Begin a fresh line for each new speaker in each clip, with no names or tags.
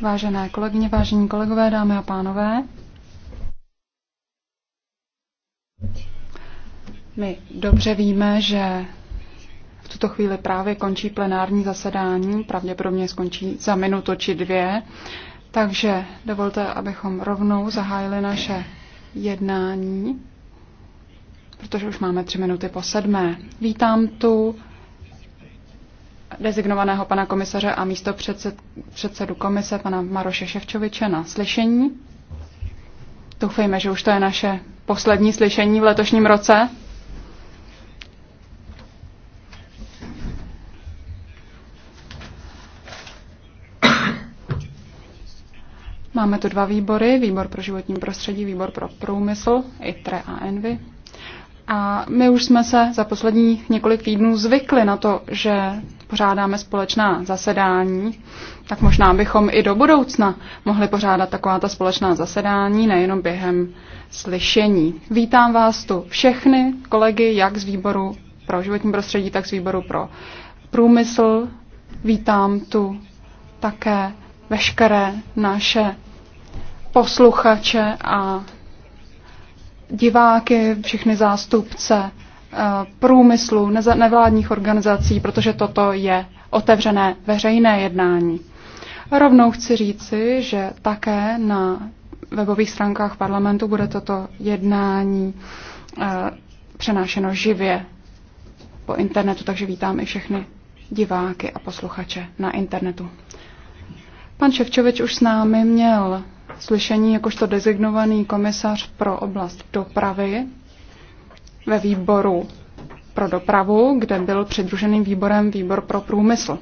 Vážené kolegyně, vážení kolegové, dámy a pánové. My dobře víme, že v tuto chvíli právě končí plenární zasedání, pravděpodobně skončí za minutu či dvě, takže dovolte, abychom rovnou zahájili naše jednání protože už máme tři minuty po sedmé. Vítám tu dezignovaného pana komisaře a místo předsed, předsedu komise pana Maroše Ševčoviče na slyšení. Doufejme, že už to je naše poslední slyšení v letošním roce. Máme tu dva výbory, výbor pro životní prostředí, výbor pro průmysl, ITRE a ENVY. A my už jsme se za poslední několik týdnů zvykli na to, že pořádáme společná zasedání, tak možná bychom i do budoucna mohli pořádat taková ta společná zasedání, nejenom během slyšení. Vítám vás tu všechny kolegy, jak z výboru pro životní prostředí, tak z výboru pro průmysl. Vítám tu také veškeré naše posluchače a diváky, všechny zástupce eh, průmyslu, nevládních organizací, protože toto je otevřené veřejné jednání. Rovnou chci říci, že také na webových stránkách parlamentu bude toto jednání eh, přenášeno živě po internetu, takže vítám i všechny diváky a posluchače na internetu. Pan Ševčovič už s námi měl slyšení jakožto designovaný komisař pro oblast dopravy ve výboru pro dopravu, kde byl přidruženým výborem výbor pro průmysl.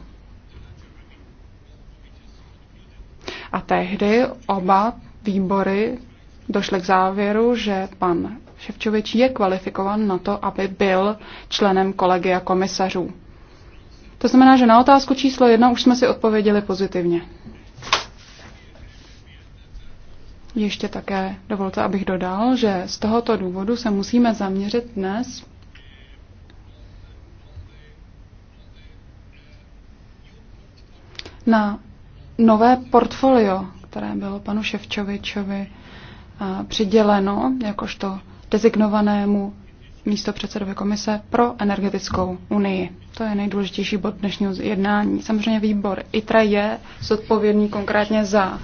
A tehdy oba výbory došly k závěru, že pan Ševčovič je kvalifikovan na to, aby byl členem kolegia komisařů. To znamená, že na otázku číslo jedna už jsme si odpověděli pozitivně. Ještě také dovolte, abych dodal, že z tohoto důvodu se musíme zaměřit dnes na nové portfolio, které bylo panu Ševčovičovi přiděleno jakožto dezignovanému místo předsedové komise pro energetickou unii. To je nejdůležitější bod dnešního jednání. Samozřejmě výbor ITRA je zodpovědný konkrétně za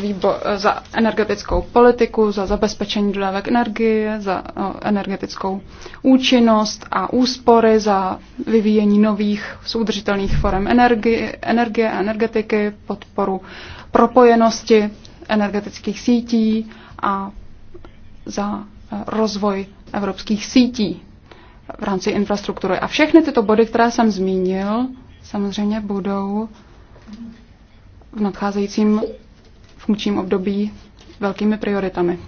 výbor, za energetickou politiku, za zabezpečení dodávek energie, za energetickou účinnost a úspory, za vyvíjení nových soudržitelných forem energie, energie a energetiky, podporu propojenosti energetických sítí a za e, rozvoj evropských sítí v rámci infrastruktury. A všechny tyto body, které jsem zmínil, samozřejmě budou v nadcházejícím funkčním období velkými prioritami.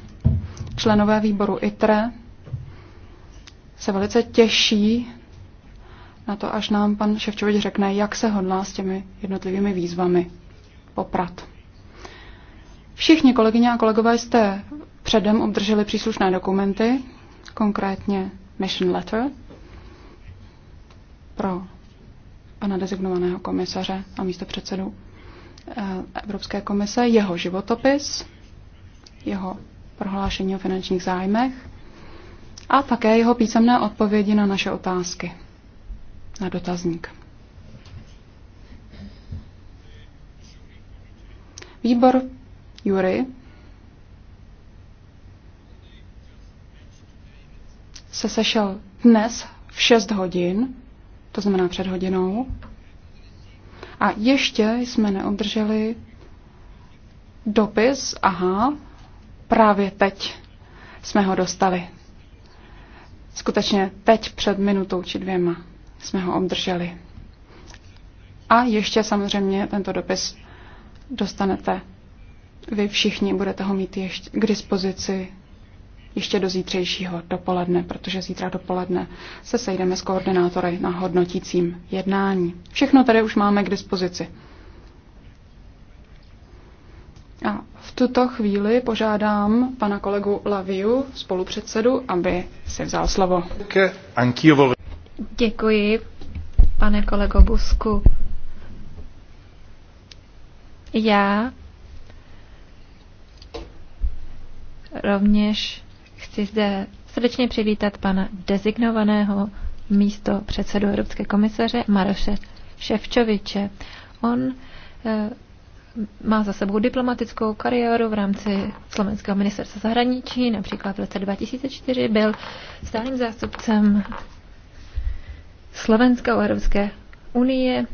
Členové výboru ITRE se velice těší na to, až nám pan Ševčovič řekne, jak se hodlá s těmi jednotlivými výzvami poprat. Všichni kolegyně a kolegové jste předem obdrželi příslušné dokumenty, konkrétně mission letter pro pana designovaného komisaře a místo předsedu Eh, Evropské komise, jeho životopis, jeho prohlášení o finančních zájmech a také jeho písemné odpovědi na naše otázky, na dotazník. Výbor Jury se sešel dnes v 6 hodin, to znamená před hodinou, a ještě jsme neobdrželi dopis, aha, právě teď jsme ho dostali. Skutečně teď před minutou či dvěma jsme ho obdrželi. A ještě samozřejmě tento dopis dostanete. Vy všichni budete ho mít ještě k dispozici ještě do zítřejšího dopoledne, protože zítra dopoledne se sejdeme s koordinátory na hodnotícím jednání. Všechno tady už máme k dispozici. A v tuto chvíli požádám pana kolegu Laviu, spolupředsedu, aby si vzal slovo. Děkuji, pane kolego Busku. Já
rovněž Chci zde srdečně přivítat pana dezignovaného místo předsedu Evropské komisaře Maroše Ševčoviče. On eh, má za sebou diplomatickou kariéru v rámci Slovenského ministerstva zahraničí. Například v roce 2004 byl stálým zástupcem Slovenska a Evropské unie.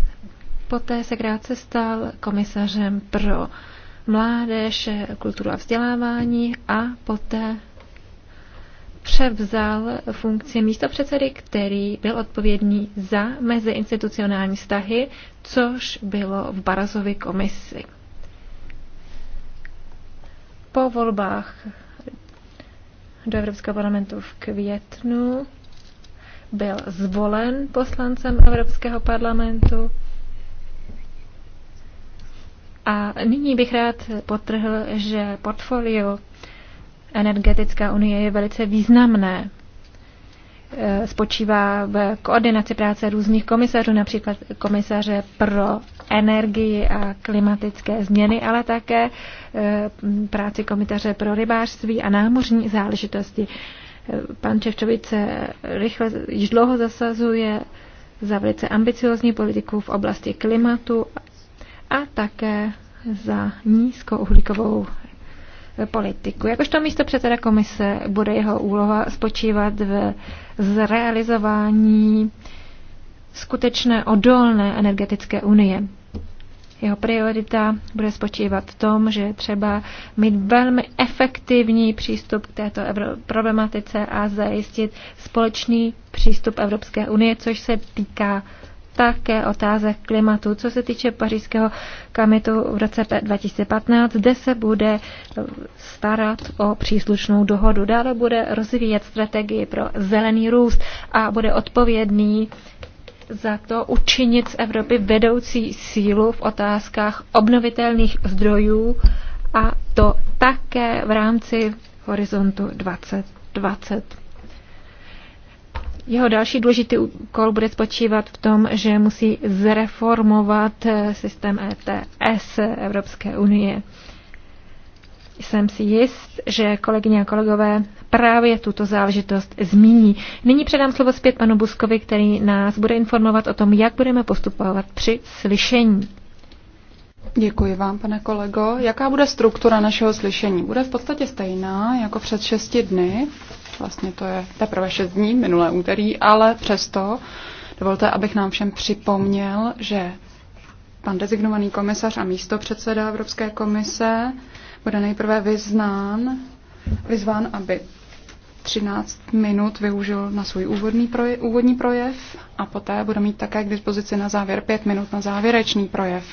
Poté se krátce stal komisařem pro mládež, kulturu a vzdělávání a poté převzal funkci místopředsedy, který byl odpovědný za meziinstitucionální vztahy, což bylo v Barazovi komisi. Po volbách do Evropského parlamentu v květnu byl zvolen poslancem Evropského parlamentu. A nyní bych rád potrhl, že portfolio energetická unie je velice významné. E, spočívá v koordinaci práce různých komisařů, například komisaře pro energii a klimatické změny, ale také e, práci komisaře pro rybářství a námořní záležitosti. E, pan Čevčovič se rychle, již dlouho zasazuje za velice ambiciozní politiku v oblasti klimatu a také za nízkouhlíkovou politiku. Jakožto místo předseda komise bude jeho úloha spočívat v zrealizování skutečné odolné energetické unie. Jeho priorita bude spočívat v tom, že třeba mít velmi efektivní přístup k této problematice a zajistit společný přístup Evropské unie, což se týká také otázek klimatu. Co se týče pařížského kamitu v roce 2015, kde se bude starat o příslušnou dohodu. Dále bude rozvíjet strategii pro zelený růst a bude odpovědný za to učinit z Evropy vedoucí sílu v otázkách obnovitelných zdrojů a to také v rámci horizontu 2020. Jeho další důležitý úkol bude spočívat v tom, že musí zreformovat eh, systém ETS Evropské unie. Jsem si jist, že kolegyně a kolegové právě tuto záležitost zmíní. Nyní předám slovo zpět panu Buskovi, který nás bude informovat o tom,
jak budeme postupovat při slyšení. Děkuji vám, pane kolego. Jaká bude struktura našeho slyšení? Bude v podstatě stejná jako před šesti dny. Vlastně to je teprve šest dní, minulé úterý, ale přesto dovolte, abych nám všem připomněl, že pan designovaný komisař a místo předseda Evropské komise bude nejprve vyznán, vyzván, aby 13 minut využil na svůj úvodní projev, úvodní projev a poté bude mít také k dispozici na závěr 5 minut na závěrečný projev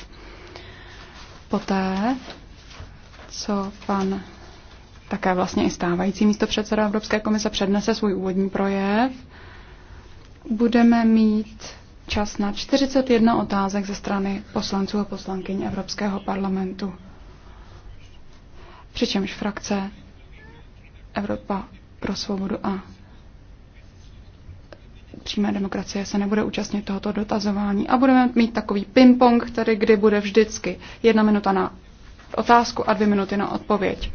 poté, co pan také vlastně i stávající místo předseda Evropské komise přednese svůj úvodní projev, budeme mít čas na 41 otázek ze strany poslanců a poslankyň Evropského parlamentu. Přičemž frakce Evropa pro svobodu a přímé demokracie se nebude účastnit tohoto dotazování. A budeme mít takový ping-pong, tedy kdy bude vždycky jedna minuta na otázku a dvě minuty na odpověď.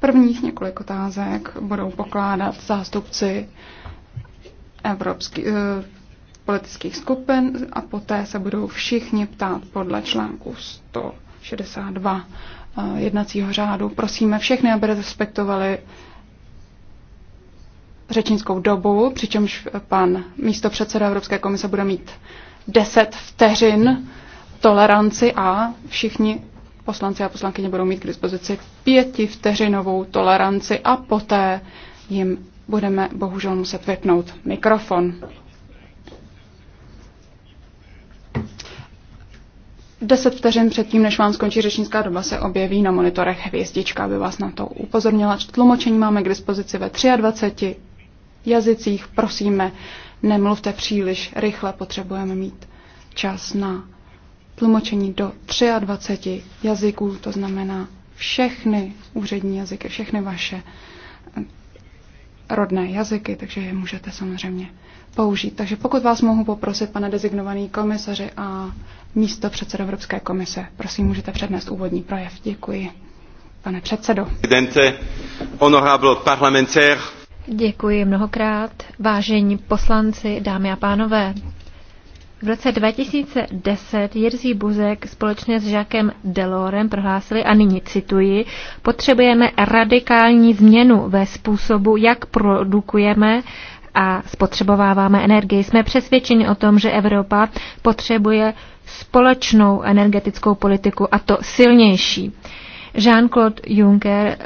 Prvních několik otázek budou pokládat zástupci evropský, eh, politických skupin a poté se budou všichni ptát podle článku 162 eh, jednacího řádu. Prosíme všechny, aby respektovali eh, řečnickou dobu, přičemž pan místopředseda Evropské komise bude mít 10 vteřin toleranci a všichni poslanci a poslankyně budou mít k dispozici pětivteřinovou toleranci a poté jim budeme bohužel muset vypnout mikrofon. Deset vteřin předtím, než vám skončí řečnická doba, se objeví na monitorech hvězdička, aby vás na to upozornila. Tlumočení máme k dispozici ve 23 jazycích. Prosíme, nemluvte příliš rychle, potřebujeme mít čas na tlumočení do 23 jazyků, to znamená všechny úřední jazyky, všechny vaše rodné jazyky, takže je můžete samozřejmě použít. Takže pokud vás mohu poprosit, pane designovaný komisaři a místo předseda Evropské komise, prosím, můžete přednést úvodní projev. Děkuji, pane předsedo.
Prezidente,
honorable parlamentaire,
Děkuji mnohokrát, vážení poslanci,
dámy a pánové. V roce 2010 Jirzí Buzek společně s žákem Delorem prohlásili, a nyní cituji, potřebujeme radikální změnu ve způsobu, jak produkujeme a spotřebováváme energii. Jsme přesvědčeni o tom, že Evropa potřebuje společnou energetickou politiku, a to silnější. Jean-Claude Juncker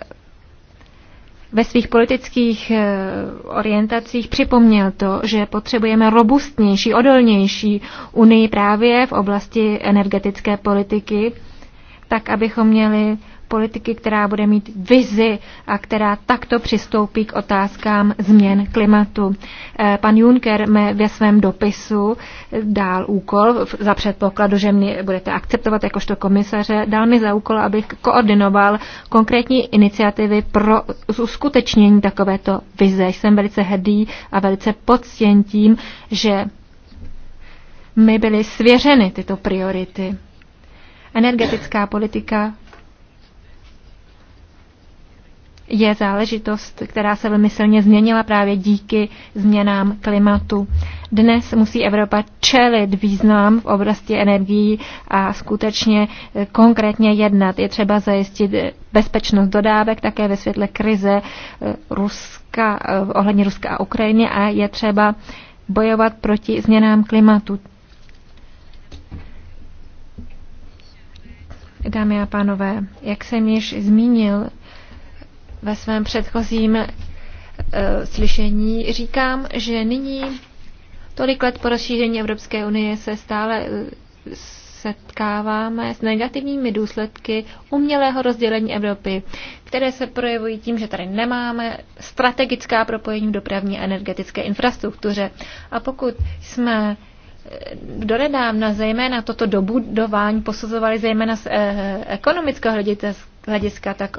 ve svých politických eh, orientacích připomněl to, že potřebujeme robustnější, odolnější unii právě v oblasti energetické politiky, tak abychom měli politiky, která bude mít vizi a která takto přistoupí k otázkám změn klimatu. Eh, pan Juncker mě ve svém dopisu eh, dal úkol, za předpokladu, že mě budete akceptovat jakožto komisaře, dal mi za úkol, abych koordinoval konkrétní iniciativy pro uskutečnění takovéto vize. Jsem velice hrdý a velice poctěn tím, že my byly svěřeny tyto priority. Energetická politika je záležitost, která se velmi silně změnila právě díky změnám klimatu. Dnes musí Evropa čelit význam v oblasti energií a skutečně eh, konkrétně jednat. Je třeba zajistit eh, bezpečnost dodávek také ve světle krize eh, Ruska, ohledně Ruska a Ukrajiny a je třeba bojovat proti změnám klimatu. Dámy a pánové, jak jsem již zmínil, ve svém předchozím uh, slyšení, říkám, že nyní tolik let po rozšíření Evropské unie se stále eh, setkáváme s negativními důsledky umělého rozdělení Evropy, které se projevují tím, že tady nemáme strategická propojení v dopravní a energetické infrastruktuře. A pokud jsme eh, donedávna zejména toto dobudování posuzovali zejména z ekonomického hlediska, tak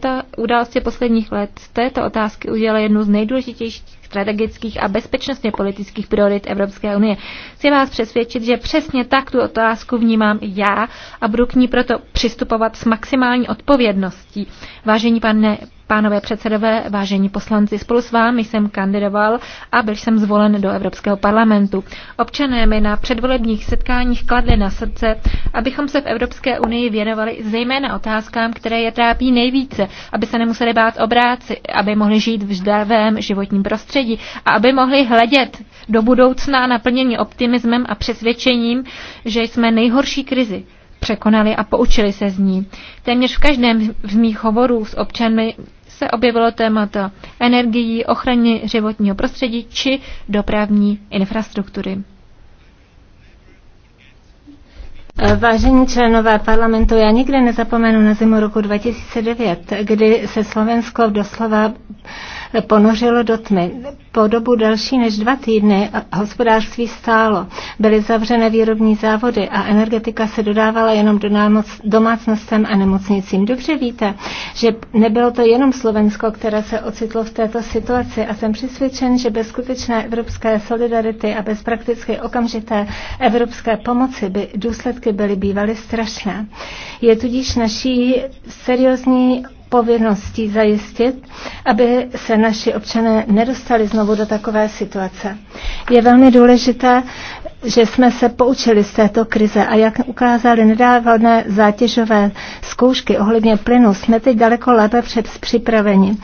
ta události posledních let z této otázky udělala jednu z nejdůležitějších strategických a bezpečnostně politických priorit Evropské unie. Chci vás přesvědčit, že přesně tak tu otázku vnímám já a budu k ní proto přistupovat s maximální odpovědností. Vážení pane Pánové předsedové, vážení poslanci, spolu s vámi jsem kandidoval a byl jsem zvolen do Evropského parlamentu. Občané mi na předvolebních setkáních kladli na srdce, abychom se v Evropské unii věnovali zejména otázkám, které je trápí nejvíce, aby se nemuseli bát obráci, aby mohli žít v zdravém životním prostředí a aby mohli hledět do budoucna naplnění optimismem a přesvědčením, že jsme nejhorší krizi překonali a poučili se z ní. Téměř v každém z mých hovorů s občany se objevilo témata energií, ochrany životního prostředí či dopravní infrastruktury.
Vážení členové parlamentu, já nikdy nezapomenu na zimu roku 2009, kdy se Slovensko doslova ponořilo do tmy. Po dobu delší než dva týdny hospodářství stálo, byly zavřené výrobní závody a energetika se dodávala jenom do domácnostem a nemocnicím. Dobře víte, že nebylo to jenom Slovensko, které se ocitlo v této situaci a jsem přesvědčen, že bez skutečné evropské solidarity a bez prakticky okamžité evropské pomoci by důsledky důsledky byly bývaly strašné. Je tudíž naší seriózní povinností zajistit, aby se naši občané nedostali znovu do takové situace. Je velmi důležité že jsme se poučili z této krize a jak ukázaly nedávné zátěžové zkoušky ohledně plynu, jsme teď daleko lépe před připraveni.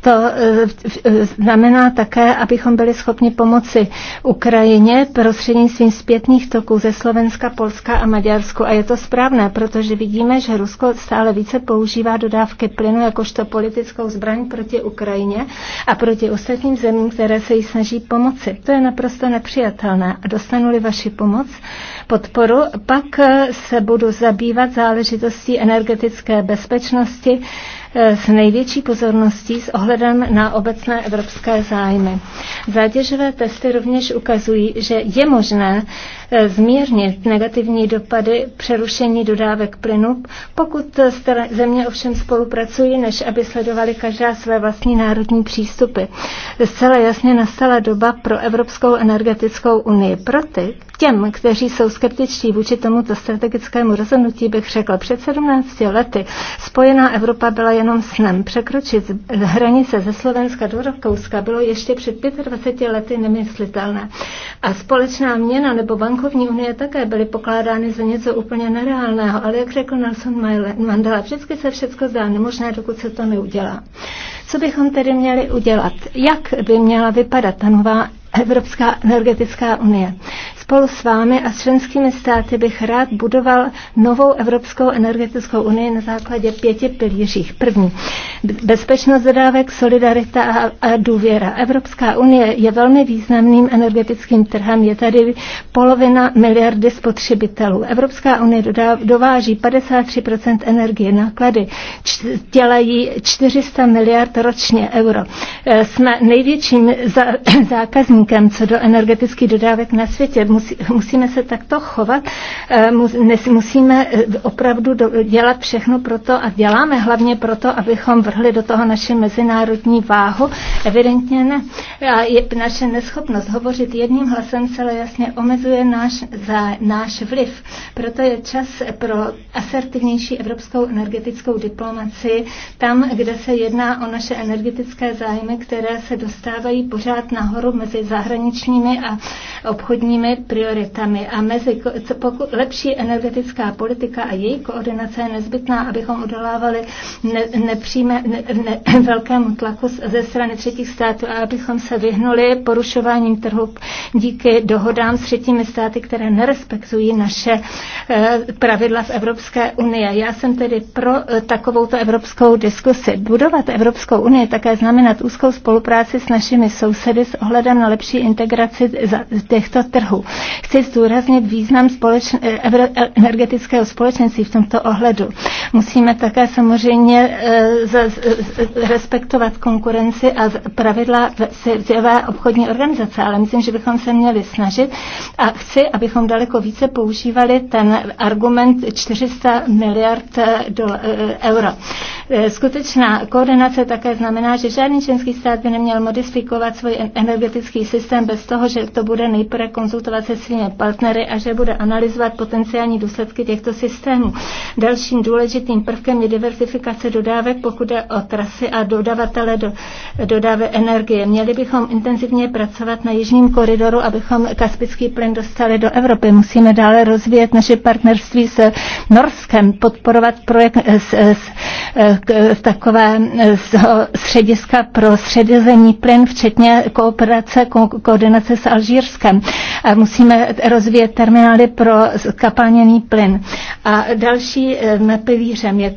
To eh, eh, znamená také, abychom byli schopni pomoci Ukrajině prostřednictvím zpětných toků ze Slovenska, Polska a Maďarsku. A je to správné, protože vidíme, že Rusko stále více používá dodávky plynu jakožto politickou zbraň proti Ukrajině a proti ostatním zemím, které se jí snaží pomoci. To je naprosto nepřijatelné. A dostanuli vaši pomoc, podporu. Pak eh, se budu zabývat záležitostí energetické bezpečnosti eh, s největší pozorností s ohledem na obecné evropské zájmy. Zátěžové testy rovněž ukazují, že je možné zmírnit negativní dopady přerušení dodávek plynu, pokud země ovšem spolupracují, než aby sledovali každá své vlastní národní přístupy. Zcela jasně nastala doba pro Evropskou energetickou unii. Pro ty, těm, kteří jsou skeptičtí vůči tomuto strategickému rozhodnutí, bych řekla, před 17 lety spojená Evropa byla jenom snem. Překročit hranice ze Slovenska do Rakouska bylo ještě před 25 lety nemyslitelné. A společná měna nebo bankovní duchovní unie také byly pokládány za něco úplně nereálného, ale jak řekl Nelson Mandela, vždycky se všechno zdá nemožné, dokud se to neudělá. Co bychom tedy měli udělat? Jak by měla vypadat ta nová Evropská energetická unie? Spolu s vámi a s členskými státy bych rád budoval novou Evropskou energetickou unii na základě pěti pilířích. První, bezpečnost dodávek, solidarita a, a důvěra. Evropská unie je velmi významným energetickým trhem. Je tady polovina miliardy spotřebitelů. Evropská unie dodá, dováží 53% energie. Náklady dělají 400 miliard ročně euro. E, jsme největším zákazníkem co do energetických dodávek na světě musí, musíme se takto chovat, eh, musíme eh, opravdu dělat všechno proto a děláme hlavně proto, abychom vrhli do toho naši mezinárodní váhu. Evidentně ne. A je, naše neschopnost hovořit jedním hlasem celé jasně omezuje náš, za, náš vliv. Proto je čas pro asertivnější evropskou energetickou diplomaci tam, kde se jedná o naše energetické zájmy, které se dostávají pořád nahoru mezi zahraničními a obchodními prioritami a mezi poku, lepší energetická politika a její koordinace je nezbytná, abychom odolávali ne, nepříjme, ne, ne, velkému tlaku ze strany třetích států a abychom se vyhnuli porušováním trhu díky dohodám s třetími státy, které nerespektují naše eh, pravidla v Evropské unii. Já jsem tedy pro eh, takovouto evropskou diskusi. Budovat Evropskou unii také znamenat úzkou spolupráci s našimi sousedy s ohledem na lepší integraci těchto trhů. Chci zdůraznit význam eh, eh, energetického společenství v tomto ohledu. Musíme také samozřejmě eh, respektovat konkurenci a pravidla Světové obchodní organizace, ale myslím, že bychom se měli snažit a chci, abychom daleko více používali ten argument 400 miliard do, euro. Skutečná koordinace také znamená, že žádný členský stát by neměl modifikovat svůj energetický systém bez toho, že to bude nejprve konzultovat se svými partnery a že bude analyzovat potenciální důsledky těchto systémů. Dalším důležitým prvkem je diversifikace dodávek, pokud je o trasy a dodavatele do, dodávek energie. Měli bychom intenzivně pracovat na jižním koridoru, abychom kaspický plyn dostali do Evropy. Musíme dále rozvíjet naše partnerství s Norskem, podporovat projekt eh, s, eh, s, eh, k, takové z, střediska pro středozemní plyn, včetně kooperace, ko, koordinace s Alžírskem. A musí musíme rozvíjet terminály pro skapalněný plyn. A další eh, pilířem je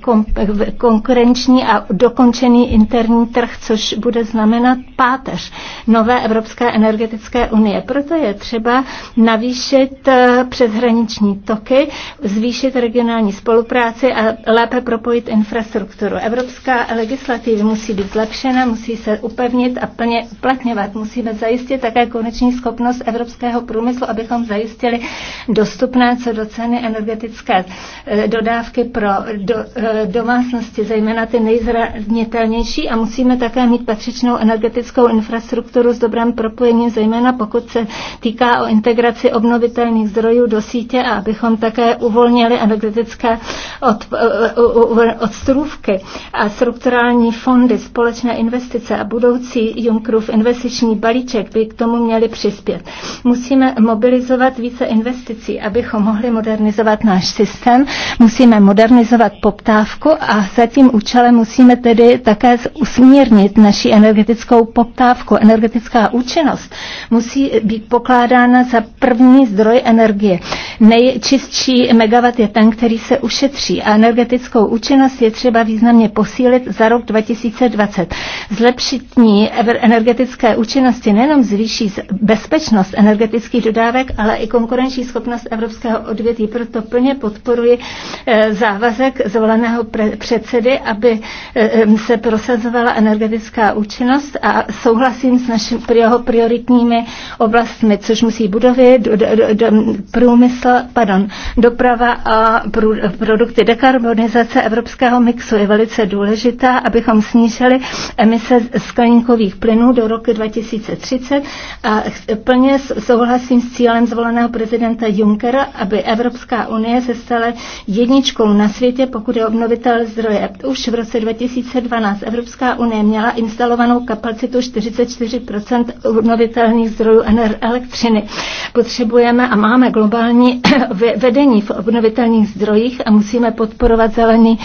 konkurenční a dokončený interní trh, což bude znamenat páteř nové Evropské energetické unie. Proto je třeba navýšit eh, přeshraniční toky, zvýšit regionální spolupráci a lépe propojit infrastrukturu. Evropská legislativa musí být zlepšena, musí se upevnit a plně uplatňovat. Musíme zajistit také koneční schopnost evropského průmyslu abychom zajistili dostupné co do ceny energetické eh, dodávky pro do, eh, domácnosti, zejména ty nejzranitelnější a musíme také mít patřičnou energetickou infrastrukturu s dobrým propojením, zejména pokud se týká o integraci obnovitelných zdrojů do sítě a abychom také uvolnili energetické od, eh, odstrůvky a strukturální fondy, společné investice a budoucí Junckerův investiční balíček by k tomu měli přispět. Musíme mo- mobilizovat více investicí, abychom mohli modernizovat náš systém. Musíme modernizovat poptávku a za tím účelem musíme tedy také usmírnit naši energetickou poptávku. Energetická účinnost musí být pokládána za první zdroj energie. Nejčistší megawatt je ten, který se ušetří a energetickou účinnost je třeba významně posílit za rok 2020. ní energetické účinnosti nejenom zvýší bezpečnost energetických dodávek, dodávek, ale i konkurenční schopnost evropského odvětví. Proto plně podporuji eh, závazek zvoleného předsedy, aby eh, se prosazovala energetická účinnost a souhlasím s našimi jeho prioritními oblastmi, což musí budovy, do, do, do, průmysl, pardon, doprava a prů, produkty dekarbonizace evropského mixu je velice důležitá, abychom snížili emise skleníkových plynů do roku 2030 a plně souhlasím cílem zvoleného prezidenta Junckera, aby Evropská unie se stala jedničkou na světě, pokud je obnovitel zdroje. Už v roce 2012 Evropská unie měla instalovanou kapacitu 44 obnovitelných zdrojů elektřiny. Potřebujeme a máme globální vedení v obnovitelných zdrojích a musíme podporovat zelený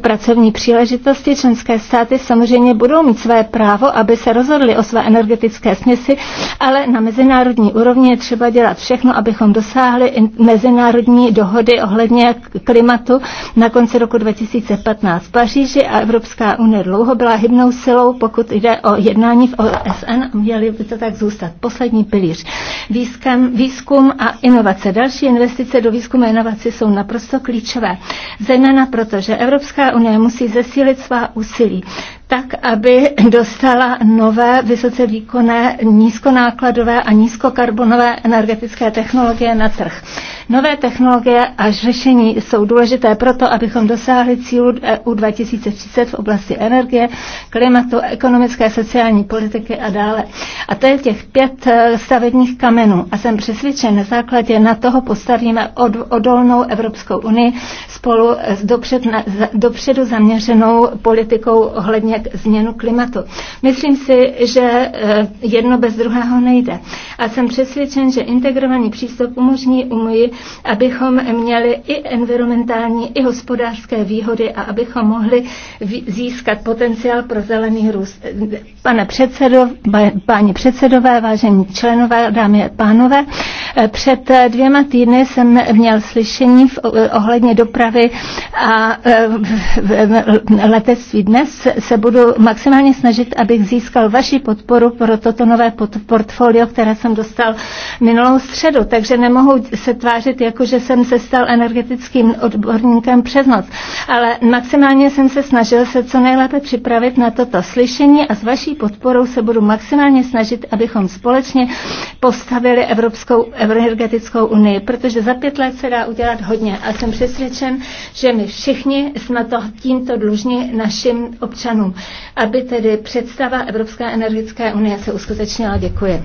pracovní příležitosti. Členské státy samozřejmě budou mít své právo, aby se rozhodly o své energetické směsi, ale na mezinárodní úrovni je třeba třeba dělat všechno, abychom dosáhli mezinárodní dohody ohledně klimatu na konci roku 2015 v Paříži a Evropská unie dlouho byla hybnou silou, pokud jde o jednání v OSN a měli by to tak zůstat. Poslední pilíř. Výzkum, výzkum a inovace. Další investice do výzkumu a inovací jsou naprosto klíčové. Zejména proto, že Evropská unie musí zesílit svá úsilí tak aby dostala nové vysoce výkonné nízkonákladové a nízkokarbonové energetické technologie na trh. Nové technologie a řešení jsou důležité proto, abychom dosáhli cílu EU 2030 v oblasti energie, klimatu, ekonomické, sociální politiky a dále. A to je těch pět eh, stavebních kamenů. A jsem přesvědčen na základě na toho postavíme od, odolnou Evropskou unii spolu s dopřed, dopředu zaměřenou politikou ohledně jak změnu klimatu. Myslím si, že eh, jedno bez druhého nejde. A jsem přesvědčen, že integrovaný přístup umožní umoji, abychom měli i environmentální, i hospodářské výhody a abychom mohli získat potenciál pro zelený růst. Pane předsedo, páni předsedové, vážení členové, dámy a pánové, eh, před eh, dvěma týdny jsem měl slyšení v, ohledně dopravy a letectví. Dnes se budu budu maximálně snažit, abych získal vaši podporu pro toto nové portfolio, které jsem dostal minulou středu. Takže nemohu se tvářit, jako že jsem se stal energetickým odborníkem přes noc. Ale maximálně jsem se snažil se co nejlépe připravit na toto slyšení a s vaší podporou se budu maximálně snažit, abychom společně postavili Evropskou energetickou unii, protože za pět let se dá udělat hodně a jsem přesvědčen, že my všichni jsme to tímto dlužní našim občanům aby tedy představa Evropské energetické unie se uskutečnila. Děkuji.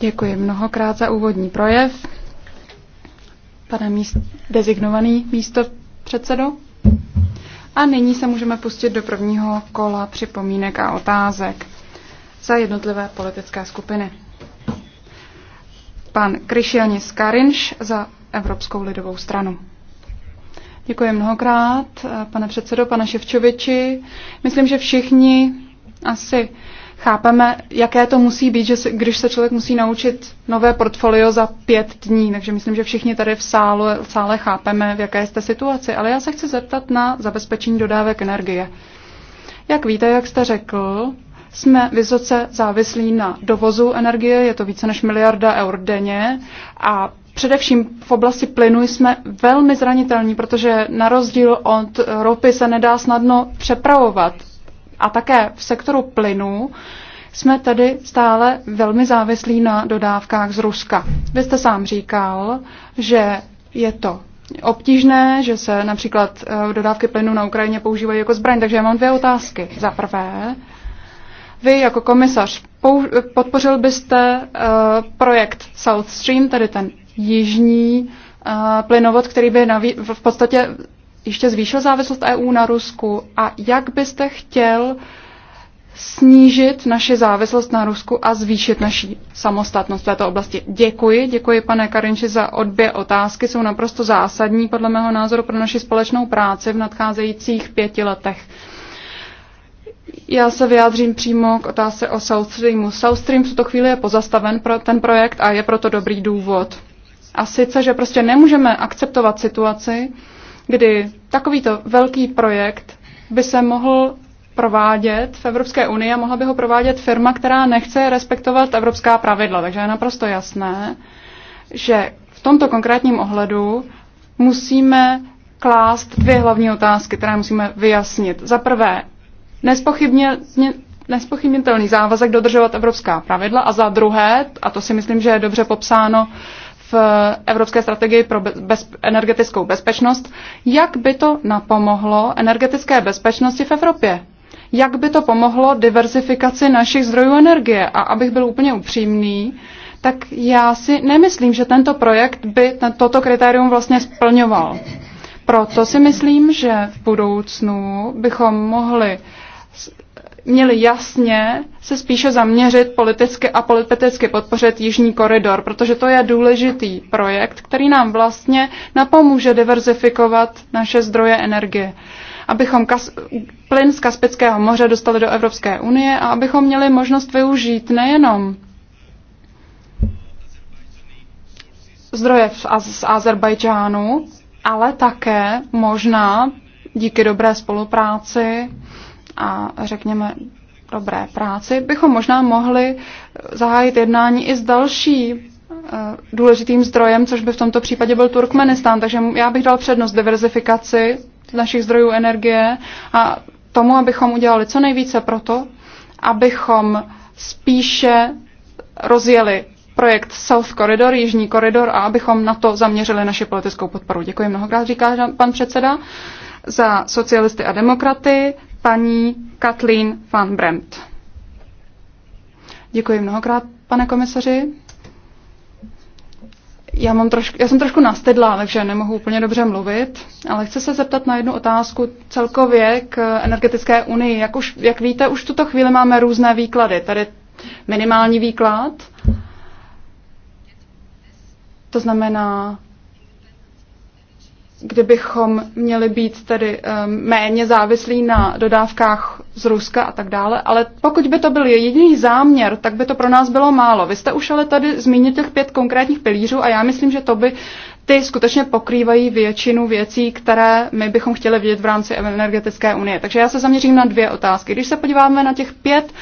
Děkuji mnohokrát za úvodní projev. Pane míst, dezignovaný místo předsedo. A nyní se můžeme pustit do prvního kola připomínek a otázek za jednotlivé politické skupiny. Pan Kryšianis Karinš za Evropskou lidovou stranu. Děkuji mnohokrát, pane předsedo, pane Ševčoviči. Myslím, že všichni asi chápeme, jaké to musí být, že se, když se člověk musí naučit nové portfolio za pět dní. Takže myslím, že všichni tady v sále, v sále chápeme, v jaké jste situaci. Ale já se chci zeptat na zabezpečení dodávek energie. Jak víte, jak jste řekl, jsme vysoce závislí na dovozu energie, je to více než miliarda eur denně a Především v oblasti plynu jsme velmi zranitelní, protože na rozdíl od ropy se nedá snadno přepravovat. A také v sektoru plynu jsme tedy stále velmi závislí na dodávkách z Ruska. Vy jste sám říkal, že je to obtížné, že se například eh, dodávky plynu na Ukrajině používají jako zbraň. Takže já mám dvě otázky. Za prvé, vy jako komisař podpořil byste eh, projekt South Stream, tedy ten jižní eh, plynovod, který by v podstatě ještě zvýšil závislost EU na Rusku a jak byste chtěl snížit naši závislost na Rusku a zvýšit naši samostatnost v této oblasti. Děkuji, děkuji pane Karinči za odbě otázky, jsou naprosto zásadní podle mého názoru pro naši společnou práci v nadcházejících pěti letech. Já se vyjádřím přímo k otázce o South Streamu. South Stream v tuto chvíli je pozastaven pro ten projekt a je proto dobrý důvod. A sice, že prostě nemůžeme akceptovat situaci, kdy takovýto velký projekt by se mohl provádět v Evropské unii a mohla by ho provádět firma, která nechce respektovat evropská pravidla. Takže je naprosto jasné, že v tomto konkrétním ohledu musíme klást dvě hlavní otázky, které musíme vyjasnit. Za prvé, nespochybnitelný závazek dodržovat evropská pravidla a za druhé, a to si myslím, že je dobře popsáno v Evropské strategii pro bez, energetickou bezpečnost, jak by to napomohlo energetické bezpečnosti v Evropě? Jak by to pomohlo diversifikaci našich zdrojů energie? A abych byl úplně upřímný, tak já si nemyslím, že tento projekt by toto kritérium vlastně splňoval. Proto si myslím, že v budoucnu bychom mohli uh, měli jasně se spíše zaměřit politicky a politicky podpořit Jižní koridor, protože to je důležitý projekt, který nám vlastně napomůže diverzifikovat naše zdroje energie abychom kas, plyn z Kaspického moře dostali do Evropské unie a abychom měli možnost využít nejenom zdroje z Azerbajdžánu, ale také možná díky dobré spolupráci a řekněme dobré práci, bychom možná mohli zahájit jednání i s další eh, důležitým zdrojem, což by v tomto případě byl Turkmenistán. Takže já bych dal přednost diverzifikaci našich zdrojů energie a tomu, abychom udělali co nejvíce proto, abychom spíše rozjeli projekt South Corridor, Jižní koridor a abychom na to zaměřili naši politickou podporu. Děkuji mnohokrát, říká pan předseda, za socialisty a demokraty paní Kathleen van Bremt. Děkuji mnohokrát, pane komisaři. Já, mám trošku, já jsem trošku nastydlá, takže nemohu úplně dobře mluvit, ale chci se zeptat na jednu otázku celkově k energetické unii. Jak, už, jak víte, už v tuto chvíli máme různé výklady. Tady minimální výklad, to znamená kdybychom měli být tedy ehm, méně závislí na dodávkách z Ruska a tak dále, ale pokud by to byl jediný záměr, tak by to pro nás bylo málo. Vy jste už ale tady zmínil těch pět konkrétních pilířů a já myslím, že to by ty skutečně pokrývají většinu věcí, které my bychom chtěli vidět v rámci energetické unie. Takže já se zaměřím na dvě otázky. Když se podíváme na těch pět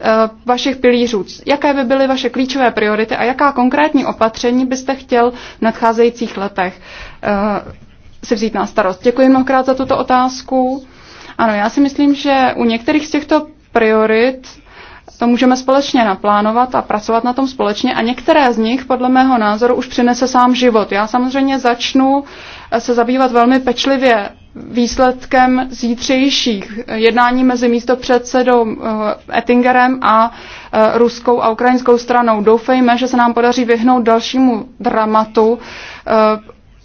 eh, vašich pilířů. Jaké by byly vaše klíčové priority a jaká konkrétní opatření byste chtěl v nadcházejících letech eh, si vzít na starost. Děkuji mnohokrát za tuto otázku. Ano, já si myslím, že u některých z těchto priorit to můžeme společně naplánovat a pracovat na tom společně a některé z nich, podle mého názoru, už přinese sám život. Já samozřejmě začnu se zabývat velmi pečlivě výsledkem zítřejších jednání mezi místopředsedou eh, Ettingerem a eh, ruskou a ukrajinskou stranou. Doufejme, že se nám podaří vyhnout dalšímu dramatu eh,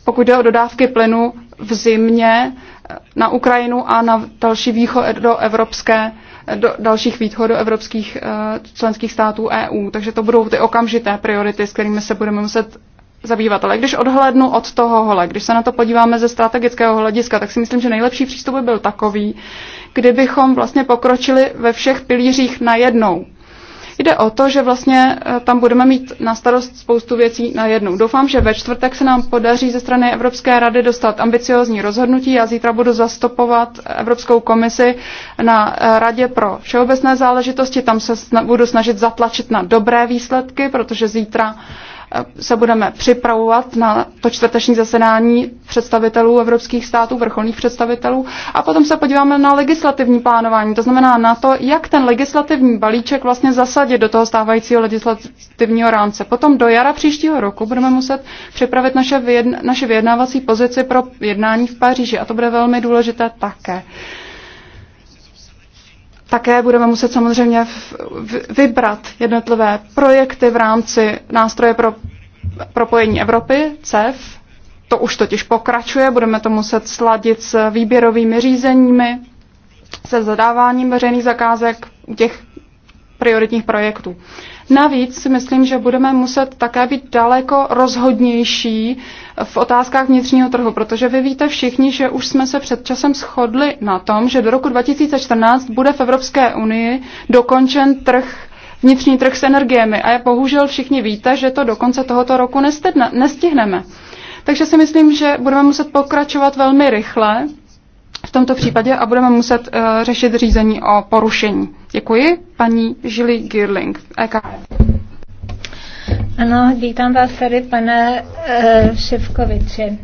pokud jde o dodávky plynu v zimě eh, na Ukrajinu a na další východ do evropské eh, do dalších evropských eh, členských států EU. Takže to budou ty okamžité priority, s kterými se budeme muset zabývat. Ale když odhlednu od hole, když se na to podíváme ze strategického hlediska, tak si myslím, že nejlepší přístup by byl takový, kdybychom vlastně pokročili ve všech pilířích najednou. Jde o to, že vlastně eh, tam budeme mít na starost spoustu věcí na jednu. Doufám, že ve čtvrtek se nám podaří ze strany Evropské rady dostat ambiciozní rozhodnutí. Já zítra budu zastupovat Evropskou komisi na eh, Radě pro všeobecné záležitosti. Tam se budu snažit zatlačit na dobré výsledky, protože zítra uh, se budeme připravovat na to čtvrteční zasedání představitelů evropských států, vrcholných představitelů a potom se podíváme na legislativní plánování, to znamená na to, jak ten legislativní balíček vlastně zasadit do toho stávajícího legislativního rámce. Potom do jara příštího roku budeme muset připravit naše, vyjedn- naše vyjednávací pozici pro jednání v Paříži a to bude velmi důležité také. Také budeme muset samozřejmě vybrat jednotlivé projekty v rámci nástroje pro propojení Evropy, CEF. To už totiž pokračuje, budeme to muset sladit s výběrovými řízeními, se zadáváním veřejných zakázek u těch prioritních projektů. Navíc si myslím, že budeme muset také být daleko rozhodnější v otázkách vnitřního trhu, protože vy víte všichni, že už jsme se před časem shodli na tom, že do roku 2014 bude v Evropské unii dokončen trh vnitřní trh s energiemi. A bohužel všichni víte, že to do konce tohoto roku nestihneme. Takže si myslím, že budeme muset pokračovat velmi rychle v tomto případě a budeme muset uh, řešit řízení o porušení. Děkuji, paní Žili Girling. EK.
Ano, vítám vás tady, pane uh, Ševkoviči.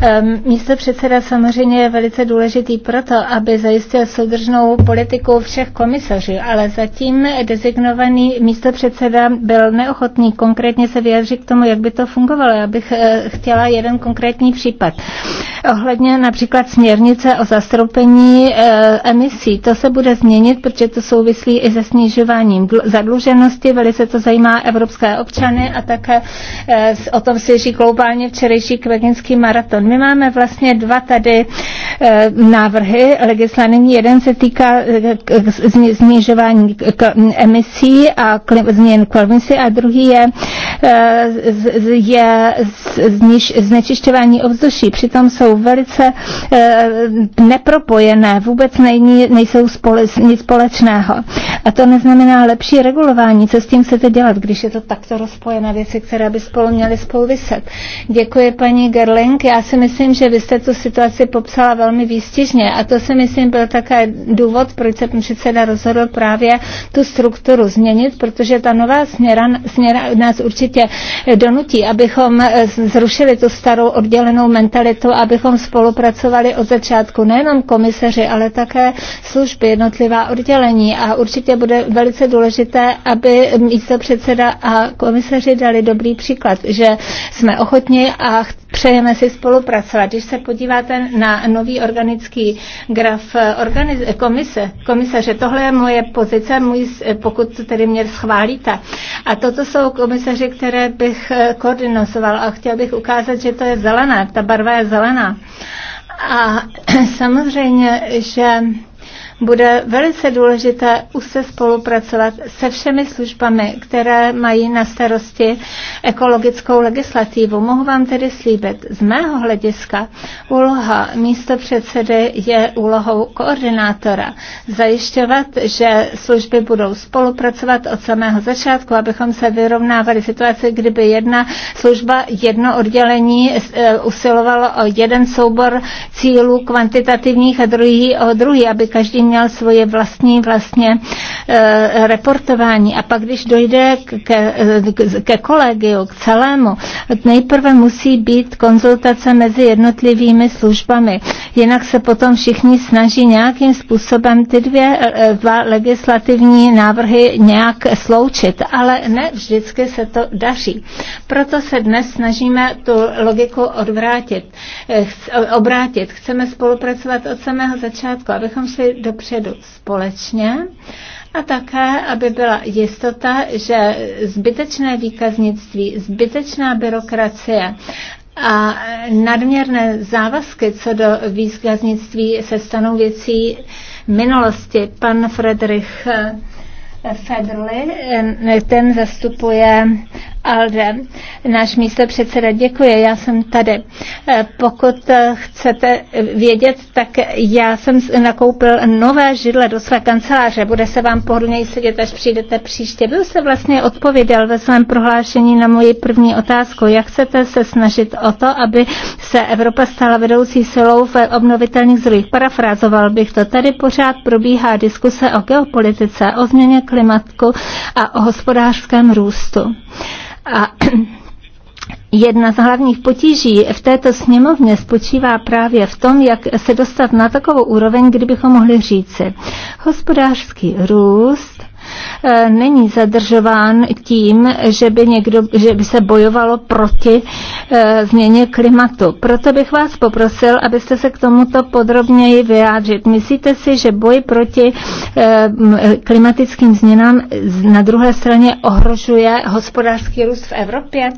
Ehm, místo předseda samozřejmě je velice důležitý proto, aby zajistil soudržnou politiku všech komisařů, ale zatím designovaný místo předseda byl neochotný konkrétně se vyjádřit k tomu, jak by to fungovalo. Já bych eh, chtěla jeden konkrétní případ. Ohledně například směrnice o zastoupení eh, emisí. To se bude změnit, protože to souvislí i se snižováním zadluženosti. Velice to zajímá evropské občany a také eh, o tom svěří globálně včerejší kvetinský maraton maraton. My máme vlastně dva tady eh, návrhy legislativní. Jeden se týká eh, snižování emisí a změn kolmisy a druhý je, eh, je znečišťování ovzduší. Přitom jsou velice nepropojené, vůbec nejní, nejsou nic společného. A to neznamená lepší regulování. Co s tím chcete dělat, když je to takto rozpojené věci, které by spolu měly spolu vyset? Děkuji paní Gerling. Já já si myslím, že vy jste tu situaci popsala velmi výstižně a to si myslím byl také důvod, proč se předseda rozhodl právě tu strukturu změnit, protože ta nová směra, směra nás určitě eh, donutí, abychom eh, zrušili tu starou oddělenou mentalitu, abychom spolupracovali od začátku nejenom komiseři, ale také služby, jednotlivá oddělení a určitě bude velice důležité, aby místo předseda a komiseři dali dobrý příklad, že jsme ochotni a přejeme si spolupracovat spolupracovat. Když se podíváte na nový organický graf organiz- komise, že tohle je moje pozice, můj, pokud tedy mě schválíte. A toto jsou komisaři, které bych eh, koordinoval a chtěl bych ukázat, že to je zelená, ta barva je zelená. A samozřejmě, že bude velice důležité už se spolupracovat se všemi službami, které mají na starosti ekologickou legislativu. Mohu vám tedy slíbit, z mého hlediska úloha místo předsedy je úlohou koordinátora. Zajišťovat, že služby budou spolupracovat od samého začátku, abychom se vyrovnávali situaci, kdyby jedna služba, jedno oddělení eh, usilovalo o jeden soubor cílů kvantitativních a druhý o druhý, aby každý měl svoje vlastní vlastně eh, reportování. A pak, když dojde ke, ke kolegiu, k celému, nejprve musí být konzultace mezi jednotlivými službami. Jinak se potom všichni snaží nějakým způsobem ty dvě eh, dva legislativní návrhy nějak sloučit, ale ne vždycky se to daří. Proto se dnes snažíme tu logiku odvrátit, eh, obrátit. Chceme spolupracovat od samého začátku, abychom šli do dopředu společně a také, aby byla jistota, že zbytečné výkaznictví, zbytečná byrokracie a nadměrné závazky co do výkaznictví se stanou věcí minulosti. Pan Fredrich Federli, ten zastupuje Alde, náš místo předseda, děkuji, já jsem tady. Eh, pokud eh, chcete vědět, tak já jsem nakoupil nové židle do své kanceláře. Bude se vám pohodlněji sedět, až přijdete příště. Byl se vlastně odpověděl ve svém prohlášení na moji první otázku. Jak chcete se snažit o to, aby se Evropa stala vedoucí silou v obnovitelných zdrojích? Parafrázoval bych to. Tady pořád probíhá diskuse o geopolitice, o změně klimatku a o hospodářském růstu. A Jedna z hlavních potíží v této sněmovně spočívá právě v tom, jak se dostat na takovou úroveň, kdybychom mohli říci. Hospodářský růst E, není zadržován tím, že by, někdo, že by se bojovalo proti e, změně klimatu. Proto bych vás poprosil, abyste se k tomuto podrobněji vyjádřit. Myslíte si, že boj proti e, klimatickým změnám na druhé straně ohrožuje hospodářský růst v Evropě?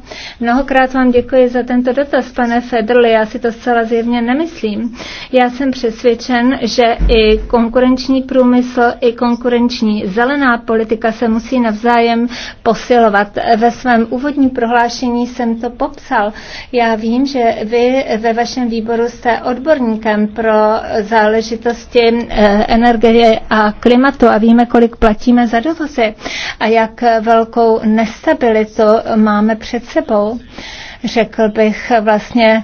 Mnohokrát vám děkuji za tento dotaz, pane Federli. Já si to zcela zjevně nemyslím. Já jsem přesvědčen, že i konkurenční průmysl, i konkurenční zelená politika se musí navzájem posilovat. Ve svém úvodním prohlášení jsem to popsal. Já vím, že vy ve vašem výboru jste odborníkem pro záležitosti eh, energie a klimatu a víme, kolik platíme za dovozy a jak velkou nestabilitu máme před sebou řekl bych, vlastně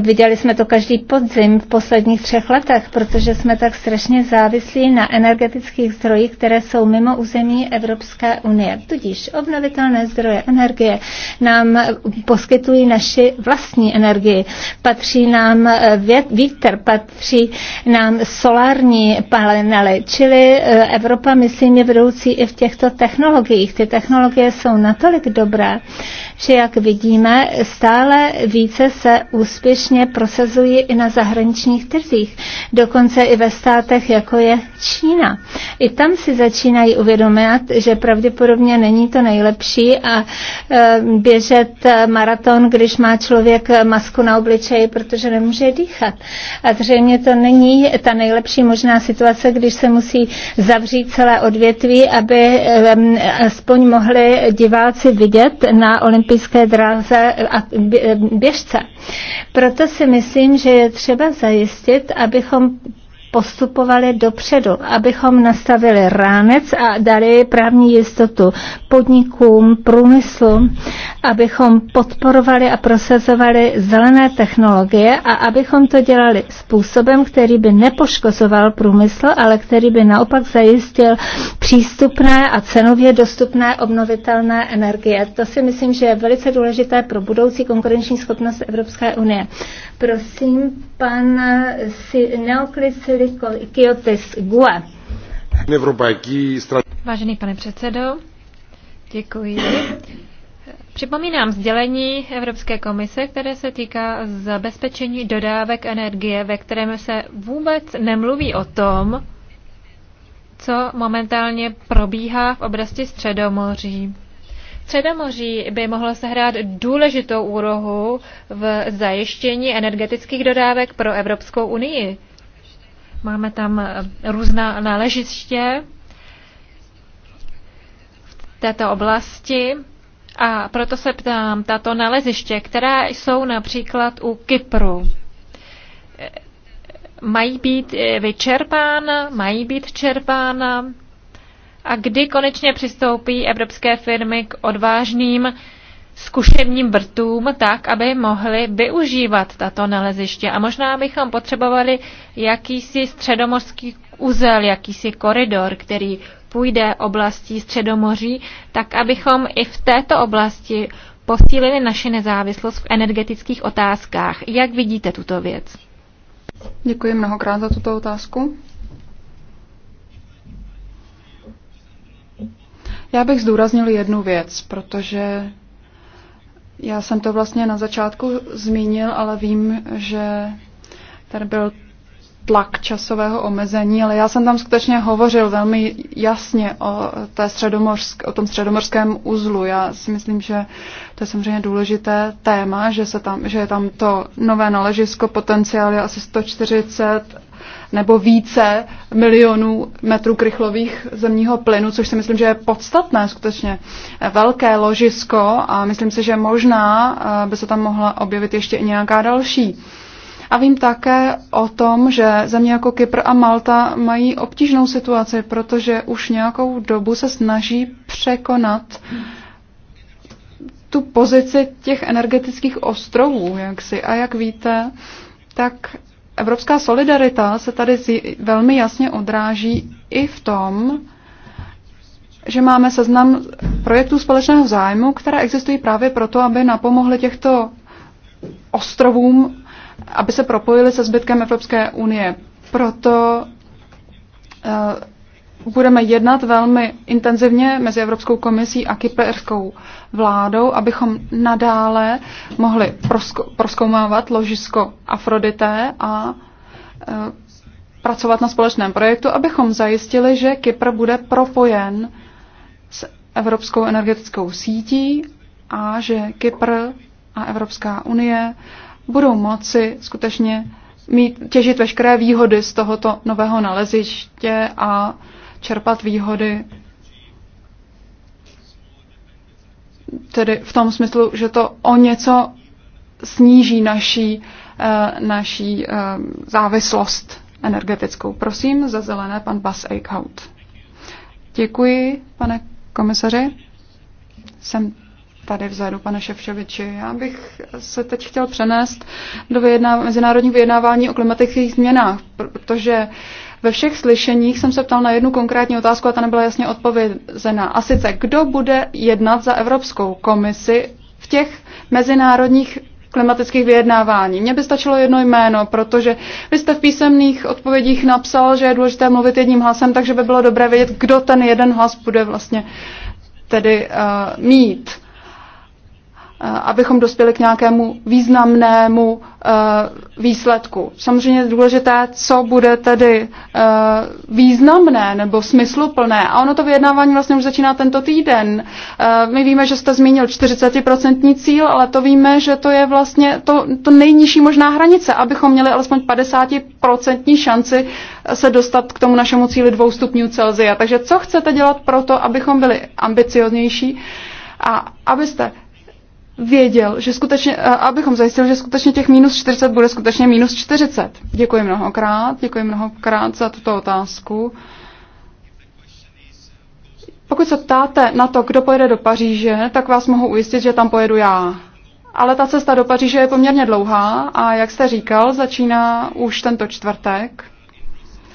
viděli jsme to každý podzim v posledních třech letech, protože jsme tak strašně závislí na energetických zdrojích, které jsou mimo území Evropské unie. Tudíž obnovitelné zdroje energie nám poskytují naši vlastní energii. Patří nám eh, vítr, patří nám solární panely, čili eh, Evropa, myslím, je vedoucí i v těchto technologiích. Ty technologie jsou natolik dobré, že jak vidíme, stále více se úspěšně prosazují i na zahraničních trzích, dokonce i ve státech, jako je Čína. I tam si začínají uvědomit, že pravděpodobně není to nejlepší a e, běžet maraton, když má člověk masku na obličeji, protože nemůže dýchat. A zřejmě to není ta nejlepší možná situace, když se musí zavřít celé odvětví, aby e, aspoň mohli diváci vidět na olympijské dráze a běžce. Proto si myslím, že je třeba zajistit, abychom postupovali dopředu, abychom nastavili ránec a dali právní jistotu podnikům, průmyslu, abychom podporovali a prosazovali zelené technologie a abychom to dělali způsobem, který by nepoškozoval průmysl, ale který by naopak zajistil přístupné a cenově dostupné obnovitelné energie. To si myslím, že je velice důležité pro budoucí konkurenční schopnost Evropské unie. Prosím, pan si, Neoklicili Kytis,
Vážený pane předsedo, děkuji. Připomínám sdělení Evropské komise, které se týká zabezpečení dodávek energie, ve kterém se vůbec nemluví o tom, co momentálně probíhá v oblasti Středomoří. Středomoří by mohlo sehrát důležitou úrohu v zajištění energetických dodávek pro Evropskou unii. Máme tam eh, různá náležiště v této oblasti. A proto se ptám, tato naleziště, která jsou například u Kypru, eh, mají být eh, vyčerpána, mají být čerpána a kdy konečně přistoupí evropské firmy k odvážným zkušebním vrtům tak, aby mohli využívat tato naleziště. A možná bychom potřebovali jakýsi středomorský uzel, jakýsi koridor, který půjde oblastí Středomoří, tak abychom i v této oblasti posílili naši nezávislost v energetických otázkách. Jak vidíte tuto věc?
Děkuji mnohokrát za tuto otázku. Já bych zdůraznil jednu věc, protože já jsem to vlastně na začátku zmínil, ale vím, že tady byl tlak časového omezení, ale já jsem tam skutečně hovořil velmi jasně o, té středomorsk, o tom středomorském uzlu. Já si myslím, že to je samozřejmě důležité téma, že, se tam, že je tam to nové naležisko, potenciál je asi 140 nebo více milionů metrů krychlových zemního plynu, což si myslím, že je podstatné skutečně velké ložisko a myslím si, že možná eh, by se tam mohla objevit ještě i nějaká další. A vím také o tom, že země jako Kypr a Malta mají obtížnou situaci, protože už nějakou dobu se snaží překonat tu pozici těch energetických ostrovů, jak si. A jak víte, tak evropská solidarita se tady velmi jasně odráží i v tom, že máme seznam projektů společného zájmu, které existují právě proto, aby napomohly těchto ostrovům, aby se propojili se zbytkem Evropské unie. Proto eh, budeme jednat velmi intenzivně mezi Evropskou komisí a Kyperskou vládou, abychom nadále mohli prosko- proskoumávat ložisko Afrodité a e, pracovat na společném projektu, abychom zajistili, že Kypr bude propojen s evropskou energetickou sítí a že Kypr a Evropská unie budou moci skutečně mít, těžit veškeré výhody z tohoto nového naleziště a čerpat výhody tedy v tom smyslu, že to o něco sníží naší, eh, naší eh, závislost energetickou. Prosím, za zelené pan Bas Eichhout. Děkuji, pane komisaři. Jsem tady vzadu, pane Ševčoviči. Já bych se teď chtěl přenést do vyjedná- mezinárodních vyjednávání o klimatických změnách, protože uh, ve všech slyšeních jsem se ptal na jednu konkrétní otázku a ta nebyla jasně odpovězena. A sice, kdo bude jednat za Evropskou komisi v těch mezinárodních klimatických vyjednávání. Mně by stačilo jedno jméno, protože vy jste v písemných odpovědích napsal, že je důležité mluvit jedním hlasem, takže by bylo dobré vědět, kdo ten jeden hlas bude vlastně tedy uh, mít. Eh, abychom dospěli k nějakému významnému eh, výsledku. Samozřejmě je důležité, co bude tedy eh, významné nebo smysluplné. A ono to vyjednávání vlastně už začíná tento týden. My víme, že jste zmínil 40% cíl, ale to víme, že to je vlastně to, to nejnižší možná hranice, abychom měli alespoň 50% šanci se dostat k tomu našemu cíli dvou stupňů Celzia. Takže co chcete dělat pro to, abychom byli ambicioznější a abyste věděl, že skutečně, abychom zajistili, že skutečně těch minus 40 bude skutečně minus 40. Děkuji mnohokrát, děkuji mnohokrát za tuto otázku. Pokud se ptáte na to, kdo pojede do Paříže, tak vás mohu ujistit, že tam pojedu já. Ale ta cesta do Paříže je poměrně dlouhá a jak jste říkal, začíná už tento čtvrtek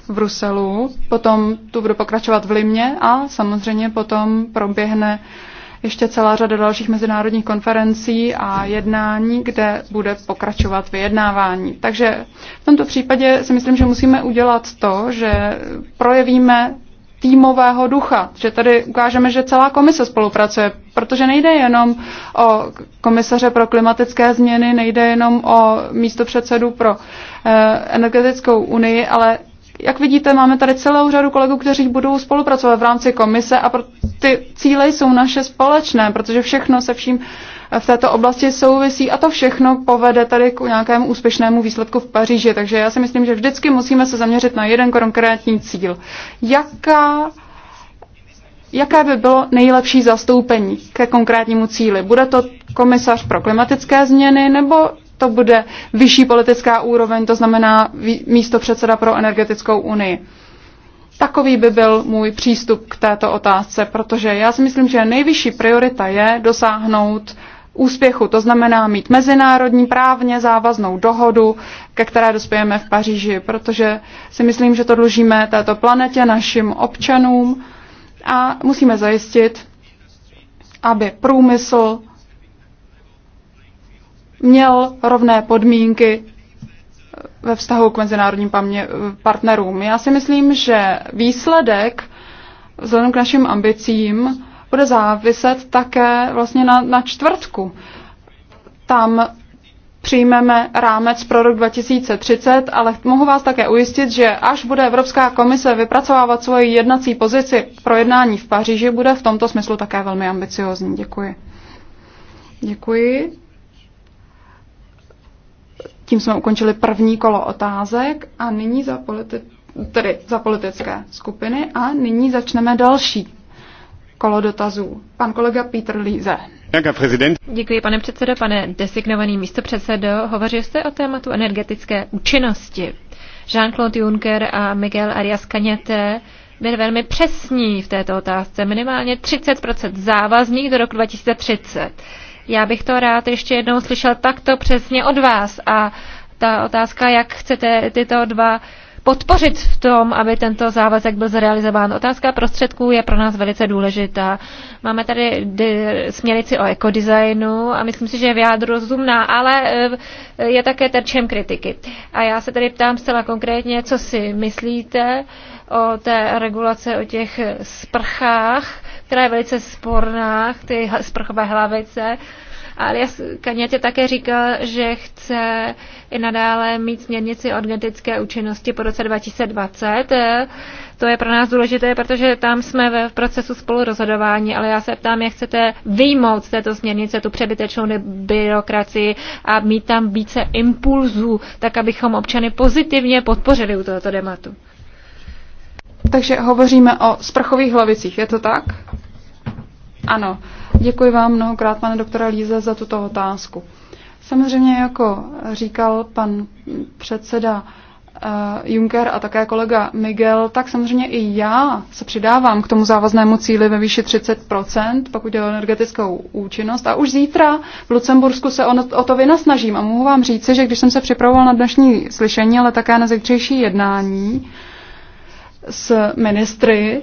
v Bruselu, potom tu budu pokračovat v Limě a samozřejmě potom proběhne uh, ještě celá řada dalších mezinárodních konferencí a jednání, kde bude pokračovat vyjednávání. Takže v tomto případě si myslím, že musíme udělat to, že projevíme týmového ducha, že tady ukážeme, že celá komise spolupracuje, protože nejde jenom o komisaře pro klimatické změny, nejde jenom o místopředsedu pro eh, energetickou unii, ale jak vidíte, máme tady celou řadu kolegů, kteří budou spolupracovat v rámci komise a ty cíle jsou naše společné, protože všechno se vším v této oblasti souvisí a to všechno povede tady k nějakému úspěšnému výsledku v Paříži. Takže já si myslím, že vždycky musíme se zaměřit na jeden konkrétní cíl. Jaká jaké by bylo nejlepší zastoupení ke konkrétnímu cíli. Bude to komisař pro klimatické změny nebo to bude vyšší politická úroveň, to znamená místo předseda pro energetickou unii. Takový by byl můj přístup k této otázce, protože já si myslím, že nejvyšší priorita je dosáhnout úspěchu. To znamená mít mezinárodní právně závaznou dohodu, ke které dospějeme v Paříži, protože si myslím, že to dlužíme této planetě, našim občanům a musíme zajistit, aby průmysl, měl rovné podmínky ve vztahu k mezinárodním partnerům. Já si myslím, že výsledek vzhledem k našim ambicím bude záviset také vlastně na, na čtvrtku. Tam přijmeme rámec pro rok 2030, ale mohu vás také ujistit, že až bude Evropská komise vypracovávat svoji jednací pozici pro jednání v Paříži, bude v tomto smyslu také velmi ambiciozní. Děkuji. Děkuji. Tím jsme ukončili první kolo otázek a nyní za, politi- tedy za politické skupiny a nyní začneme další kolo dotazů. Pan kolega Petr Líze. Děkuji,
pane předsedo, pane designovaný místopředsedo. Hovořil jste o tématu energetické účinnosti. Jean-Claude Juncker a Miguel Arias Cañete byli velmi přesní v této otázce. Minimálně 30 závazných do roku 2030. Já bych to rád ještě jednou slyšel takto přesně od vás. A ta otázka, jak chcete tyto dva podpořit v tom, aby tento závazek byl zrealizován. Otázka prostředků je pro nás velice důležitá. Máme tady směrnici o ekodesignu a myslím si, že je v jádru rozumná, ale e, je také terčem kritiky. A já se tady ptám zcela konkrétně, co si myslíte o té regulace o těch sprchách, která je velice sporná, ty sprchové hlavice. Alias Kaněte také říkal, že chce i nadále mít směrnici o genetické účinnosti po roce 2020. To je pro nás důležité, protože tam jsme ve procesu spolurozhodování, ale já se ptám, jak chcete vyjmout z této směrnice tu přebytečnou byrokracii a mít tam více impulzů, tak abychom občany pozitivně podpořili u tohoto tématu.
Takže hovoříme o sprchových hlavicích, je to tak? Ano. Děkuji vám mnohokrát, pane doktora Líze, za tuto otázku. Samozřejmě, jako říkal pan předseda eh, Juncker a také kolega Miguel, tak samozřejmě i já se přidávám k tomu závaznému cíli ve výši 30%, pokud je o energetickou účinnost. A už zítra v Lucembursku se o, o to vynasnažím. A mohu vám říci, že když jsem se připravoval na dnešní slyšení, ale také na zítřejší jednání, s ministry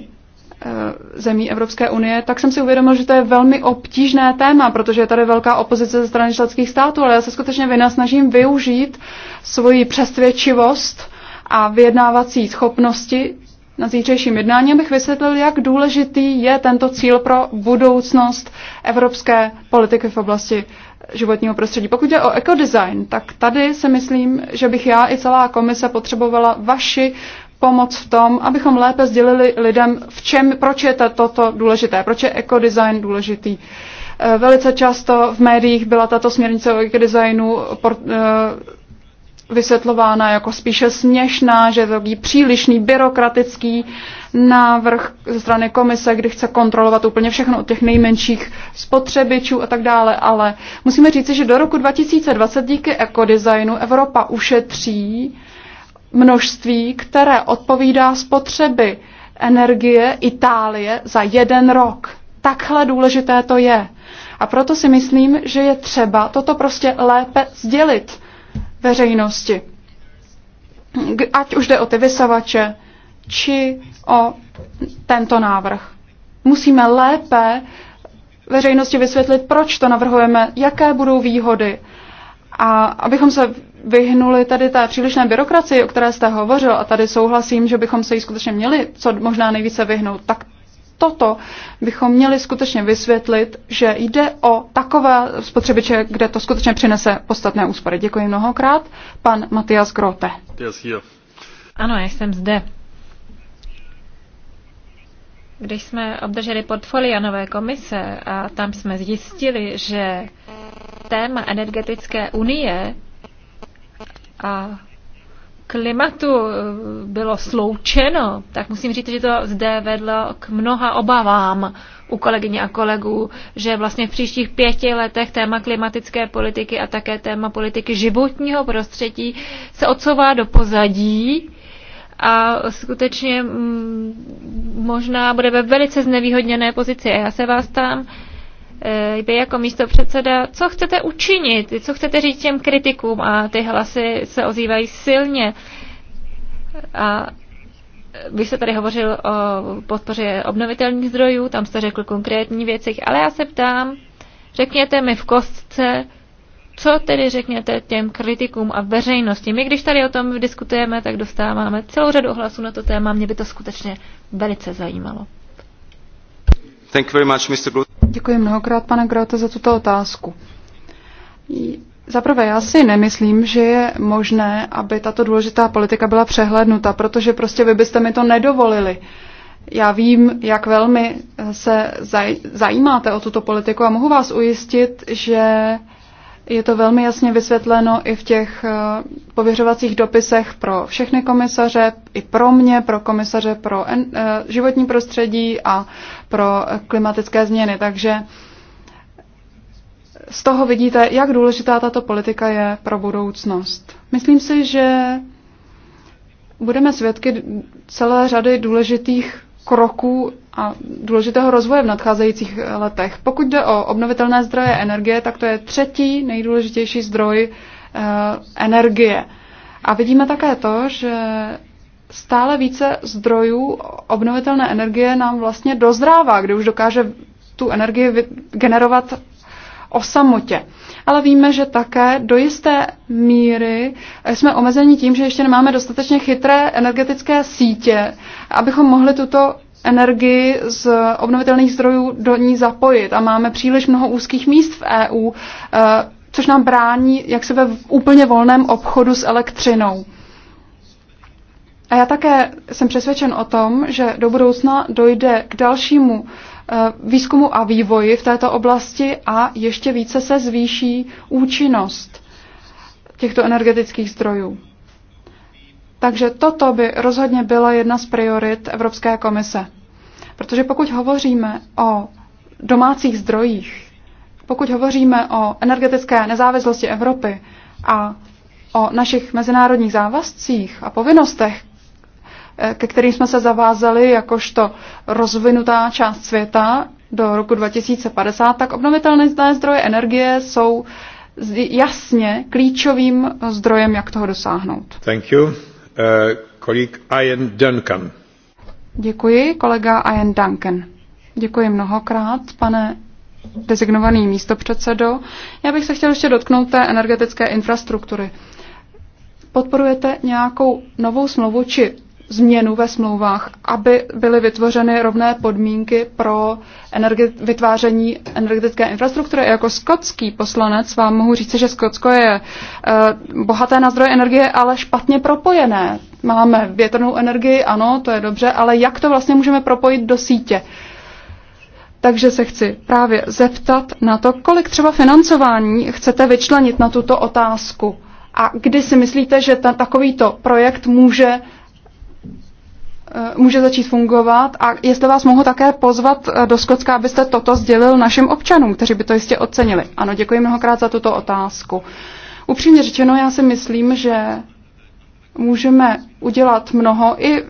eh, zemí Evropské unie, tak jsem si uvědomil, že to je velmi obtížné téma, protože je tady velká opozice ze strany členských států, ale já se skutečně snažím využít svoji přesvědčivost a vyjednávací schopnosti na zítřejším jednání, abych vysvětlil, jak důležitý je tento cíl pro budoucnost evropské politiky v oblasti životního prostředí. Pokud jde o ekodesign, tak tady se myslím, že bych já i celá komise potřebovala vaši pomoc v tom, abychom lépe sdělili lidem, v čem, proč je toto důležité, proč je ekodesign důležitý. Eh, velice často v médiích byla tato směrnice o ekodesignu eh, vysvětlována jako spíše směšná, že je to přílišný byrokratický návrh ze strany komise, kdy chce kontrolovat úplně všechno od těch nejmenších spotřebičů a tak dále, ale musíme říci, že do roku 2020 díky ekodesignu Evropa ušetří množství, které odpovídá spotřeby energie Itálie za jeden rok. Takhle důležité to je. A proto si myslím, že je třeba toto prostě lépe sdělit veřejnosti. Ať už jde o ty vysavače, či o tento návrh. Musíme lépe veřejnosti vysvětlit, proč to navrhujeme, jaké budou výhody a abychom se vyhnuli tady té přílišné byrokracii, o které jste hovořil, a tady souhlasím, že bychom se jí skutečně měli co možná nejvíce vyhnout, tak toto bychom měli skutečně vysvětlit, že jde o takové spotřebiče, kde to skutečně přinese podstatné úspory. Děkuji mnohokrát. Pan Matias Grote. Ano, já jsem zde.
Když jsme obdrželi portfolia nové komise a tam jsme zjistili, že téma energetické unie a klimatu eh, bylo sloučeno, tak musím říct, že to zde vedlo k mnoha obavám u kolegyně a kolegů, že vlastně v příštích pěti letech téma klimatické politiky a také téma politiky životního prostředí se odsouvá do pozadí a skutečně mm, možná bude ve velice znevýhodněné pozici. A já se vás tam vy eh, jako místo předseda, co chcete učinit, co chcete říct těm kritikům a ty hlasy se ozývají silně. A vy jste tady hovořil o podpoře obnovitelných zdrojů, tam jste řekl konkrétní věci, ale já se ptám, řekněte mi v kostce, co tedy řekněte těm kritikům a veřejnosti? My, když tady o tom diskutujeme, tak dostáváme celou řadu hlasů na to téma. Mě by to skutečně velice zajímalo.
Thank you very much, Mr.
Děkuji mnohokrát, pane Grote, za tuto otázku. Zaprvé já si nemyslím, že je možné, aby tato důležitá politika byla přehlednuta, protože prostě vy byste mi to nedovolili. Já vím, jak velmi se zajímáte o tuto politiku a mohu vás ujistit, že je to velmi jasně vysvětleno i v těch eh, pověřovacích dopisech pro všechny komisaře, i pro mě, pro komisaře pro eh, životní prostředí a pro klimatické změny. Takže z toho vidíte, jak důležitá tato politika je pro budoucnost. Myslím si, že budeme svědky celé řady důležitých kroků a důležitého rozvoje v nadcházejících letech. Pokud jde o obnovitelné zdroje energie, tak to je třetí nejdůležitější zdroj eh, energie. A vidíme také to, že stále více zdrojů obnovitelné energie nám vlastně dozrává, kde už dokáže tu energii generovat o samotě. Ale víme, že také do jisté míry jsme omezeni tím, že ještě nemáme dostatečně chytré energetické sítě, abychom mohli tuto energii z obnovitelných zdrojů do ní zapojit. A máme příliš mnoho úzkých míst v EU, eh, což nám brání jak se ve úplně volném obchodu s elektřinou. A já také jsem přesvědčen o tom, že do budoucna dojde k dalšímu eh, výzkumu a vývoji v této oblasti a ještě více se zvýší účinnost těchto energetických zdrojů. Takže toto by rozhodně byla jedna z priorit Evropské komise. Protože pokud hovoříme o domácích zdrojích, pokud hovoříme o energetické nezávislosti Evropy a o našich mezinárodních závazcích a povinnostech, Eh, ke kterým jsme se zavázali jakožto rozvinutá část světa do roku 2050, tak obnovitelné zdroje energie jsou jasně klíčovým zdrojem, jak toho dosáhnout.
Thank you. Uh, eh, kolik Ian Duncan.
Děkuji, kolega Ian Duncan. Děkuji mnohokrát, pane designovaný místopředsedo. Já bych se chtěl ještě dotknout té energetické infrastruktury. Podporujete nějakou novou smlouvu či změnu ve smlouvách, aby byly vytvořeny rovné podmínky pro energe- vytváření energetické infrastruktury. Jako skotský poslanec vám mohu říct, že Skotsko je uh, bohaté na zdroje energie, ale špatně propojené. Máme větrnou energii, ano, to je dobře, ale jak to vlastně můžeme propojit do sítě? Takže se chci právě zeptat na to, kolik třeba financování chcete vyčlenit na tuto otázku. A kdy si myslíte, že ta, takovýto projekt může Eh, může začít fungovat a jestli vás mohu také pozvat eh, do Skotska, abyste toto sdělil našim občanům, kteří by to jistě ocenili. Ano, děkuji mnohokrát za tuto otázku. Upřímně řečeno, já si myslím, že můžeme udělat mnoho i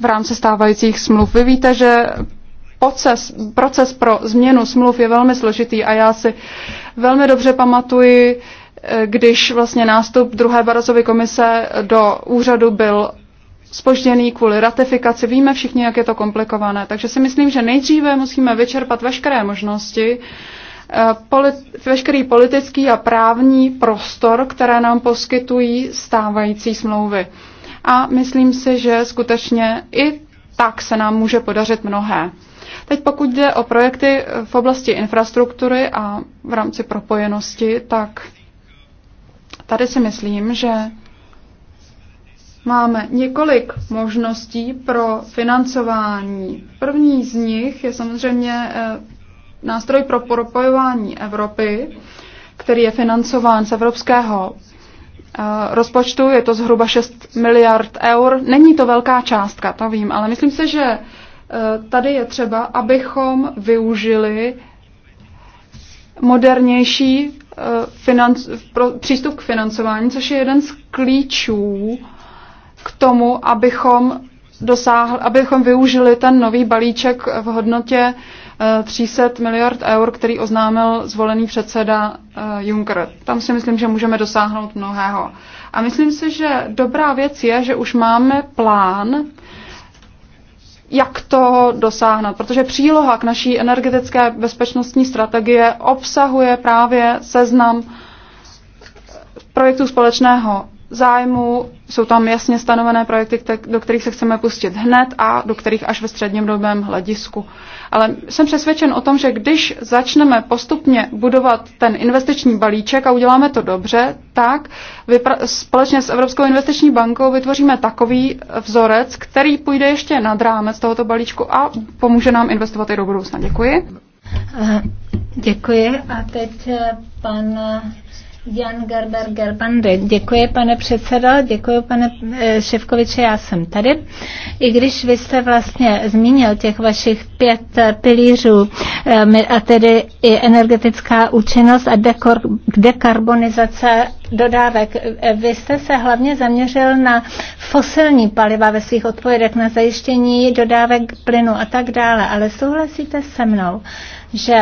v rámci stávajících smluv. Vy víte, že proces, proces pro změnu smluv je velmi složitý a já si velmi dobře pamatuji, eh, když vlastně nástup druhé Barosovy komise do úřadu byl spožděný kvůli ratifikaci. Víme všichni, jak je to komplikované. Takže si myslím, že nejdříve musíme vyčerpat veškeré možnosti, eh, polit, veškerý politický a právní prostor, které nám poskytují stávající smlouvy. A myslím si, že skutečně i tak se nám může podařit mnohé. Teď pokud jde o projekty v oblasti infrastruktury a v rámci propojenosti, tak tady si myslím, že Máme několik možností pro financování. První z nich je samozřejmě eh, nástroj pro propojování Evropy, který je financován z evropského eh, rozpočtu, je to zhruba 6 miliard eur. Není to velká částka, to vím, ale myslím se, že eh, tady je třeba, abychom využili modernější financ, přístup k financování, což je jeden z klíčů k tomu, abychom, dosáhli, abychom využili ten nový balíček v hodnotě 300 eh, miliard eur, který oznámil zvolený předseda eh, Juncker. Tam si myslím, že můžeme dosáhnout mnohého. A myslím si, že dobrá věc je, že už máme plán, jak to dosáhnout, protože příloha k naší energetické bezpečnostní strategie obsahuje právě seznam projektů společného zájmu, jsou tam jasně stanovené projekty, do kterých se chceme pustit hned a do kterých až ve středním dobém hledisku. Ale jsem přesvědčen o tom, že když začneme postupně budovat ten investiční balíček a uděláme to dobře, tak společně s Evropskou investiční bankou vytvoříme takový vzorec, který půjde ještě nad rámec tohoto balíčku a pomůže nám investovat i do budoucna. Děkuji. Děkuji
a teď eh, pan Jan Gerber Gerbande, Děkuji, pane předsedo, děkuji, pane eh, Ševkoviče, já jsem tady. I když vy jste vlastně zmínil těch vašich pět eh, pilířů, eh, a tedy i energetická účinnost a dekor, dekarbonizace dodávek. Vy jste se hlavně zaměřil na fosilní paliva ve svých odpovědech, na zajištění dodávek plynu a tak dále, ale souhlasíte se mnou, že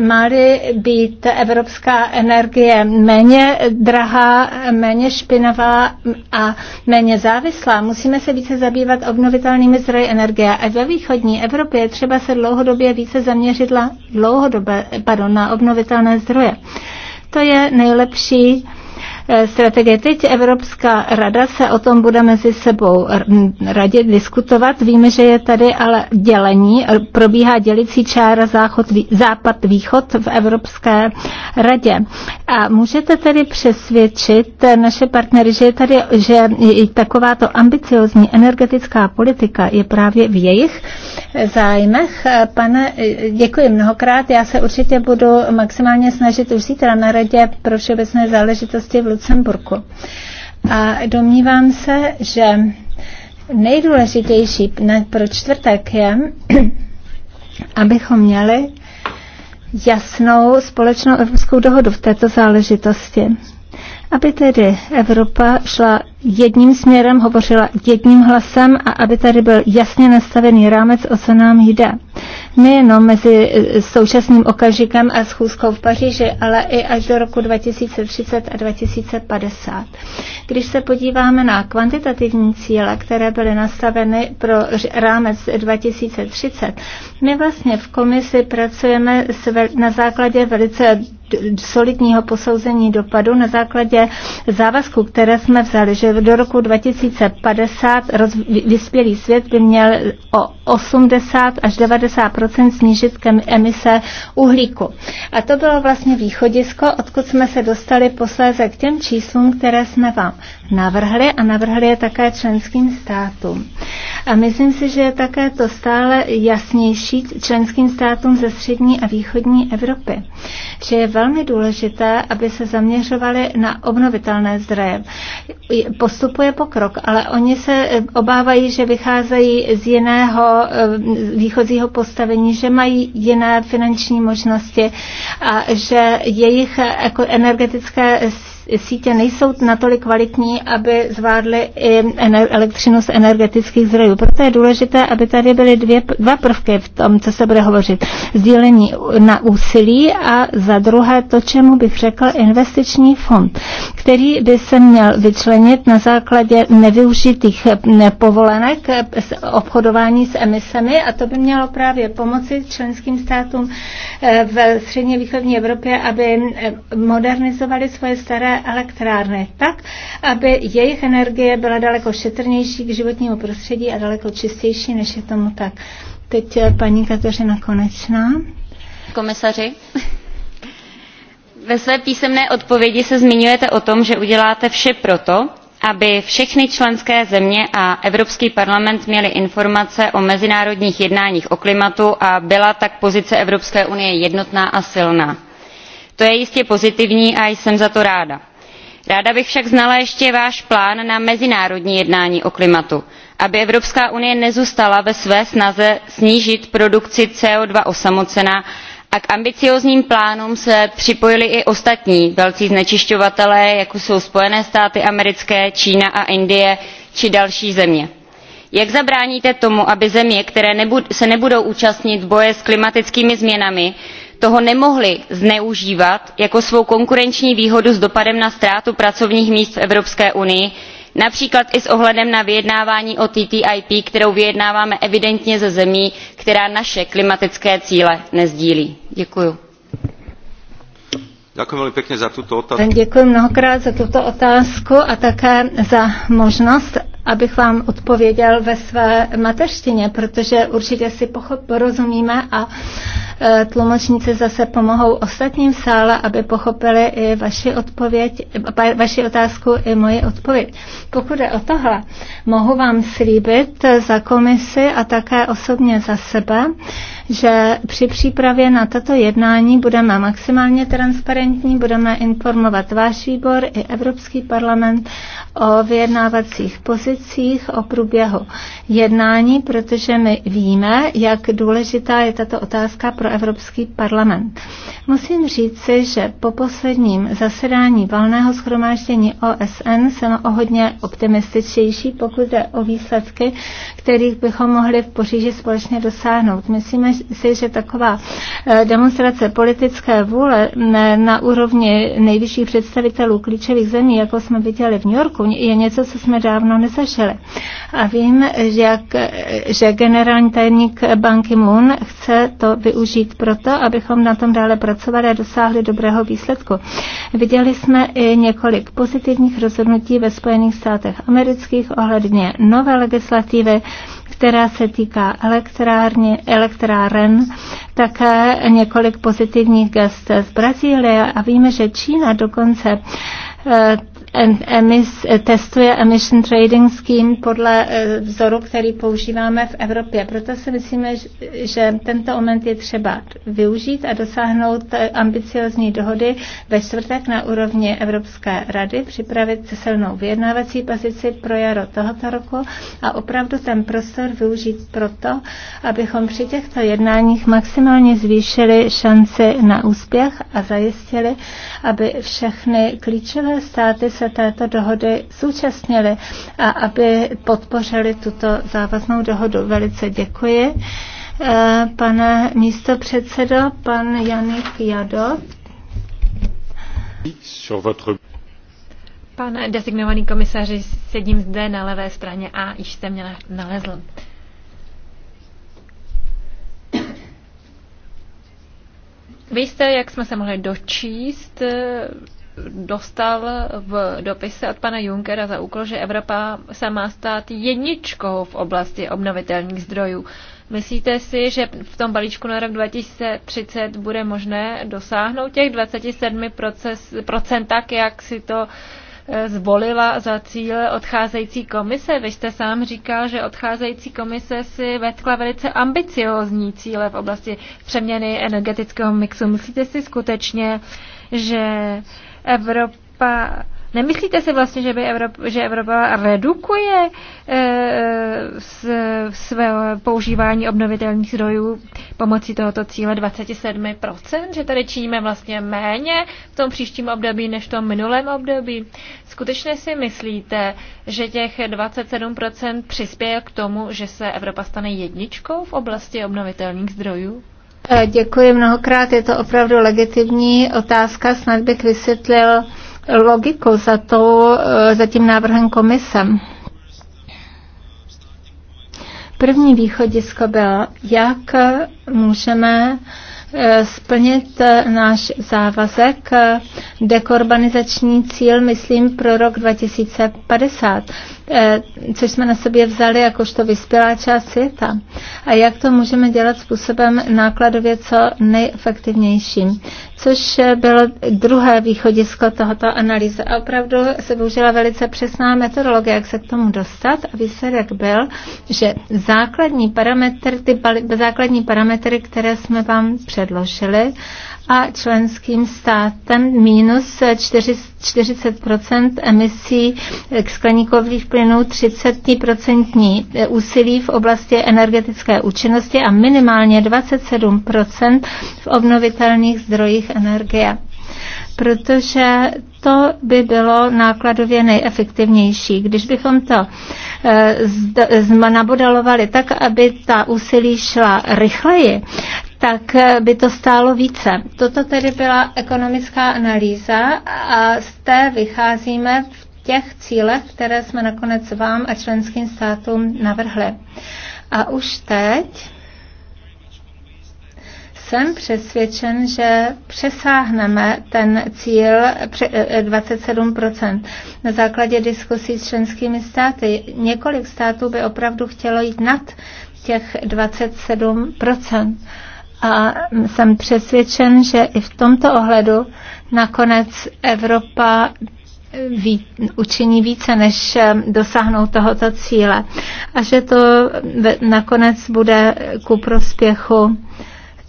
Máli být evropská energie méně drahá, méně špinavá a méně závislá, musíme se více zabývat obnovitelnými zdroji energie. A ve východní Evropě je třeba se dlouhodobě více zaměřit na, dlouhodobě, pardon, na obnovitelné zdroje. To je nejlepší Eh, strategie. Teď Evropská rada se o tom bude mezi sebou radit, diskutovat. Víme, že je tady ale dělení, probíhá dělicí čára záchod, západ-východ v Evropské radě. A můžete tedy přesvědčit eh, naše partnery, že je tady, že takováto ambiciozní energetická politika je právě v jejich eh, zájmech. Pane, děkuji mnohokrát. Já se určitě budu maximálně snažit už zítra na radě pro všeobecné záležitosti v Lucemburku. A domnívám se, že nejdůležitější pro čtvrtek je, abychom měli jasnou společnou evropskou dohodu v této záležitosti. Aby tedy Evropa šla jedním směrem, hovořila jedním hlasem a aby tady byl jasně nastavený rámec, o co nám jde. Nejenom mezi eh, současným okamžikem a schůzkou v Paříži, ale i až do roku 2030 a 2050. Když se podíváme na kvantitativní cíle, které byly nastaveny pro rámec 2030, my vlastně v komisi pracujeme na základě velice solidního posouzení dopadu, na základě závazku, které jsme vzali, že do roku 2050 roz, vyspělý svět by měl o 80 až 90 snížit emise uhlíku. A to bylo vlastně východisko, odkud jsme se dostali posléze k těm číslům, které jsme vám navrhli a navrhli je také členským státům. A myslím si, že je také to stále jasnější členským státům ze střední a východní Evropy, že je velmi důležité, aby se zaměřovali na obnovitelné zdroje postupuje pokrok, ale oni se eh, obávají, že vycházejí z jiného eh, výchozího postavení, že mají jiné finanční možnosti a že jejich eh, jako energetické sítě nejsou natolik kvalitní, aby zvládly i elektřinu z energetických zdrojů. Proto je důležité, aby tady byly dvě, dva prvky v tom, co se bude hovořit. Sdílení na úsilí a za druhé to, čemu bych řekl, investiční fond, který by se měl vyčlenit na základě nevyužitých povolenek obchodování s emisemi a to by mělo právě pomoci členským státům eh, v středně východní Evropě, aby eh, modernizovali svoje staré elektrárny tak, aby jejich energie byla daleko šetrnější k životnímu prostředí a daleko čistější, než je tomu tak. Teď eh, paní Kateřina
Konečná. Komisaři, ve své písemné odpovědi se zmiňujete o tom, že uděláte vše proto, aby všechny členské země a evropský parlament měly informace o mezinárodních jednáních o klimatu a byla tak pozice evropské unie jednotná a silná to je jistě pozitivní a jsem za to ráda. ráda bych však znala ještě váš plán na mezinárodní jednání o klimatu aby evropská unie nezůstala ve své snaze snížit produkci co two osamocena a k ambiciózním plánům se připojili i ostatní velcí znečišťovatelé jako jsou spojené státy americké čína a indie či další země. jak zabráníte tomu aby země které se nebudou účastnit boje s klimatickými změnami toho nemohli zneužívat jako svou konkurenční výhodu s dopadem na ztrátu pracovních míst v evropské unii například i s ohledem na vyjednávání o ttip kterou vyjednáváme evidentně se zemí která naše klimatické cíle nesdílí. děkuji.
Děkuji mnohokrát za tuto otázku a také za možnost, abych vám odpověděl ve své mateřštině, protože určitě si pochop, porozumíme a Eh, tlumočníci zase pomohou ostatním v sále, aby pochopili i vaši, odpověď, eh, vaši otázku i moji odpověď. Pokud je o tohle, mohu vám slíbit za komisi a také osobně za sebe, že při přípravě na tato jednání budeme maximálně transparentní, budeme informovat váš výbor i Evropský parlament o vyjednávacích pozicích, o průběhu jednání, protože my víme, jak důležitá je tato otázka pro pro Evropský parlament. Musím říci, že po posledním zasedání valného schromáždění OSN jsem o hodně optimističtější, pokud jde o výsledky, kterých bychom mohli v Poříži společně dosáhnout. Myslíme si, že taková eh, demonstrace politické vůle eh, na úrovni nejvyšších představitelů klíčových zemí, jako jsme viděli v New Yorku, je něco, co jsme dávno nezažili. A vím, jak, eh, že generální tajemník banky Moon chce to využít žít proto, abychom na tom dále pracovali a dosáhli dobrého výsledku. Viděli jsme i několik pozitivních rozhodnutí ve Spojených státech amerických ohledně nové legislativy, která se týká elektrárně, elektráren, také několik pozitivních gest z Brazílie a víme, že Čína dokonce eh, emis, testuje Emission Trading Scheme podle eh, vzoru, který používáme v Evropě. Proto si myslíme, že tento moment je třeba využít a dosáhnout eh, ambiciozní dohody ve čtvrtek na úrovni Evropské rady, připravit silnou vyjednávací pozici pro jaro tohoto roku a opravdu ten prostor využít proto, abychom při těchto jednáních maximálně zvýšili šance na úspěch a zajistili, aby všechny klíčové státy se se této dohody zúčastnili a aby podpořili tuto závaznou dohodu. Velice děkuji. Eh, pane předsedo, pan Janik Jado.
Pan designovaný komisaři, sedím zde na levé straně a již jste mě nalezl. Vy jste, jak jsme se mohli dočíst, dostal v dopise od pana Junckera za úkol, že Evropa se má stát jedničkou v oblasti obnovitelných zdrojů. Myslíte si, že v tom balíčku na rok 2030 bude možné dosáhnout těch 27 procent tak, jak si to eh, zvolila za cíl odcházející komise. Vy jste sám říkal, že odcházející komise si vetkla velice ambiciozní cíle v oblasti přeměny energetického mixu. Myslíte si skutečně, že Evropa Nemyslíte si vlastně, že, by Evropa, že Evropa redukuje e, s, své používání obnovitelných zdrojů pomocí tohoto cíle 27%, že tady činíme vlastně méně v tom příštím období než v tom minulém období? Skutečně si myslíte, že těch 27% přispěje k tomu, že se Evropa stane jedničkou v oblasti obnovitelných zdrojů?
Eh, děkuji mnohokrát, je to opravdu legitimní otázka. Snad bych vysvětlil logiku za, to, eh, za tím návrhem komise. První východisko bylo, jak můžeme uh, Eh, splnit eh, náš závazek eh, dekorbanizační cíl, myslím, pro rok 2050, což jsme na sobě vzali jakožto vyspělá část světa. A jak to můžeme dělat způsobem nákladově co nejefektivnějším což bylo druhé východisko tohoto analýzy. A opravdu se využila velice přesná metodologie, jak se k tomu dostat. A výsledek byl, že základní parametry, ty základní parametry, které jsme vám předložili, a členským státem minus 40 emisí skleníkových plynů, 30 úsilí v oblasti energetické účinnosti a minimálně 27 v obnovitelných zdrojích energie protože to by bylo nákladově nejefektivnější. Když bychom to eh, nabodalovali tak, aby ta úsilí šla rychleji, tak eh, by to stálo více. Toto tedy byla ekonomická analýza a z té vycházíme v těch cílech, které jsme nakonec vám a členským státům navrhli. A už teď jsem přesvědčen, že přesáhneme ten cíl 27% eh, na základě diskusí s členskými státy. Několik států by opravdu chtělo jít nad těch 27% a jsem přesvědčen, že i v tomto ohledu nakonec Evropa ví, učiní více, než eh, dosáhnout tohoto cíle. A že to eh, nakonec bude ku prospěchu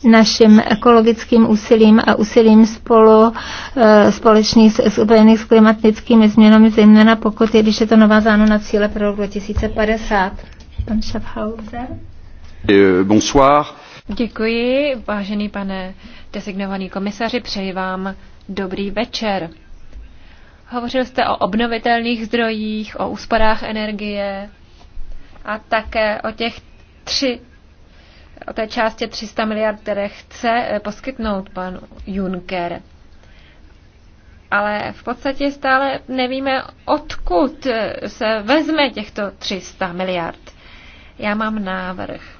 našim ekologickým úsilím a úsilím spolu eh, společných spojených s klimatickými změnami, zejména pokud je, když je to navázáno na cíle pro rok 2050.
Pan Schaffhauser. Bonsoir. Děkuji, vážený pane designovaný komisaři, přeji vám dobrý večer. Hovořil jste o obnovitelných zdrojích, o úsporách energie a také o těch tři o té části 300 miliard, které chce eh, poskytnout pan Juncker. Ale v podstatě stále nevíme, odkud eh, se vezme těchto 300 miliard. Já mám návrh.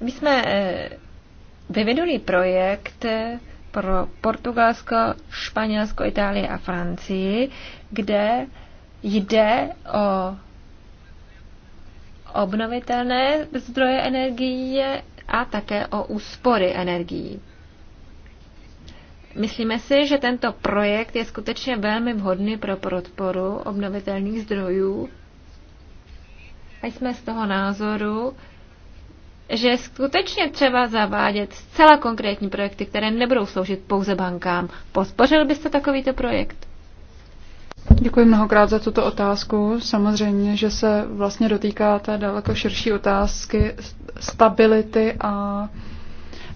My jsme eh, vyvinuli projekt eh, pro Portugalsko, Španělsko, Itálii a Francii, kde jde o obnovitelné zdroje energie a také o úspory energií. Myslíme si, že tento projekt je skutečně velmi vhodný pro podporu obnovitelných zdrojů a jsme z toho názoru, že skutečně třeba zavádět zcela konkrétní projekty, které nebudou sloužit pouze bankám. Podpořil
byste takovýto projekt? Děkuji mnohokrát za tuto otázku. Samozřejmě, že se vlastně dotýká té daleko širší otázky stability a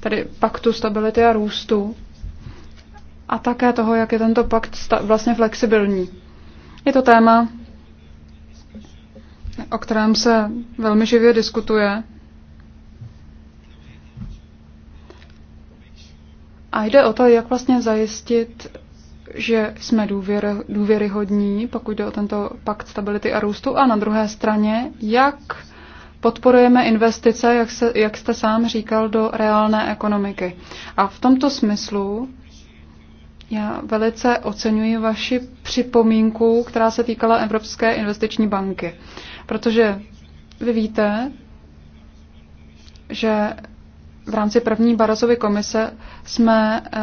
tedy paktu stability a růstu a také toho, jak je tento pakt vlastně flexibilní. Je to téma, o kterém se velmi živě diskutuje A jde o to, jak vlastně zajistit, že jsme důvěry, důvěryhodní, pokud jde o tento pakt stability a růstu, a na druhé straně, jak podporujeme investice, jak, se, jak jste sám říkal, do reálné ekonomiky. A v tomto smyslu já velice oceňuji vaši připomínku, která se týkala Evropské investiční banky. Protože vy víte, že v rámci první Barazovy komise jsme eh,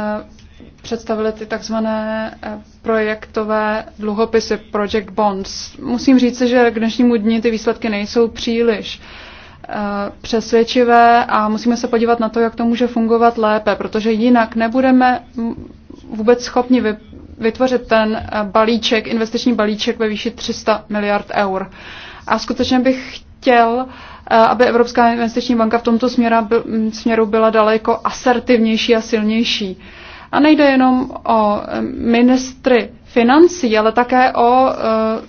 představili ty takzvané eh, projektové dluhopisy, project bonds. Musím říct, že k dnešnímu dni ty výsledky nejsou příliš eh, přesvědčivé a musíme se podívat na to, jak to může fungovat lépe, protože jinak nebudeme vůbec schopni vytvořit ten balíček, investiční balíček ve výši 300 miliard eur. A skutečně bych chtěl uh, Eh, aby Evropská investiční banka v tomto směru byla daleko asertivnější a silnější. A nejde jenom o eh, ministry financí, ale také o eh,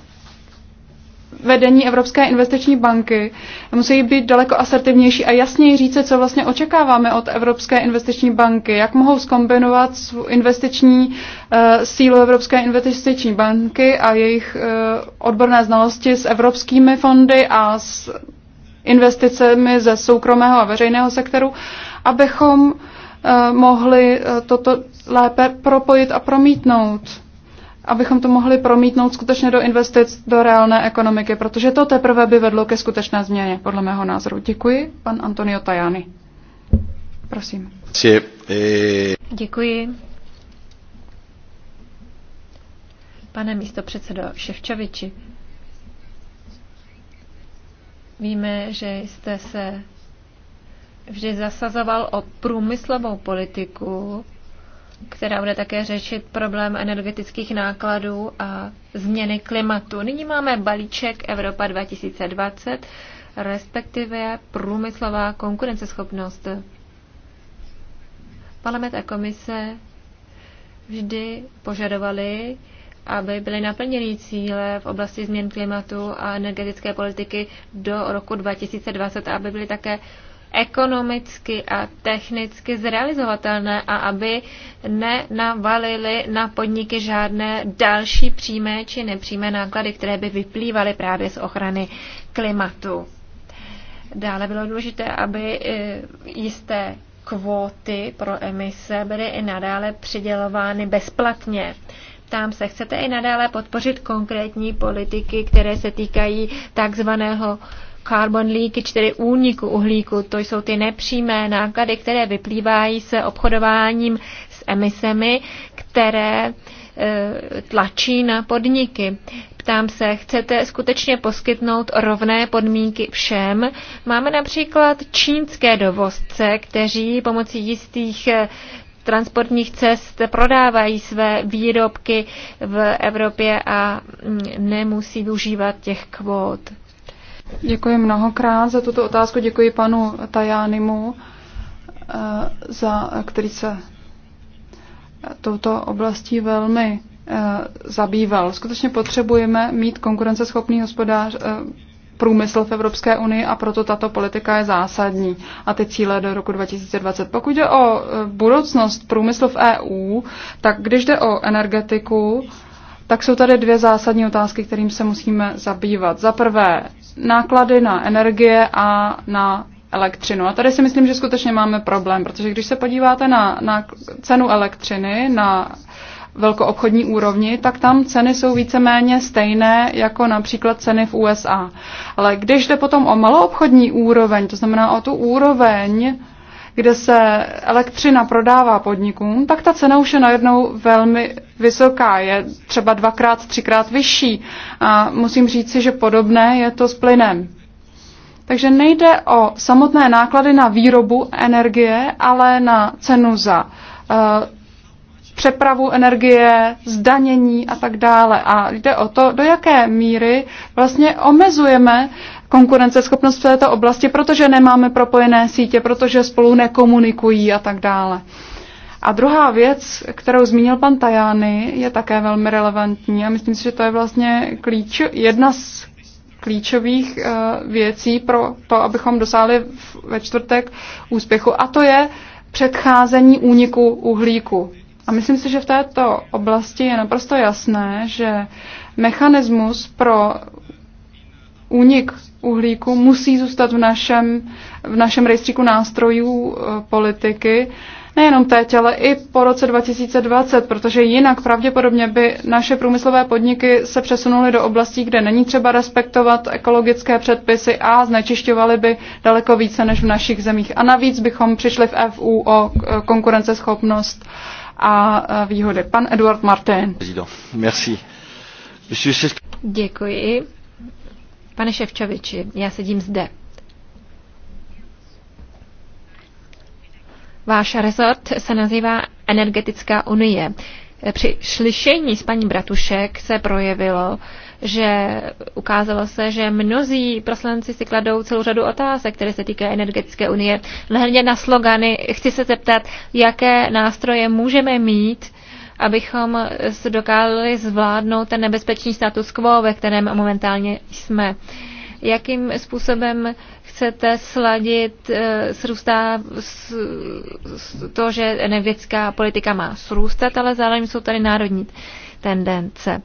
vedení Evropské investiční banky musí být daleko asertivnější a jasněji říct, co vlastně očekáváme od Evropské investiční banky, jak mohou skombinovat investiční uh, sílu Evropské investiční banky a jejich uh, odborné znalosti s evropskými fondy a s investicemi ze soukromého a veřejného sektoru, abychom eh, mohli eh, toto lépe propojit a promítnout abychom to mohli promítnout skutečně do investic do reálné ekonomiky, protože to teprve by vedlo ke skutečné změně, podle mého názoru. Děkuji, pan Antonio Tajani. Prosím. Eh. Děkuji.
Pane místo předsedo Ševčoviči, Víme, že jste se vždy zasazoval o průmyslovou politiku, která bude také řešit problém energetických nákladů a změny klimatu. Nyní máme balíček Evropa 2020, respektive průmyslová konkurenceschopnost. Parlament a komise vždy požadovali aby byly naplněny cíle v oblasti změn klimatu a energetické politiky do roku 2020 a aby byly také ekonomicky a technicky zrealizovatelné a aby nenavalily na podniky žádné další přímé či nepřímé náklady, které by vyplývaly právě z ochrany klimatu. Dále bylo důležité, aby e, jisté kvóty pro emise byly i nadále přidělovány bezplatně. Ptám se, chcete i nadále podpořit konkrétní politiky, které se týkají takzvaného carbon leakage, tedy úniku uhlíku. To jsou ty nepřímé náklady, které vyplývají se obchodováním s emisemi, které e, tlačí na podniky. Ptám se, chcete skutečně poskytnout rovné podmínky všem? Máme například čínské dovozce, kteří pomocí jistých e, transportních cest prodávají své
výrobky v Evropě a nemusí využívat těch kvót. Děkuji mnohokrát za tuto otázku. Děkuji panu Tajánimu, eh, za, který se touto oblastí velmi eh, zabýval. Skutečně potřebujeme mít konkurenceschopný hospodář, eh, průmysl v Evropské unii a proto tato politika je zásadní. A ty cíle do roku 2020. Pokud jde o e, budoucnost průmyslu v EU, tak když jde o energetiku, tak jsou tady dvě zásadní otázky, kterým se musíme zabývat. Za prvé, náklady na energie a na elektřinu. A tady si myslím, že skutečně máme problém, protože když se podíváte na, na cenu elektřiny, na velkoobchodní úrovni, tak tam ceny jsou víceméně stejné jako například ceny v USA. Ale když jde potom o maloobchodní úroveň, to znamená o tu úroveň, kde se elektřina prodává podnikům, tak ta cena už je najednou velmi vysoká, je třeba dvakrát, třikrát vyšší. A musím říct si, že podobné je to s plynem. Takže nejde o samotné náklady na výrobu energie, ale na cenu za uh, přepravu energie, zdanění a tak dále. A jde o to, do jaké míry vlastně omezujeme konkurenceschopnost v této oblasti, protože nemáme propojené sítě, protože spolu nekomunikují a tak dále. A druhá věc, kterou zmínil pan Tajány, je také velmi relevantní a myslím si, že to je vlastně klíč, jedna z klíčových eh, věcí pro to, abychom dosáhli ve čtvrtek úspěchu, a to je předcházení úniku uhlíku. A myslím si, že v této oblasti je naprosto jasné, že mechanismus pro únik uhlíku musí zůstat v našem, v našem rejstříku nástrojů e, politiky, nejenom teď, ale i po roce 2020, protože jinak pravděpodobně by naše průmyslové podniky se přesunuly do oblastí, kde není třeba respektovat ekologické předpisy a znečišťovaly by daleko více než v našich zemích. A navíc bychom přišli v FU o e, konkurenceschopnost uh, a výhody. Pan Eduard Martin. Merci. Děkuji.
Pane Ševčoviči, já sedím zde. Váš rezort se nazývá Energetická unie. Při slyšení s paní Bratušek se projevilo, že ukázalo se, že mnozí poslanci si kladou celou řadu otázek, které se týkají energetické unie. Hlavně na slogany chci se zeptat, jaké nástroje můžeme mít, abychom se dokázali zvládnout ten nebezpečný status quo, ve kterém momentálně jsme. Jakým způsobem chcete sladit eh, srůstá to, že energetická politika má srůstat, ale zároveň jsou tady národní tendence.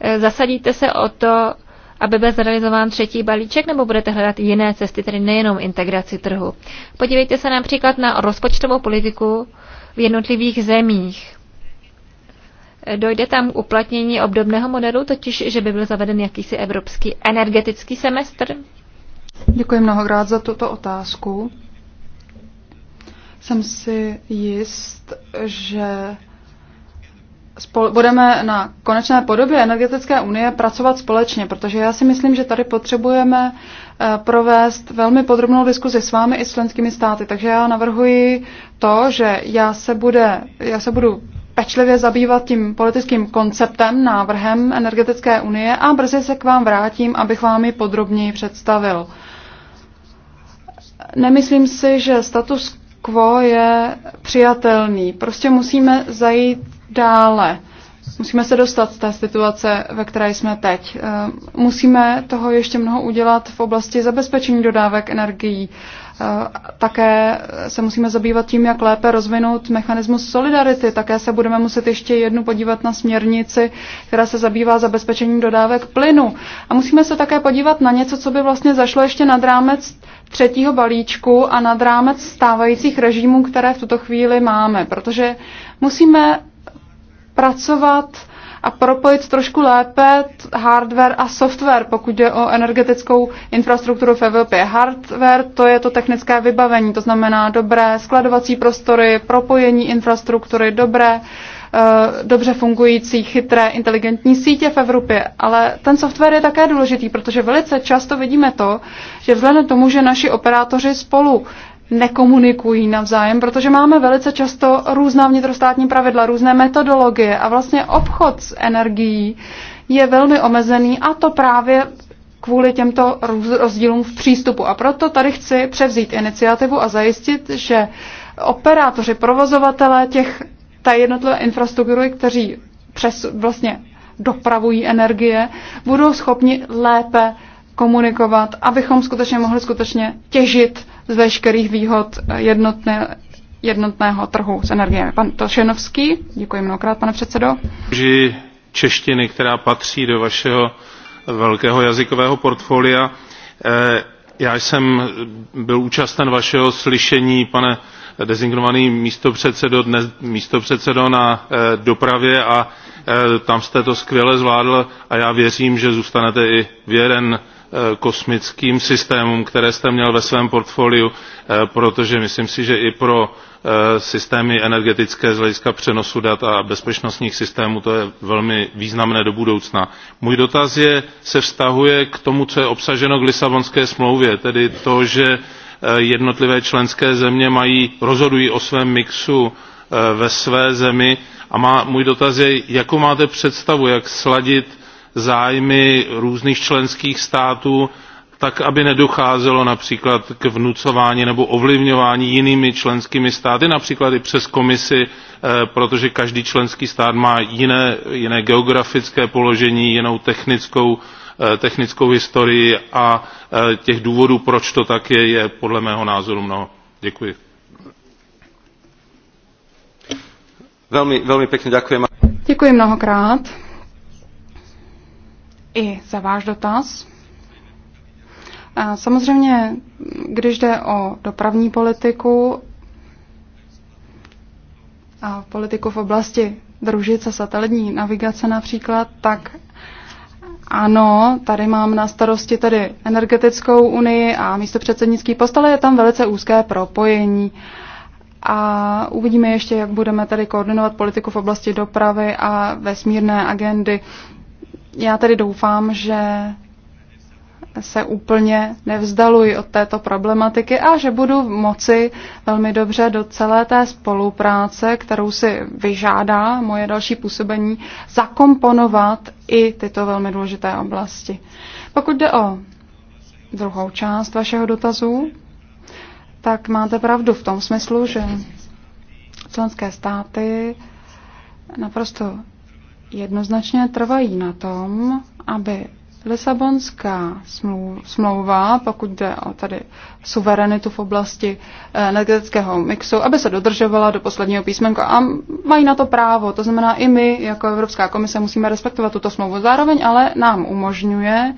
Eh, zasadíte se o to, aby byl zrealizován třetí balíček, nebo budete hledat jiné cesty, tedy nejenom integraci trhu? Podívejte se například na rozpočtovou politiku v jednotlivých zemích. Eh, dojde tam k uplatnění obdobného modelu, totiž, že by byl zaveden jakýsi evropský
energetický semestr? Děkuji mnohokrát za tuto otázku. Jsem si jist, že spol- budeme na konečné podobě energetické unie pracovat společně, protože já si myslím, že tady potřebujeme eh, provést velmi podrobnou diskuzi s vámi i s členskými státy. Takže já navrhuji to, že já se, bude, já se budu pečlivě zabývat tím politickým konceptem, návrhem energetické unie a brzy se k vám vrátím, abych vám ji podrobněji představil. Nemyslím si, že status quo je přijatelný. Prostě musíme zajít dále. Musíme se dostat z té situace, ve které jsme teď. Eh, musíme toho ještě mnoho udělat v oblasti zabezpečení dodávek energií. Eh, také se musíme zabývat tím, jak lépe rozvinout mechanismus solidarity. Také se budeme muset ještě jednu podívat na směrnici, která se zabývá zabezpečením dodávek plynu. A musíme se také podívat na něco, co by vlastně zašlo ještě nad rámec třetího balíčku a nad rámec stávajících režimů, které v tuto chvíli máme, protože musíme pracovat a propojit trošku lépe hardware a software, pokud jde o energetickou infrastrukturu v Evropě. Hardware to je to technické vybavení, to znamená dobré skladovací prostory, propojení infrastruktury, dobré eh, dobře fungující, chytré, inteligentní sítě v Evropě. Ale ten software je také důležitý, protože velice často vidíme to, že vzhledem tomu, že naši operátoři spolu nekomunikují navzájem, protože máme velice často různá vnitrostátní pravidla, různé metodologie a vlastně obchod s energií je velmi omezený a to právě kvůli těmto rozdílům v přístupu. A proto tady chci převzít iniciativu a zajistit, že operátoři, provozovatelé těch té jednotlivé infrastruktury, kteří přes, vlastně dopravují energie, budou schopni lépe komunikovat, abychom skutečně mohli skutečně těžit z veškerých výhod jednotné, jednotného trhu s energiemi. Pan Tošenovský, děkuji mnohokrát, pane předsedo.
Češtiny, která patří do vašeho velkého jazykového portfolia. Eh, já jsem byl účasten vašeho slyšení, pane designovaný místopředsedo, dnes místopředsedo na eh, dopravě a eh, tam jste to skvěle zvládl a já věřím, že zůstanete i věren Eh, kosmickým systémům které jste měl ve svém portfoliu eh, protože myslím si že i pro eh, systémy energetické z hlediska přenosu dat a bezpečnostních systémů to je velmi významné do budoucna. můj dotaz je, se vztahuje k tomu co je obsaženo v lisabonské smlouvě tedy to že jednotlivé členské země mají, rozhodují o svém mixu ve své zemi a má, můj dotaz je jakou máte představu jak sladit zájmy různých členských států tak aby nedocházelo například k vnucování nebo ovlivňování jinými členskými státy například i přes komisi eh, protože každý členský stát má jiné, jiné geografické položení jinou technickou, eh, technickou historii a eh, těch důvodů proč to tak je je podle mého názoru mnoho. děkuji. Velmi, velmi pěkně děkuji.
Děkuji mnohokrát i za váš dotaz. Samozřejmě, když jde o dopravní politiku a politiku v oblasti družice satelitní navigace například, tak ano, tady mám na starosti tady energetickou unii a místo předsednický post, ale je tam velice úzké propojení. A uvidíme ještě, jak budeme tady koordinovat politiku v oblasti dopravy a vesmírné agendy. Já tedy doufám, že se úplně nevzdaluji od této problematiky a že budu moci velmi dobře do celé té spolupráce, kterou si vyžádá moje další působení, zakomponovat i tyto velmi důležité oblasti. Pokud jde o druhou část vašeho dotazu, tak máte pravdu v tom smyslu, že členské státy naprosto jednoznačně trvají na tom, aby Lisabonská smlouva, pokud jde o tady suverenitu v oblasti eh, energetického mixu, aby se dodržovala do posledního písmenka a mají na to právo. To znamená, i my jako Evropská komise musíme respektovat tuto smlouvu. Zároveň ale nám umožňuje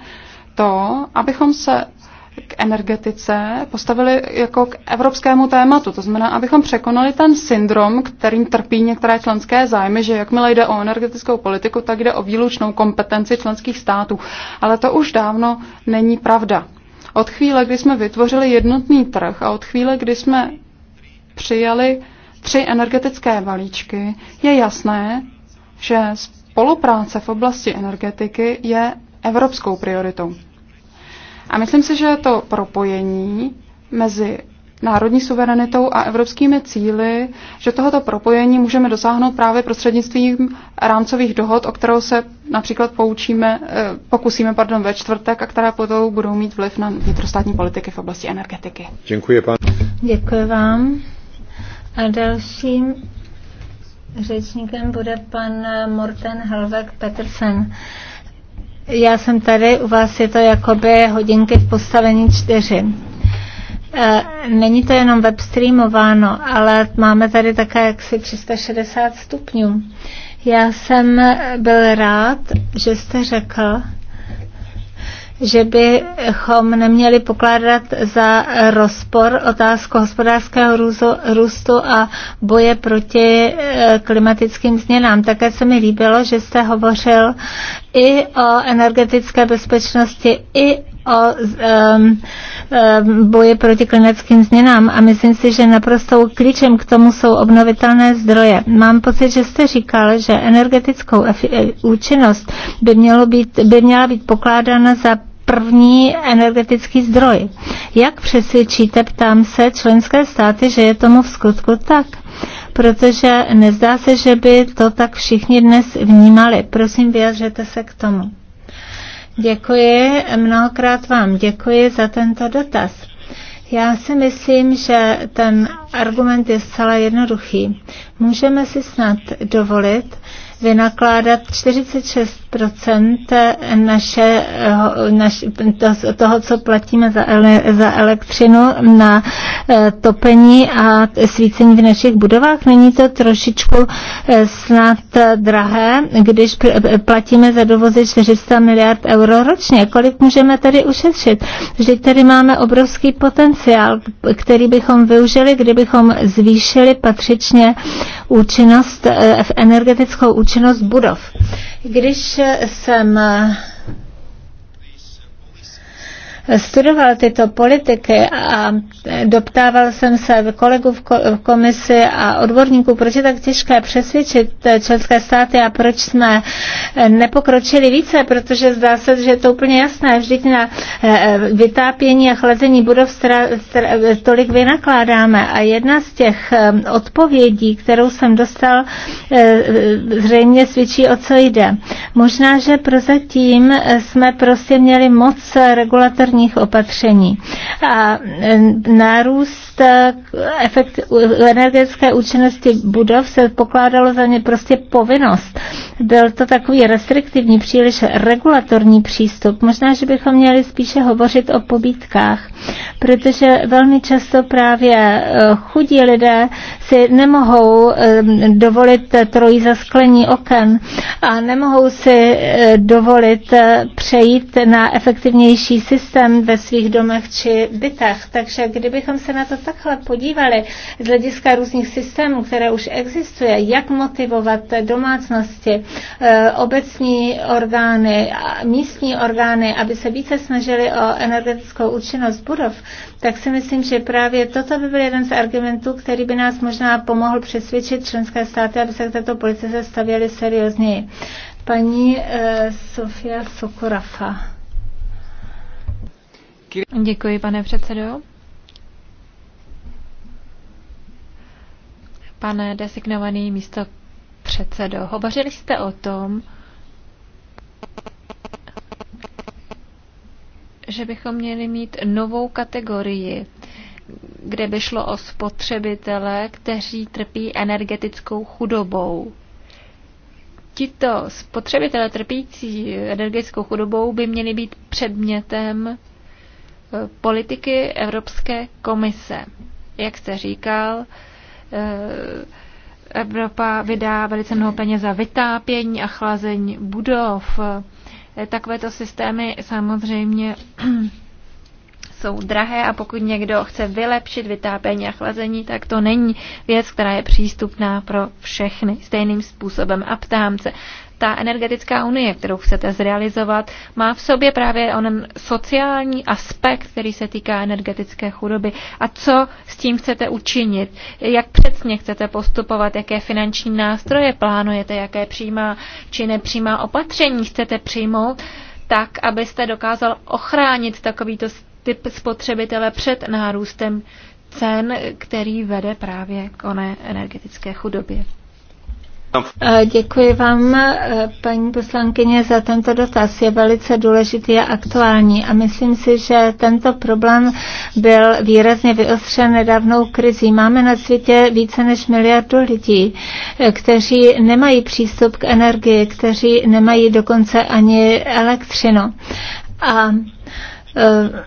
to, abychom se k energetice postavili jako k evropskému tématu. To znamená, abychom překonali ten syndrom, kterým trpí některé členské zájmy, že jakmile jde o energetickou politiku, tak jde o výlučnou kompetenci členských států. Ale to už dávno není pravda. Od chvíle, kdy jsme vytvořili jednotný trh a od chvíle, kdy jsme přijali tři energetické balíčky, je jasné, že spolupráce v oblasti energetiky je evropskou prioritou. A myslím si, že to propojení mezi národní suverenitou a evropskými cíly, že tohoto propojení můžeme dosáhnout právě prostřednictvím rámcových dohod, o kterou se například poučíme, eh, pokusíme pardon, ve čtvrtek a které potom budou mít vliv na vnitrostátní politiky v oblasti energetiky. Děkuji, pan. Děkuji vám. A dalším řečníkem bude pan
Morten Helvek Petersen. Já jsem tady, u vás je to jakoby hodinky v postavení čtyři. Eh, není to jenom web streamováno, ale máme tady také jaksi 360 stupňů. Já jsem byl rád, že jste řekl, že bychom neměli pokládat za rozpor otázku hospodářského růstu a boje proti eh, klimatickým změnám. Také se mi líbilo, že jste hovořil i o energetické bezpečnosti, i o um, um, boji proti klimatickým změnám a myslím si, že naprosto klíčem k tomu jsou obnovitelné zdroje. Mám pocit, že jste říkal, že energetickou účinnost by, mělo být, by měla být pokládána za první energetický zdroj. Jak přesvědčíte, ptám se, členské státy, že je tomu v skutku tak? Protože nezdá se, že by to tak všichni dnes vnímali. Prosím, vyjadřete se k tomu. Děkuji, mnohokrát vám děkuji za tento dotaz. Já si myslím, že ten argument je zcela jednoduchý. Můžeme si snad dovolit, vynakládat 46 naše, naš, to, toho, co platíme za, ele, za elektřinu na eh, topení a svícení v našich budovách. Není to trošičku eh, snad drahé, když eh, platíme za dovozy 400 miliard euro ročně. Kolik můžeme tady ušetřit? Vždyť tady máme obrovský potenciál, který bychom využili, kdybychom zvýšili patřičně účinnost, eh, energetickou účinnost budov. Když jsem studoval tyto politiky a doptával jsem se kolegů v komisi a odborníků, proč je tak těžké přesvědčit eh, členské státy a proč jsme eh, nepokročili více, protože zdá se, že je to úplně jasné. Vždyť na eh, vytápění a chlazení budov tolik vynakládáme. A jedna z těch odpovědí, kterou jsem dostal, zřejmě svědčí, o co jde. Možná, že prozatím jsme prostě měli moc regulatorní konkrétních opatření. A nárůst eh, efekt, energetické účinnosti budov se pokládalo za ně prostě povinnost. Byl to takový restriktivní, příliš regulatorní přístup. Možná, že bychom měli spíše hovořit o pobítkách, protože velmi často právě eh, chudí lidé si nemohou dovolit trojí zasklení oken a nemohou si eh, dovolit přejít na efektivnější systém problém ve svých domech či bytech. Takže kdybychom se na to takhle podívali z hlediska různých systémů, které už existuje, jak motivovat domácnosti, eh, obecní orgány, místní orgány, aby se více snažili o energetickou účinnost budov, tak si myslím, že právě toto by byl jeden z argumentů, který by nás možná pomohl přesvědčit členské státy, aby se k této politice stavěly seriózněji. Paní eh, Sofia Sokorafa.
Děkuji, pane předsedo. Pane designovaný místo předsedo, hovořili jste o tom, že bychom měli mít novou kategorii, kde by šlo o spotřebitele, kteří trpí energetickou chudobou. Tito spotřebitele trpící energetickou chudobou by měli být předmětem politiky Evropské komise. Jak jste říkal, eh, Evropa vydá velice mnoho peněz za vytápění a chlazení budov. Eh, takovéto systémy samozřejmě jsou drahé a pokud někdo chce vylepšit vytápění a chlazení, tak to není věc, která je přístupná pro všechny stejným způsobem. A ptám se, ta energetická unie, kterou chcete zrealizovat, má v sobě právě onen sociální aspekt, který se týká energetické chudoby. A co s tím chcete učinit? Jak přesně chcete postupovat? Jaké finanční nástroje plánujete? Jaké přijímá, či nepřímá opatření chcete přijmout? tak, abyste dokázal ochránit takovýto typ spotřebitele před nárůstem cen, který vede právě k oné energetické chudobě. Eh, děkuji vám,
eh, paní poslankyně, za tento dotaz. Je velice důležitý a aktuální a myslím si, že tento problém byl výrazně vyostřen nedávnou krizí. Máme na světě více než miliardu lidí, eh, kteří nemají přístup k energii, kteří nemají dokonce ani elektřinu. A uh,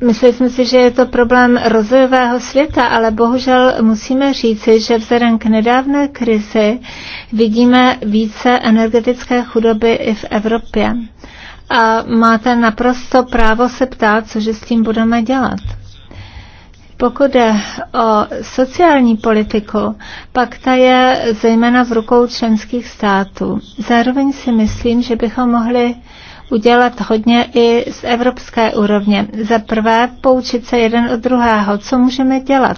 Mysleli jsme si, že je to problém rozvojového světa, ale bohužel musíme říci, že vzhledem k nedávné krizi vidíme více energetické chudoby i v Evropě. A máte naprosto právo se ptát, cože s tím budeme dělat. Pokud jde o sociální politiku, pak ta je zejména v rukou členských států. Zároveň si myslím, že bychom mohli udělat hodně i z evropské úrovně. Za prvé poučit se jeden od druhého, co můžeme dělat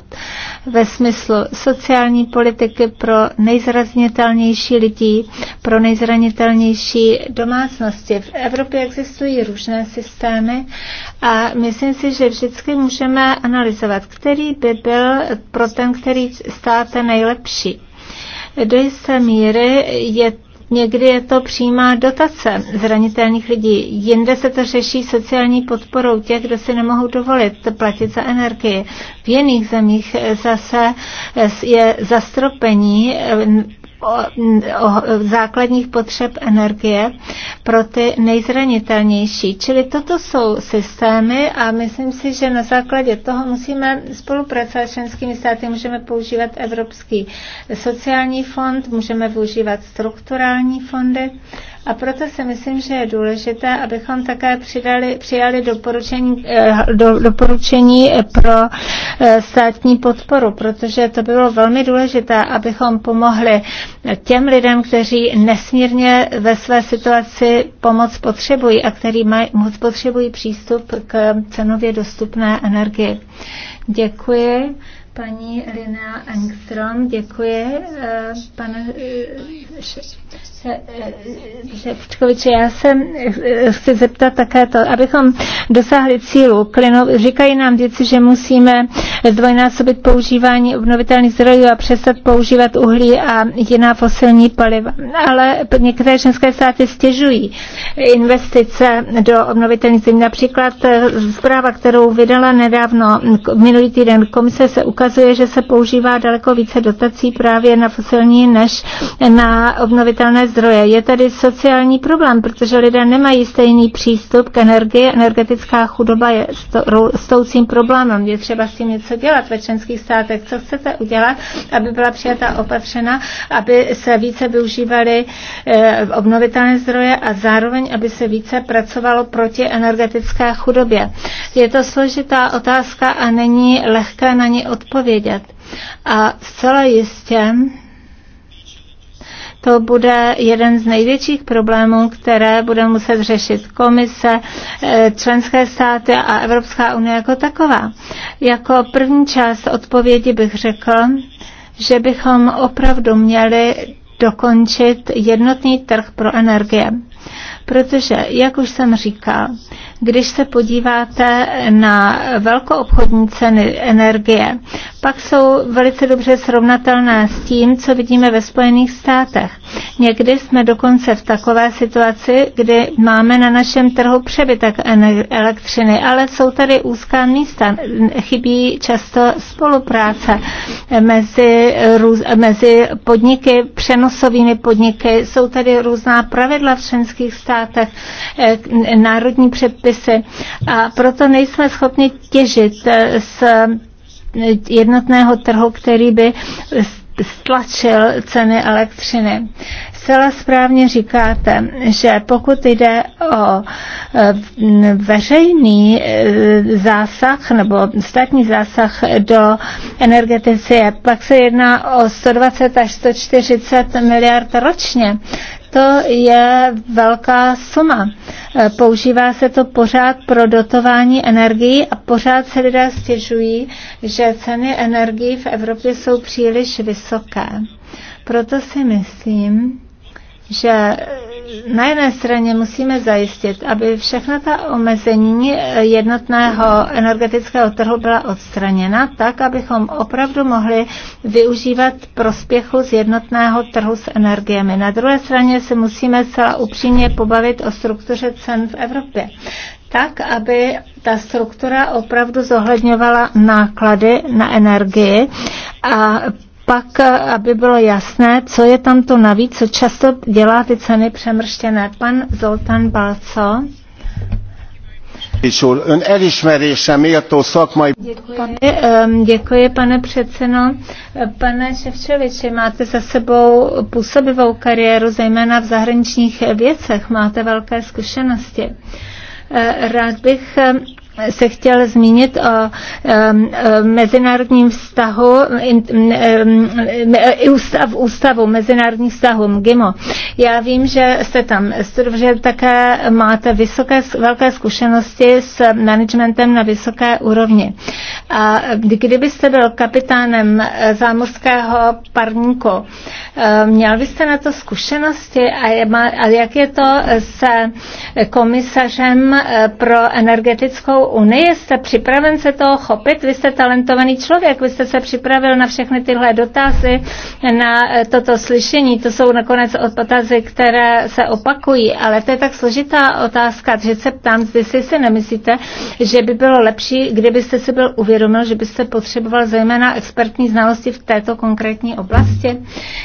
ve smyslu sociální politiky pro nejzranitelnější lidí, pro nejzranitelnější domácnosti. V Evropě existují různé systémy a myslím si, že vždycky můžeme analyzovat, který by byl pro ten, který stát nejlepší. Do jisté míry je Někdy je to přímá dotace zranitelných lidí, jinde se to řeší sociální podporou těch, kdo si nemohou dovolit platit za energii. V jiných zemích zase je zastropení základních potřeb energie pro ty nejzranitelnější. Čili toto jsou systémy a myslím si, že na základě toho musíme spolupracovat s členskými státy, můžeme používat Evropský sociální fond, můžeme využívat strukturální fondy a proto si myslím, že je důležité, abychom také přidali, přijali doporučení, eh, do, doporučení pro eh, státní podporu, protože to bylo velmi důležité, abychom pomohli těm lidem, kteří nesmírně ve své situaci pomoc potřebují a který maj, moc potřebují přístup k cenově dostupné energii. Děkuji paní Lina Engstrom, děkuji, eh, pane Ševčkoviče, já se eh, chci zeptat také to, abychom dosáhli cílu. Klinu, říkají nám věci, že musíme zdvojnásobit používání obnovitelných zdrojů a přestat používat uhlí a jiná fosilní paliva. Ale některé členské státy stěžují investice do obnovitelných zdrojů. Například eh, zpráva, kterou vydala nedávno minulý týden komise, se ukazuje, že se používá daleko více dotací právě na fosilní než na obnovitelné zdroje zdroje. Je tady sociální problém, protože lidé nemají stejný přístup k energii. Energetická chudoba je stoucím problémem. Je třeba s tím něco dělat ve členských státech. Co chcete udělat, aby byla přijata opatřena, aby se více využívaly eh, obnovitelné zdroje a zároveň, aby se více pracovalo proti energetické chudobě. Je to složitá otázka a není lehké na ní odpovědět. A zcela jistě to bude jeden z největších problémů, které bude muset řešit komise, eh, členské státy a Evropská unie jako taková. Jako první část odpovědi bych řekl, že bychom opravdu měli dokončit jednotný trh pro energie. Protože, jak už jsem říkal, když se podíváte na velkoobchodní ceny energie, pak jsou velice dobře srovnatelné s tím, co vidíme ve Spojených státech. Někdy jsme dokonce v takové situaci, kdy máme na našem trhu přebytek elektřiny, ale jsou tady úzká místa. Chybí často spolupráce mezi, mezi podniky, přenosovými podniky. Jsou tady různá pravidla v členských státech, eh, národní předpisy předpisy a proto nejsme schopni těžit eh, z eh, jednotného trhu, který by stlačil ceny elektřiny. Zcela správně říkáte, že pokud jde o eh, veřejný zásah nebo státní zásah do energetice, pak se jedná o 120 až 140 miliard ročně, to je velká suma. E, používá se to pořád pro dotování energií a pořád se lidé stěžují, že ceny energií v Evropě jsou příliš vysoké. Proto si myslím, že na jedné straně musíme zajistit, aby všechna ta omezení jednotného energetického trhu byla odstraněna, tak, abychom opravdu mohli využívat prospěchu z jednotného trhu s energiemi. Na druhé straně se musíme celá upřímně pobavit o struktuře cen v Evropě tak, aby ta struktura opravdu zohledňovala náklady na energii a pak, eh, aby bylo jasné, co je tam to navíc, co často dělá ty ceny přemrštěné. Pan Zoltán Balco. Děkuji, ehm, děkuji, pane předsedo. Pane Ševčeviči, máte za sebou působivou kariéru, zejména v zahraničních věcech. Máte velké zkušenosti. Eh, rád bych ehm, se chtěl zmínit o mezinárodním vztahu, ústav, ústavu mezinárodních vztahů MGIMO. Já vím, že jste tam, že také máte vysoké, velké zkušenosti s managementem na vysoké úrovni. A kdybyste byl kapitánem zámořského parníku, měl byste na to zkušenosti a, je, a jak je to se komisařem eh, pro energetickou unii, jste připraven se toho chopit? Vy jste talentovaný člověk, vy jste se připravil na všechny tyhle dotazy, na eh, toto slyšení. To jsou nakonec otázky, které se opakují, ale to je tak složitá otázka, že se ptám, zdy si si nemyslíte, že by bylo lepší, kdybyste si byl uvědomil, že byste potřeboval zejména expertní znalosti v této konkrétní oblasti?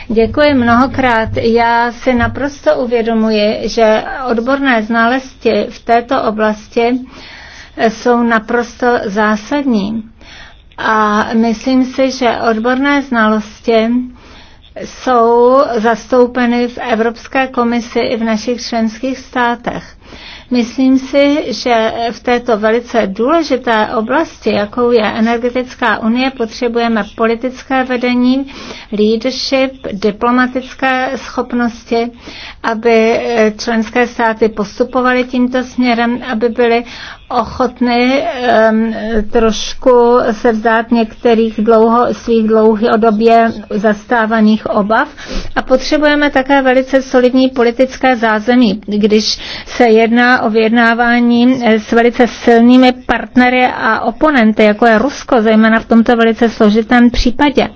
Děkuji mnohokrát. Já si naprosto uvědomuji, že odborné znalosti v této oblasti jsou naprosto zásadní. A myslím si, že odborné znalosti jsou zastoupeny v Evropské komisi i v našich členských státech. Myslím si, že v této velice důležité oblasti, jakou je energetická unie, potřebujeme politické vedení, leadership, diplomatické schopnosti, aby členské státy postupovaly tímto směrem, aby byly ochotny um, trošku se vzdát některých dlouho, svých době zastávaných obav a potřebujeme také velice solidní politické zázemí, když se jedná o vyjednávání eh, s velice silnými partnery a oponenty, jako je Rusko, zejména v tomto velice složitém případě.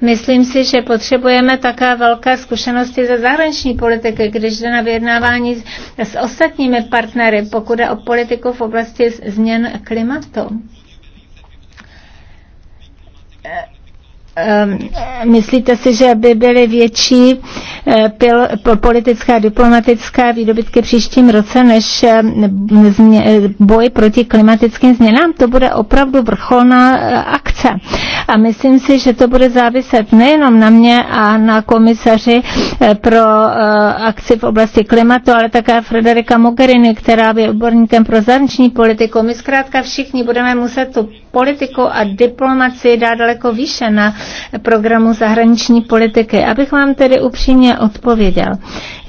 Myslím si, že potřebujeme také velké zkušenosti ze zahraniční politiky, když jde na vyjednávání s, s ostatními partnery, pokud je o politiku v oblasti oblasti změn klimatu Ehm, myslíte si, že by byly větší eh, pil, politické a diplomatické výdobytky příštím roce než ehm, boj proti klimatickým změnám? To bude opravdu vrcholná eh, akce. A myslím si, že to bude záviset nejenom na mě a na komisaři eh, pro akci v oblasti klimatu, ale také Frederika Mogherini, která je odborníkem pro zahraniční politiku. My zkrátka všichni budeme muset tu politiku a diplomaci dá daleko výše na programu zahraniční politiky. Abych vám tedy upřímně odpověděl.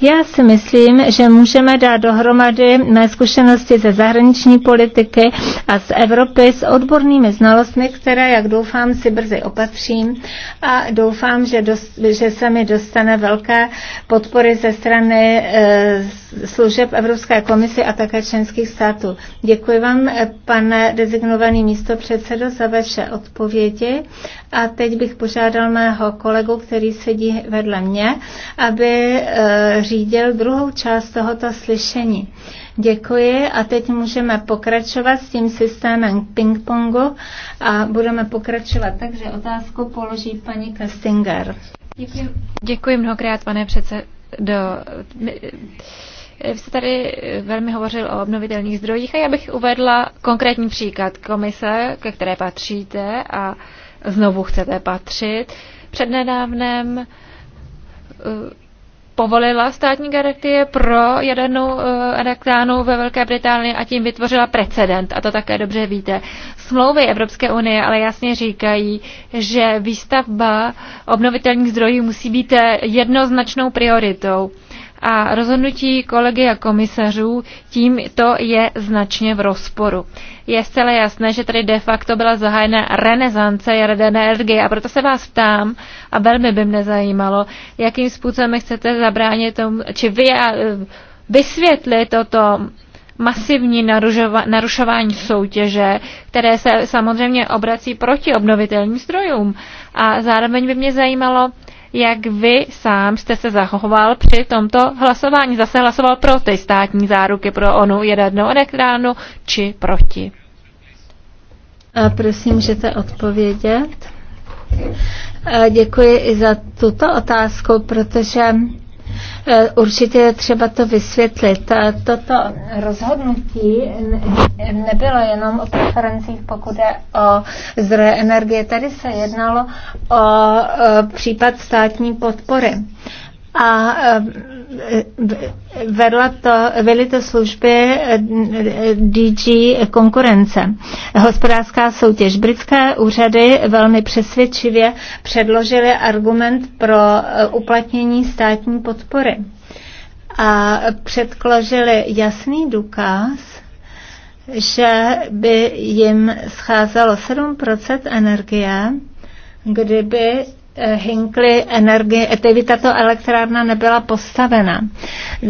Já si myslím, že můžeme dát dohromady mé zkušenosti ze zahraniční politiky a z Evropy s odbornými znalostmi, které, jak doufám, si brzy opatřím a doufám, že, dost, že se mi dostane velké podpory ze strany e, služeb Evropské komise a také členských států. Děkuji vám, eh, pane designovaný místo předsedo, za vaše odpovědi a teď bych požádal mého kolegu, který sedí vedle mě, aby e, zařídil druhou část tohoto slyšení. Děkuji a teď můžeme pokračovat s tím systémem ping-pongu a budeme pokračovat. Takže otázku položí
paní Kastinger. Děkuji, Děkuji mnohokrát, pane předsedo. Eh, vy jste tady eh, velmi hovořil o obnovitelných zdrojích a já bych uvedla konkrétní příklad komise, ke které patříte a znovu chcete patřit. Přednedávnem eh, povolila státní garantie pro jadernou eh, elektránu ve Velké Británii a tím vytvořila precedent. A to také dobře víte. Smlouvy Evropské unie ale jasně říkají, že výstavba obnovitelných zdrojů musí být eh, jednoznačnou prioritou a rozhodnutí kolegy a komisařů tím to je značně v rozporu. Je zcela jasné, že tady de facto byla zahájena renesance jaderné energie a proto se vás ptám a velmi by mě zajímalo, jakým způsobem chcete zabránit tomu, či vy eh, vysvětlit toto masivní narušování soutěže, které se samozřejmě obrací proti obnovitelným zdrojům. A zároveň by mě zajímalo, jak vy sám jste se zachoval při tomto hlasování. Zase hlasoval pro ty státní záruky pro onu jadernou elektránu či proti.
A prosím, můžete odpovědět. Děkuji i za tuto otázku, protože Eh, určitě je třeba to vysvětlit. Eh, toto rozhodnutí nebylo jenom o preferencích, pokud je o zdroje energie. Tady se jednalo o eh, případ státní podpory a e, vedla to, vedly to služby e, DG konkurence. Hospodářská soutěž. Britské úřady velmi přesvědčivě předložily argument pro e, uplatnění státní podpory a předložili jasný důkaz, že by jim scházelo 7 energie, kdyby Hinkley energie, tedy tato elektrárna nebyla postavena.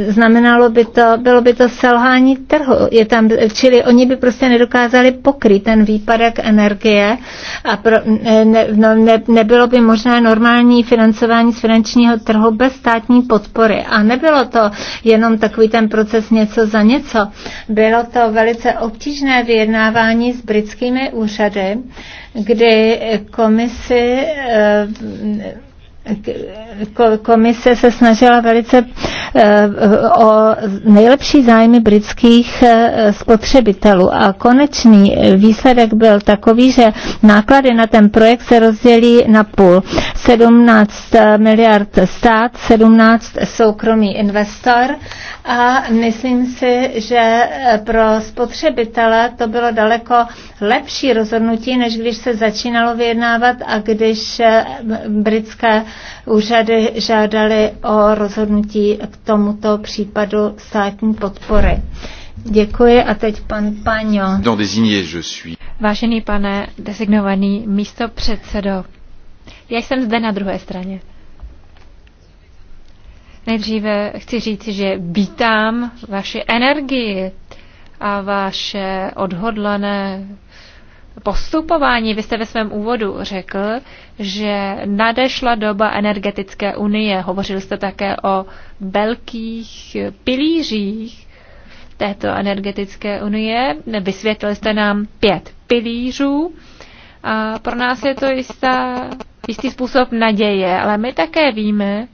Znamenalo by to, bylo by to selhání trhu. Je tam, čili oni by prostě nedokázali pokryt ten výpadek energie a pro, ne, no, ne, nebylo by možné normální financování z finančního trhu bez státní podpory. A nebylo to jenom takový ten proces něco za něco. Bylo to velice obtížné vyjednávání s britskými úřady, kdy komisi eh, komise se snažila velice eh, o nejlepší zájmy britských eh, spotřebitelů a konečný výsledek byl takový, že náklady na ten projekt se rozdělí na půl. 17 eh, miliard stát, 17 soukromý investor a myslím si, že pro spotřebitele to bylo daleko lepší rozhodnutí, než když se začínalo vyjednávat a když britské úřady žádaly o rozhodnutí k tomuto případu státní podpory. Děkuji a teď pan Paňo.
Vážený pane designovaný místo předsedo, já jsem zde na druhé straně. Nejdříve chci říct, že vítám vaši energii a vaše odhodlané postupování. Vy jste ve svém úvodu řekl, že nadešla doba energetické unie. Hovořil jste také o velkých pilířích této energetické unie. Vysvětlil jste nám pět pilířů. A pro nás je to jistá, jistý způsob naděje, ale my také víme,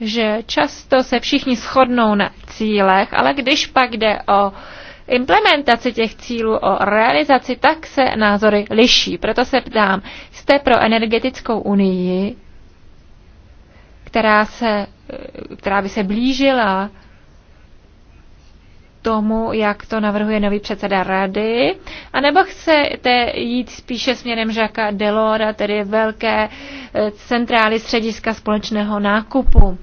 že často se všichni shodnou na cílech, ale když pak jde o implementaci těch cílů, o realizaci, tak se názory liší. Proto se ptám, jste pro energetickou unii, která, se, která by se blížila tomu, jak to navrhuje nový předseda rady, anebo chcete jít spíše směrem Žaka jako Delora, tedy velké eh, centrály střediska společného nákupu?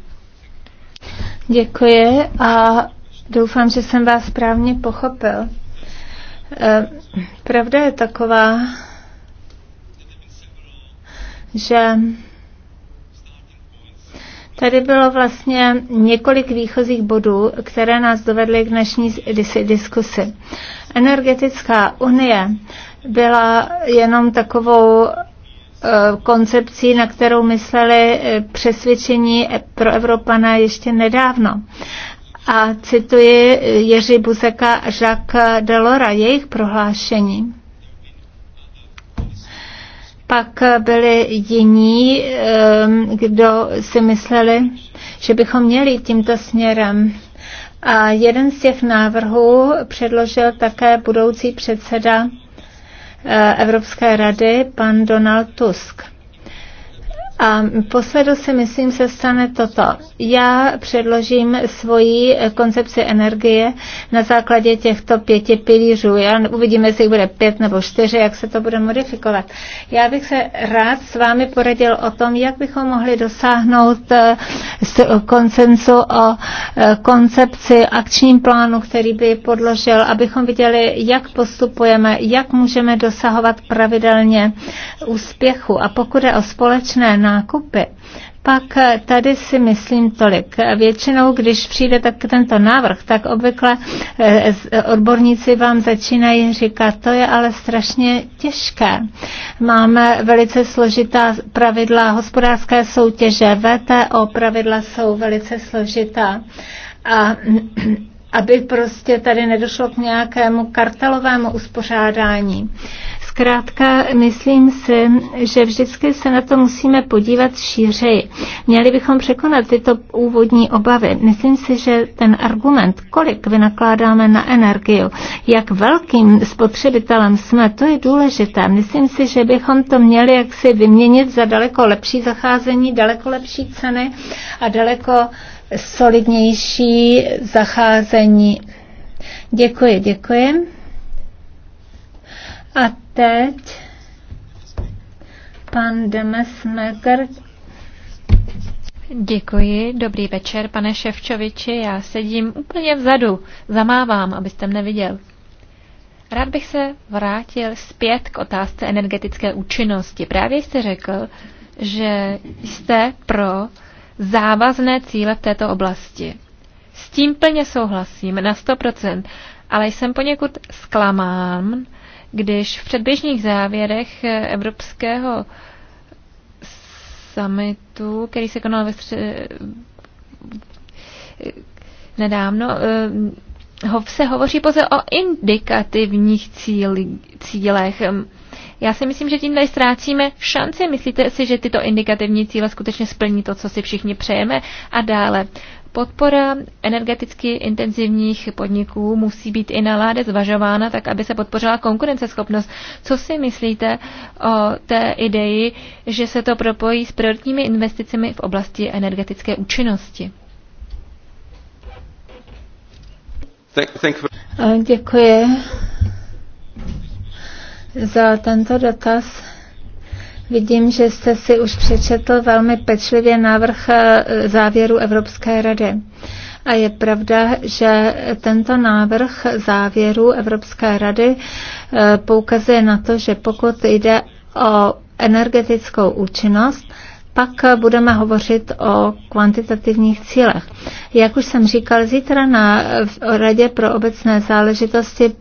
Děkuji a Doufám, že jsem vás správně pochopil. Eh, pravda je taková, že Tady bylo vlastně několik výchozích bodů, které nás dovedly k dnešní diskusi. Energetická unie byla jenom takovou eh, koncepcí, na kterou mysleli eh, přesvědčení pro Evropana ještě nedávno. A cituji Jiří Buzeka a Jacques Delora, jejich prohlášení. Pak byli jiní, ehm, kdo si mysleli, že bychom měli tímto směrem. A jeden z těch návrhů předložil také budoucí předseda eh, Evropské rady, pan Donald Tusk. A posledu si myslím se stane toto. Já předložím svoji eh, koncepci energie na základě těchto pěti pilířů. Já uvidíme, jestli bude pět nebo čtyři, jak se to bude modifikovat. Já bych se rád s vámi poradil o tom, jak bychom mohli dosáhnout eh, eh, koncensu o koncepci, akčním plánu, který by podložil, abychom viděli, jak postupujeme, jak můžeme dosahovat pravidelně úspěchu. A pokud je o společné nákupy. Pak tady si myslím tolik. Většinou, když přijde tak tento návrh, tak obvykle eh, odborníci vám začínají říkat, to je ale strašně těžké. Máme velice složitá pravidla hospodářské soutěže, VTO pravidla jsou velice složitá. A aby prostě tady nedošlo k nějakému kartelovému uspořádání. Zkrátka, myslím si, že vždycky se na to musíme podívat šířeji. Měli bychom překonat tyto úvodní obavy. Myslím si, že ten argument, kolik vynakládáme na energii, jak velkým spotřebitelem jsme, to je důležité. Myslím si, že bychom to měli jaksi vyměnit za daleko lepší zacházení, daleko lepší ceny a daleko solidnější zacházení. Děkuji, děkuji. A Teď pan Demesmaker.
Děkuji, dobrý večer, pane Ševčoviči. Já sedím úplně vzadu, zamávám, abyste mne viděl. Rád bych se vrátil zpět k otázce energetické účinnosti. Právě jste řekl, že jste pro závazné cíle v této oblasti. S tím plně souhlasím na 100%, ale jsem poněkud zklamán, když v předběžných závěrech eh, Evropského summitu, který se konal ve stře- eh, nedávno, eh, ho se hovoří pouze o indikativních cíli, cílech. Ehm, já si myslím, že tím tady ztrácíme šanci. Myslíte si, že tyto indikativní cíle skutečně splní to, co si všichni přejeme? A dále, Podpora energeticky intenzivních podniků musí být i naláde zvažována, tak aby se podpořila konkurenceschopnost. Co si myslíte o té ideji, že se to propojí s prioritními investicemi v oblasti energetické účinnosti? Děkuji
za tento dotaz. Vidím, že jste si už přečetl velmi pečlivě návrh eh, závěru Evropské rady. A je pravda, že tento návrh závěru Evropské rady eh, poukazuje na to, že pokud jde o energetickou účinnost, pak budeme hovořit o kvantitativních cílech. Jak už jsem říkal, zítra na Radě pro obecné záležitosti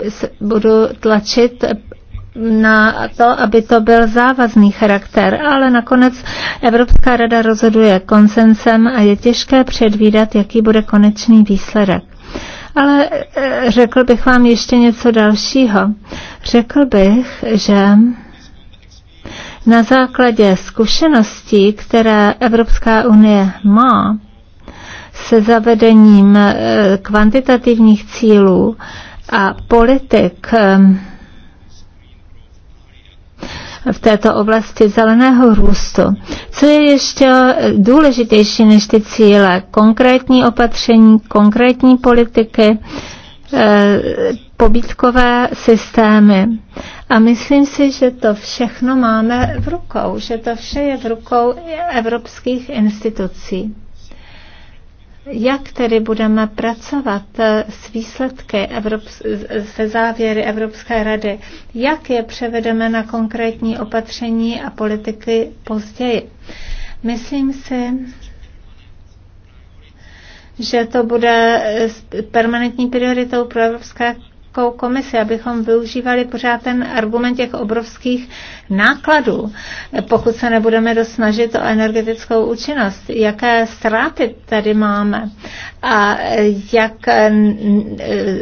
budu tlačit na to, aby to byl závazný charakter, ale nakonec Evropská rada rozhoduje konsensem a je těžké předvídat, jaký bude konečný výsledek. Ale eh, řekl bych vám ještě něco dalšího. Řekl bych, že na základě zkušeností, které Evropská unie má se zavedením eh, kvantitativních cílů a politik, eh, v této oblasti zeleného růstu. Co je ještě důležitější než ty cíle? Konkrétní opatření, konkrétní politiky, eh, pobítkové systémy. A myslím si, že to všechno máme v rukou, že to vše je v rukou evropských institucí. Jak tedy budeme pracovat eh, s výsledky Evrops- se závěry Evropské rady? Jak je převedeme na konkrétní opatření a politiky později? Myslím si, že to bude eh, permanentní prioritou pro Evropské Evropskou komisi, abychom využívali pořád ten argument těch obrovských nákladů, pokud se nebudeme dosnažit o energetickou účinnost. Jaké ztráty tady máme a jak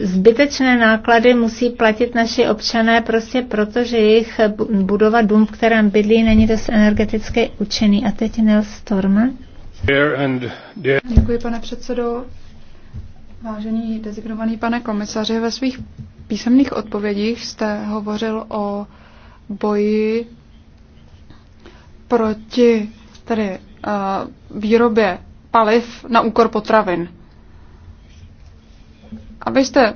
zbytečné náklady musí platit naši občané prostě proto, že jejich budova, dům, v kterém bydlí, není dost energeticky účinný. A teď Nils Stormer.
Děkuji, pane předsedo. Vážený dezignovaný pane komisaři, ve svých písemných odpovědích jste hovořil o boji proti tedy, uh, výrobě paliv na úkor potravin. A vy jste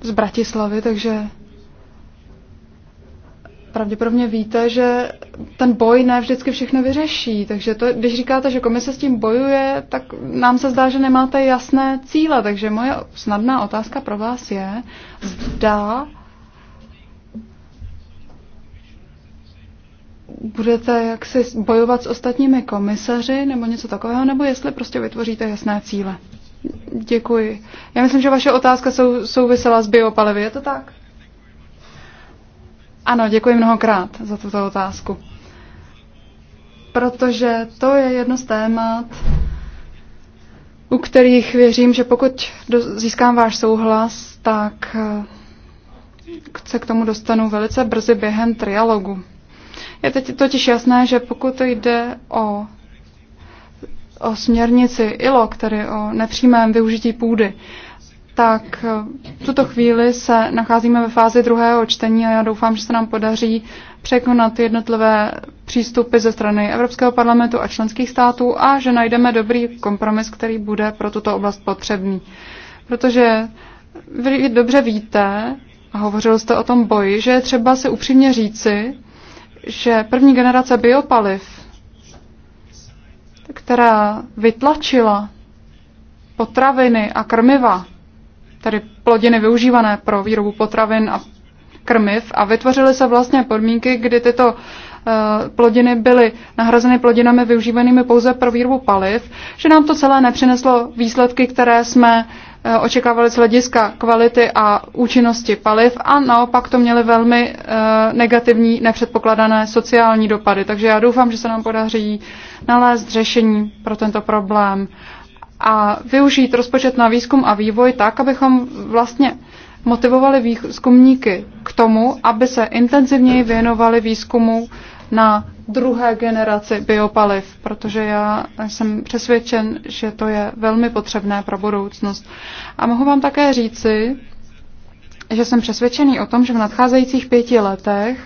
z Bratislavy, takže pravděpodobně víte, že ten boj ne vždycky všechno vyřeší. Takže to, když říkáte, že komise s tím bojuje, tak nám se zdá, že nemáte jasné cíle. Takže moje snadná otázka pro vás je, zda budete jaksi bojovat s ostatními komisaři nebo něco takového, nebo jestli prostě vytvoříte jasné cíle. Děkuji. Já myslím, že vaše otázka sou, souvisela s biopalivy, je to tak? Ano, děkuji mnohokrát za tuto otázku. Protože to je jedno z témat, u kterých věřím, že pokud získám váš souhlas, tak eh, se k tomu dostanu velice brzy během trialogu. Je teď totiž jasné, že pokud jde o, o směrnici ILO, tedy o nepřímém využití půdy, tak eh, v tuto chvíli se nacházíme ve fázi druhého čtení a já doufám, že se nám podaří překonat jednotlivé přístupy ze strany Evropského parlamentu a členských států a že najdeme dobrý kompromis, který bude pro tuto oblast potřebný. Protože vy dobře víte, a hovořil jste o tom boji, že je třeba si upřímně říci, že první generace biopaliv, která vytlačila potraviny a krmiva tedy plodiny využívané pro výrobu potravin a krmiv a vytvořily se vlastně podmínky, kdy tyto eh, plodiny byly nahrazeny plodinami využívanými pouze pro výrobu paliv, že nám to celé nepřineslo výsledky, které jsme eh, očekávali z hlediska kvality a účinnosti paliv a naopak to měly velmi eh, negativní, nepředpokladané sociální dopady. Takže já doufám, že se nám podaří nalézt řešení pro tento problém a využít rozpočet na výzkum a vývoj tak, abychom vlastně motivovali výzkumníky k tomu, aby se intenzivněji věnovali výzkumu na druhé generaci biopaliv, protože já jsem přesvědčen, že to je velmi potřebné pro budoucnost. A mohu vám také říci, že jsem přesvědčený o tom, že v nadcházejících pěti letech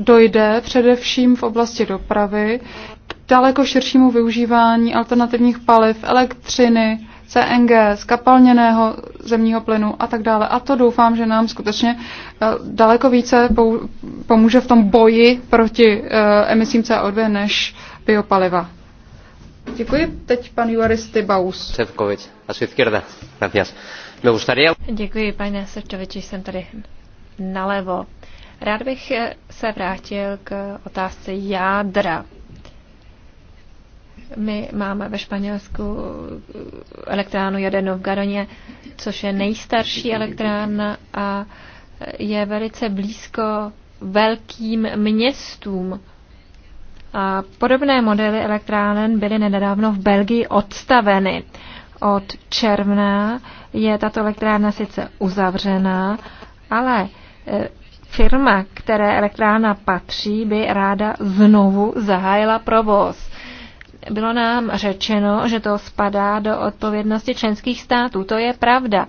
dojde především v oblasti dopravy k daleko širšímu využívání alternativních paliv, elektřiny, CNG, skapalněného zemního plynu a tak dále. A to doufám, že nám skutečně eh, daleko více pomůže v tom boji proti eh, emisím CO2 než biopaliva. Děkuji. Teď pan Juaristy Baus.
Cevkovič. a su izquierda. Gracias. Me gustaría...
Děkuji, pane Sevčoviči, jsem tady nalevo. Rád bych se vrátil k otázce jádra. My máme ve Španělsku elektránu jadernou v Garoně, což je nejstarší elektrárna a je velice blízko velkým městům. A podobné modely elektráren byly nedávno v Belgii odstaveny. Od června je tato elektrárna sice uzavřená, ale eh, Firma, které elektrárna patří, by ráda znovu zahájila provoz. Bylo nám řečeno, že to spadá do odpovědnosti členských států. To je pravda,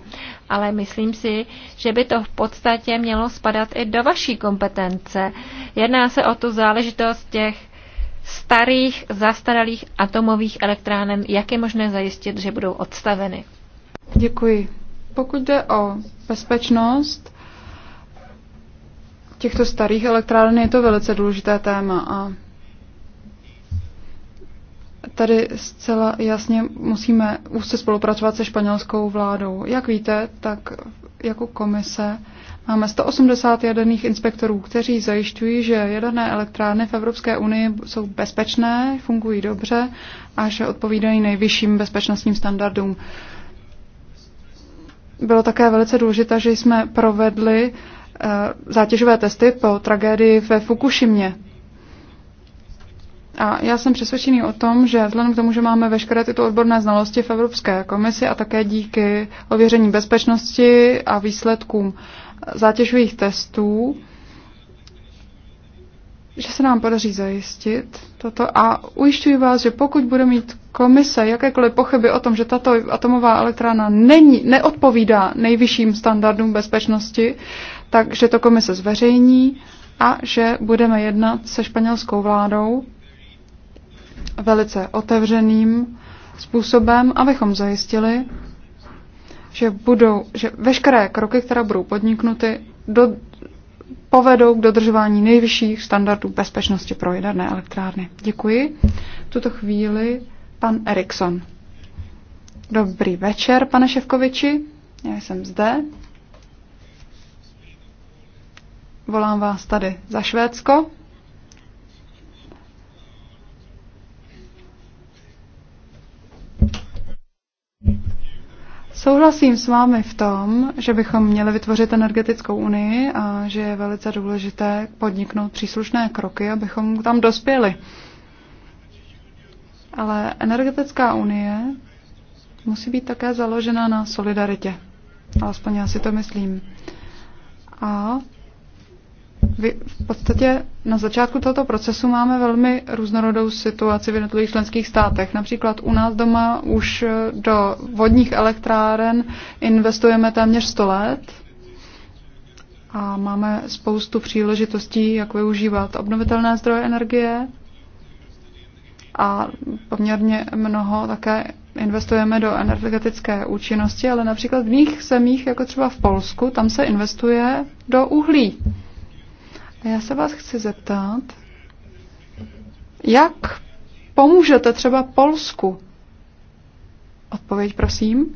ale myslím si, že by to v podstatě mělo spadat i do vaší kompetence. Jedná se o tu záležitost těch starých, zastaralých atomových elektránem. jak je možné zajistit, že budou odstaveny.
Děkuji. Pokud jde o bezpečnost, těchto starých elektráren je to velice důležité téma a tady zcela jasně musíme úzce spolupracovat se španělskou vládou. Jak víte, tak jako komise máme 180 jaderných inspektorů, kteří zajišťují, že jaderné elektrárny v Evropské unii jsou bezpečné, fungují dobře a že odpovídají nejvyšším bezpečnostním standardům. Bylo také velice důležité, že jsme provedli uh, Eh, zátěžové testy po tragédii ve Fukušimě. A já jsem přesvědčený o tom, že vzhledem k tomu, že máme veškeré tyto odborné znalosti v Evropské komisi a také díky ověření bezpečnosti a výsledkům zátěžových testů, že se nám podaří zajistit toto a ujišťuji vás, že pokud bude mít komise jakékoliv pochyby o tom, že tato atomová elektrána není, neodpovídá nejvyšším standardům bezpečnosti, takže to komise zveřejní a že budeme jednat se španělskou vládou velice otevřeným způsobem, abychom zajistili, že, budou, že veškeré kroky, které budou podniknuty, do, povedou k dodržování nejvyšších standardů bezpečnosti pro jaderné elektrárny. Děkuji. V tuto chvíli pan Erikson. Dobrý večer, pane Ševkoviči. Já jsem zde. Volám vás tady za Švédsko. Souhlasím s vámi v tom, že bychom měli vytvořit energetickou unii a že je velice důležité podniknout příslušné kroky, abychom tam dospěli. Ale energetická unie musí být také založena na solidaritě. Alespoň já si to myslím. A v podstatě na začátku tohoto procesu máme velmi různorodou situaci v jednotlivých členských státech. Například u nás doma už do vodních elektráren investujeme téměř 100 let a máme spoustu příležitostí, jak využívat obnovitelné zdroje energie a poměrně mnoho také investujeme do energetické účinnosti, ale například v jiných zemích, jako třeba v Polsku, tam se investuje do uhlí. Já se vás chci zeptat, jak pomůžete třeba Polsku? Odpověď, prosím.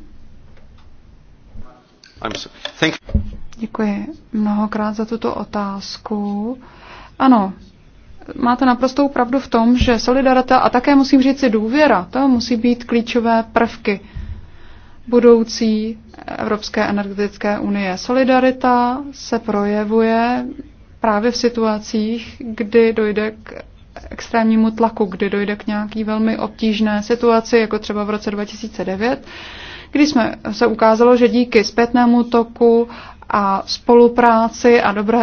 Děkuji mnohokrát za tuto otázku. Ano, máte naprostou pravdu v tom, že solidarita a také musím říct si důvěra, to musí být klíčové prvky budoucí Evropské energetické unie. Solidarita se projevuje právě v situacích, kdy dojde k extrémnímu tlaku, kdy dojde k nějaký velmi obtížné situaci, jako třeba v roce 2009, kdy jsme se ukázalo, že díky zpětnému toku a spolupráci a dobré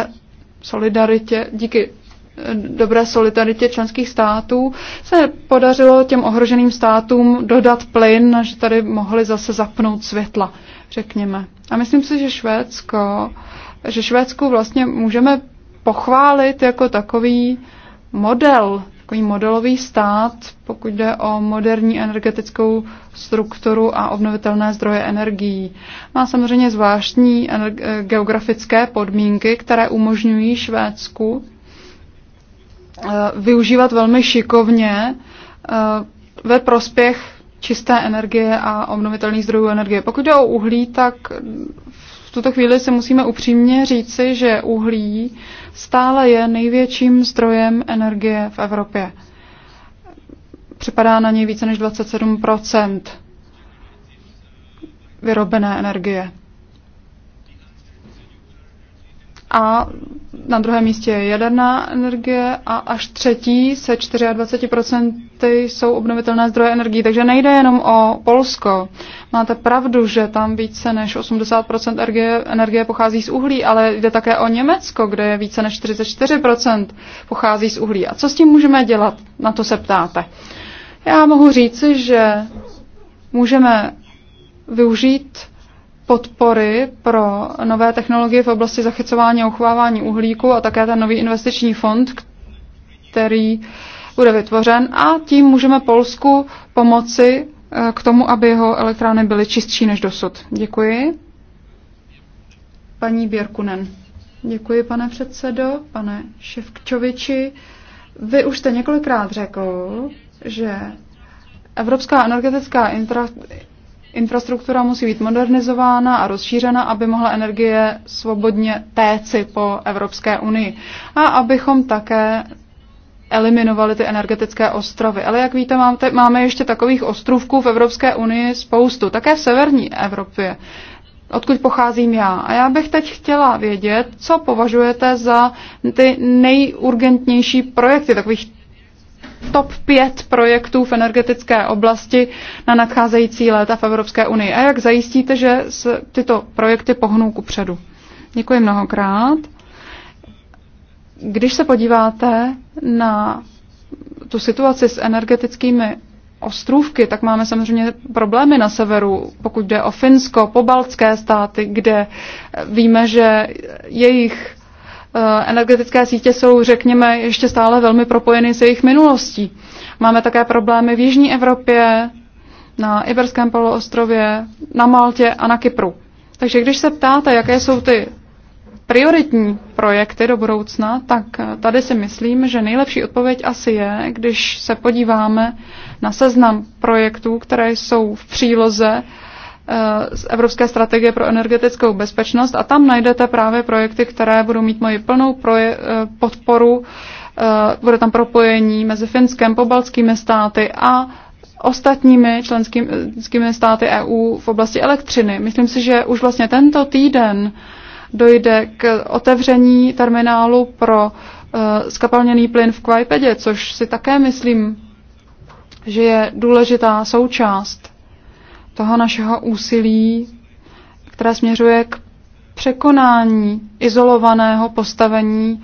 solidaritě, díky eh, dobré solidaritě členských států se podařilo těm ohroženým státům dodat plyn, že tady mohli zase zapnout světla, řekněme. A myslím si, že Švédsko, že Švédsku vlastně můžeme pochválit jako takový model, takový modelový stát, pokud jde o moderní energetickou strukturu a obnovitelné zdroje energií. Má samozřejmě zvláštní eh, geografické podmínky, které umožňují Švédsku eh, využívat velmi šikovně eh, ve prospěch čisté energie a obnovitelných zdrojů energie. Pokud jde o uhlí, tak v tuto chvíli si musíme upřímně říci, že uhlí stále je největším zdrojem energie v Evropě. Připadá na něj více než 27 vyrobené energie. A na druhém místě je jaderná energie a až třetí se 24% jsou obnovitelné zdroje energie. Takže nejde jenom o Polsko. Máte pravdu, že tam více než 80% energie, energie pochází z uhlí, ale jde také o Německo, kde je více než 44% pochází z uhlí. A co s tím můžeme dělat? Na to se ptáte. Já mohu říci, že můžeme využít podpory pro nové technologie v oblasti zachycování a uchovávání uhlíku a také ten nový investiční fond, který bude vytvořen a tím můžeme Polsku pomoci eh, k tomu, aby jeho elektrárny byly čistší než dosud. Děkuji. Paní Běrkunen. Děkuji, pane předsedo, pane Ševčoviči. Vy už jste několikrát řekl, že Evropská energetická infra, Infrastruktura musí být modernizována a rozšířena, aby mohla energie svobodně téci po Evropské unii. A abychom také eliminovali ty energetické ostrovy. Ale jak víte, máte, máme ještě takových ostrovků v Evropské unii spoustu, také v severní Evropě, odkud pocházím já. A já bych teď chtěla vědět, co považujete za ty nejurgentnější projekty, takových top 5 projektů v energetické oblasti na nadcházející léta v Evropské unii a jak zajistíte, že se tyto projekty pohnou kupředu. Děkuji mnohokrát. Když se podíváte na tu situaci s energetickými ostrůvky, tak máme samozřejmě problémy na severu, pokud jde o Finsko, pobaltské státy, kde víme, že jejich Eh, energetické sítě jsou, řekněme, ještě stále velmi propojeny s jejich minulostí. Máme také problémy v Jižní Evropě, na Iberském poloostrově, na Maltě a na Kypru. Takže když se ptáte, jaké jsou ty prioritní projekty do budoucna, tak eh, tady si myslím, že nejlepší odpověď asi je, když se podíváme na seznam projektů, které jsou v příloze z Evropské strategie pro energetickou bezpečnost a tam najdete právě projekty, které budou mít moji plnou eh, podporu. Eh, bude tam propojení mezi Finskem, pobaltskými státy a ostatními členskými státy EU v oblasti elektřiny. Myslím si, že už vlastně tento týden dojde k otevření terminálu pro eh, skapalněný plyn v Kvajpedě, což si také myslím, že je důležitá součást toho našeho úsilí, které směřuje k překonání izolovaného postavení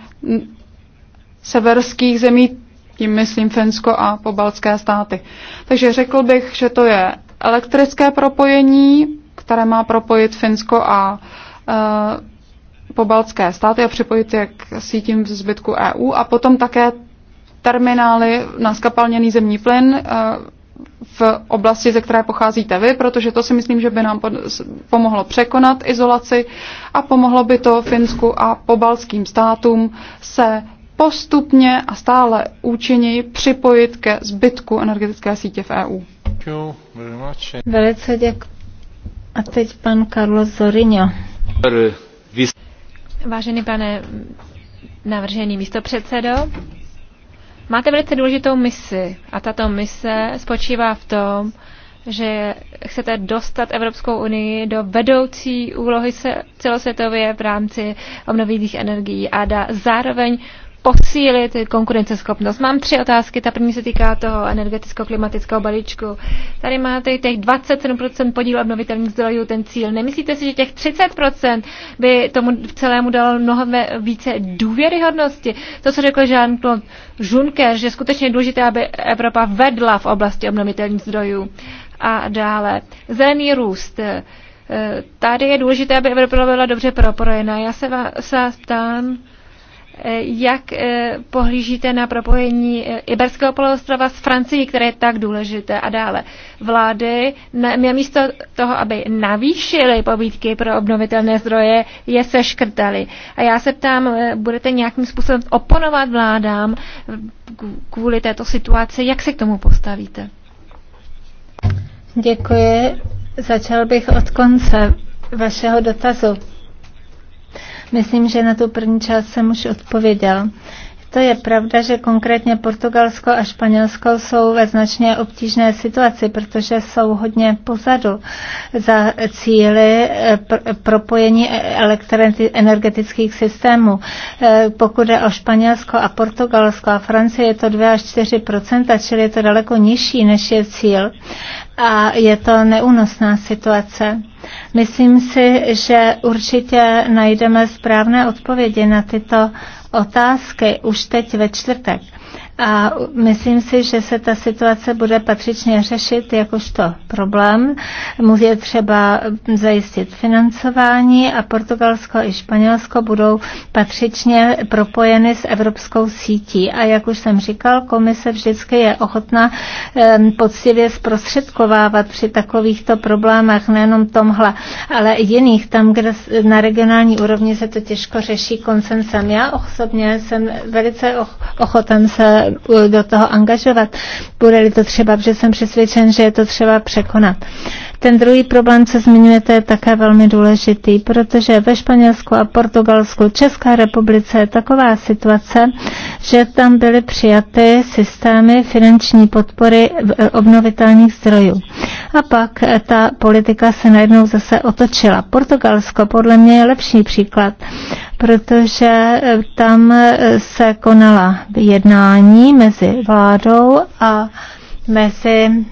severských zemí, tím myslím Finsko a pobaltské státy. Takže řekl bych, že to je elektrické propojení, které má propojit Finsko a e, pobaltské státy a připojit je k sítím v zbytku EU a potom také terminály na skapalněný zemní plyn e, v oblasti, ze které pocházíte vy, protože to si myslím, že by nám pomohlo překonat izolaci a pomohlo by to Finsku a pobalským státům se postupně a stále účinněji připojit ke zbytku energetické sítě v EU. Velice děk. A teď pan Carlos
Zorinho.
Vážený pane navržený místopředsedo, Máte velice důležitou misi a tato mise spočívá v tom, že chcete dostat Evropskou unii do vedoucí úlohy celosvětově v rámci obnovitých energií a da, zároveň posílit konkurenceschopnost. Mám tři otázky. Ta první se týká toho energeticko-klimatického balíčku. Tady máte těch 27% podíl obnovitelných zdrojů, ten cíl. Nemyslíte si, že těch 30% by tomu celému dalo mnohem více důvěryhodnosti? To, co řekl Jean-Claude Juncker, že skutečně je důležité, aby Evropa vedla v oblasti obnovitelných zdrojů. A dále. Zelený růst. Eh, tady je důležité, aby Evropa byla dobře propojená. Já se vás ptám, jak eh, pohlížíte na propojení eh, Iberského poloostrova s Francií, které je tak důležité a dále. Vlády, místo toho, aby navýšily pobídky pro obnovitelné zdroje, je seškrtaly. A já se ptám, eh, budete nějakým způsobem oponovat vládám kvůli této situaci? Jak se k tomu postavíte? Děkuji. Začal bych od konce
vašeho dotazu. Myslím, že na tu první část jsem už odpověděl. To je pravda, že konkrétně Portugalsko a Španělsko jsou ve značně obtížné situaci, protože jsou hodně pozadu za cíly eh, propojení energetických systémů. Eh, pokud je o Španělsko a Portugalsko a Francie, je to 2 až 4 čili je to daleko nižší, než je cíl. A je to neúnosná situace. Myslím si, že určitě najdeme správné odpovědi na tyto otázky už teď ve čtvrtek. A myslím si, že se ta situace bude patřičně řešit jakožto problém. Může třeba zajistit financování a Portugalsko i Španělsko budou patřičně propojeny s evropskou sítí. A jak už jsem říkal, komise vždycky je ochotná poctivě zprostředkovávat při takovýchto problémech, nejenom tomhle, ale i jiných, tam, kde na regionální úrovni se to těžko řeší konsensem. Já osobně jsem velice ochoten se do toho angažovat. Bude-li to třeba, protože jsem přesvědčen, že je to třeba překonat. Ten druhý problém, co zmiňujete, je také velmi důležitý, protože ve Španělsku a Portugalsku, Česká republice je taková situace, že tam byly přijaty systémy finanční podpory e, obnovitelných zdrojů. A pak e, ta politika se najednou zase otočila. Portugalsko podle mě je lepší příklad, protože e, tam se konala jednání mezi vládou a mezi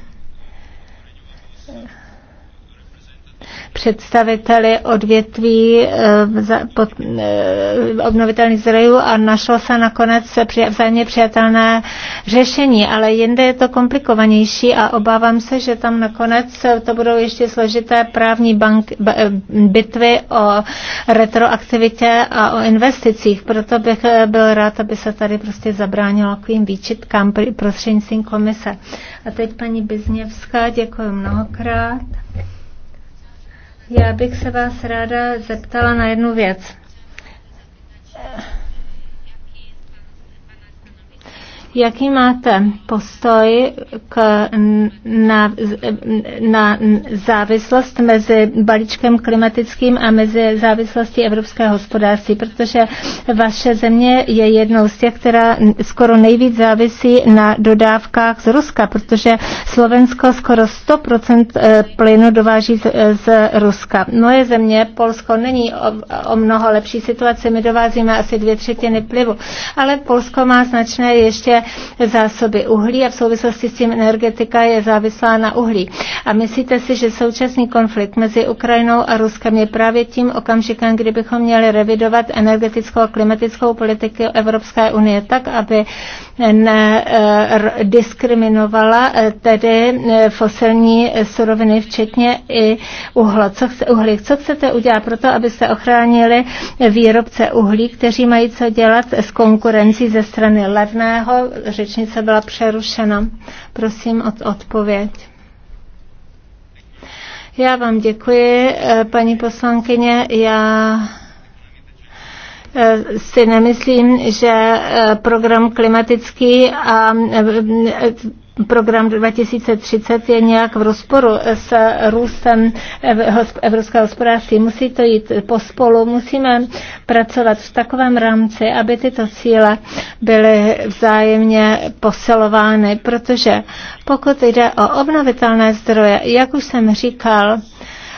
představiteli odvětví eh, eh, obnovitelných zdrojů a našlo se nakonec vzájemně přijatelné řešení, ale jinde je to komplikovanější a obávám se, že tam nakonec to budou ještě složité právní bank, eh, bitvy o retroaktivitě a o investicích. Proto bych byl rád, aby se tady prostě zabránilo takovým výčitkám prostřednictvím komise. A teď paní Bizněvská, děkuji mnohokrát. Já bych se vás ráda zeptala na jednu věc. Jaký máte postoj k, na, na závislost mezi balíčkem klimatickým a mezi závislostí evropského hospodářství? Protože vaše země je jednou z těch, která skoro nejvíc závisí na dodávkách z Ruska, protože Slovensko skoro 100% eh, plynu dováží z, eh, z Ruska. Moje země, Polsko, není o, o mnoho lepší situaci. My dovázíme asi dvě třetiny plivu, ale Polsko má značné ještě zásoby uhlí a v souvislosti s tím energetika je závislá na uhlí. A myslíte si, že současný konflikt mezi Ukrajinou a Ruskem je právě tím okamžikem, kdybychom měli revidovat energetickou a klimatickou politiku Evropské unie tak, aby nediskriminovala eh, eh, tedy eh, fosilní suroviny, včetně i uhla. Co chce, uhlí. Co chcete udělat pro to, abyste ochránili výrobce uhlí, kteří mají co dělat s konkurencí ze strany levného řečnice byla přerušena. Prosím o odpověď. Já vám děkuji, eh, paní poslankyně. Já eh, si nemyslím, že eh, program klimatický a program 2030 je nějak v rozporu s růstem evropského hospodářství. Musí to jít pospolu, musíme pracovat v takovém rámci, aby tyto cíle byly vzájemně posilovány, protože pokud jde o obnovitelné zdroje, jak už jsem říkal,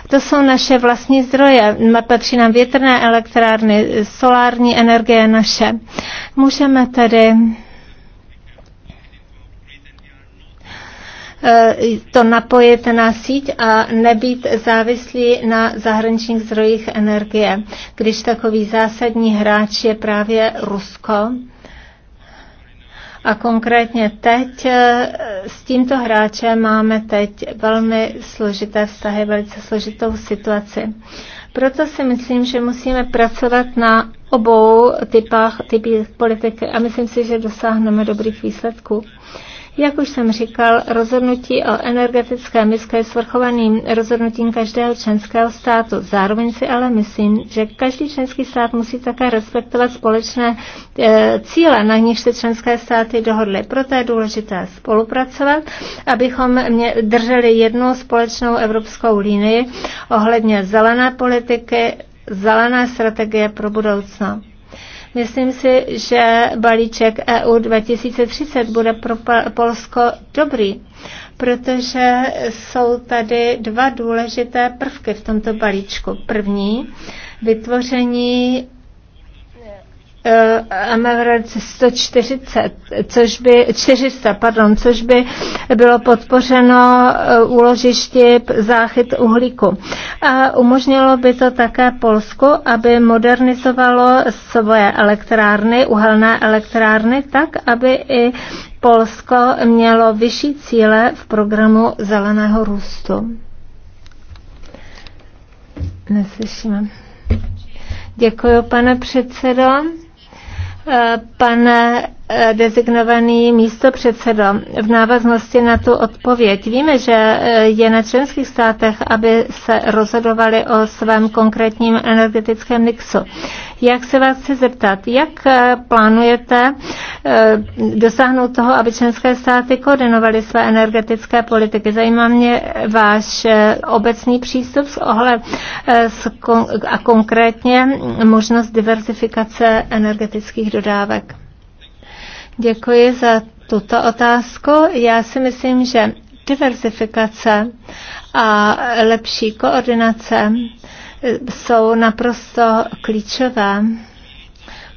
to jsou naše vlastní zdroje. Patří nám větrné elektrárny, solární energie naše. Můžeme tedy to napojit na síť a nebýt závislí na zahraničních zdrojích energie, když takový zásadní hráč je právě Rusko. A konkrétně teď eh, s tímto hráčem máme teď velmi složité vztahy, velice složitou situaci. Proto si myslím, že musíme pracovat na obou typách, typích politiky a myslím si, že dosáhneme dobrých výsledků. Jak už jsem říkal, rozhodnutí o energetické misce je svrchovaným rozhodnutím každého členského státu. Zároveň si ale myslím, že každý členský stát musí také respektovat společné e, cíle, na nich se členské státy dohodly. Proto je důležité spolupracovat, abychom drželi jednu společnou evropskou linii ohledně zelené politiky, zelené strategie pro budoucnost. Myslím si, že balíček EU 2030 bude pro Polsko dobrý, protože jsou tady dva důležité prvky v tomto balíčku. První, vytvoření Eh, roce 140, což by, 400, pardon, což by bylo podpořeno eh, úložišti záchyt uhlíku. A umožnilo by to také Polsku, aby modernizovalo svoje elektrárny, uhelné elektrárny, tak, aby i Polsko mělo vyšší cíle v programu zeleného růstu. Neslyšíme. Děkuji, pane předsedo. Eh, Pane. Eh, designovaný místo předsedo. V návaznosti na tu odpověď víme, že eh, je na členských státech, aby se rozhodovali o svém konkrétním energetickém mixu. Jak se vás chci zeptat, jak eh, plánujete dosáhnout toho, aby členské státy koordinovaly své energetické politiky? Zajímá mě váš obecný přístup s ohled a konkrétně možnost diversifikace energetických dodávek. Děkuji za tuto otázku. Já si myslím, že diversifikace a lepší koordinace jsou naprosto klíčové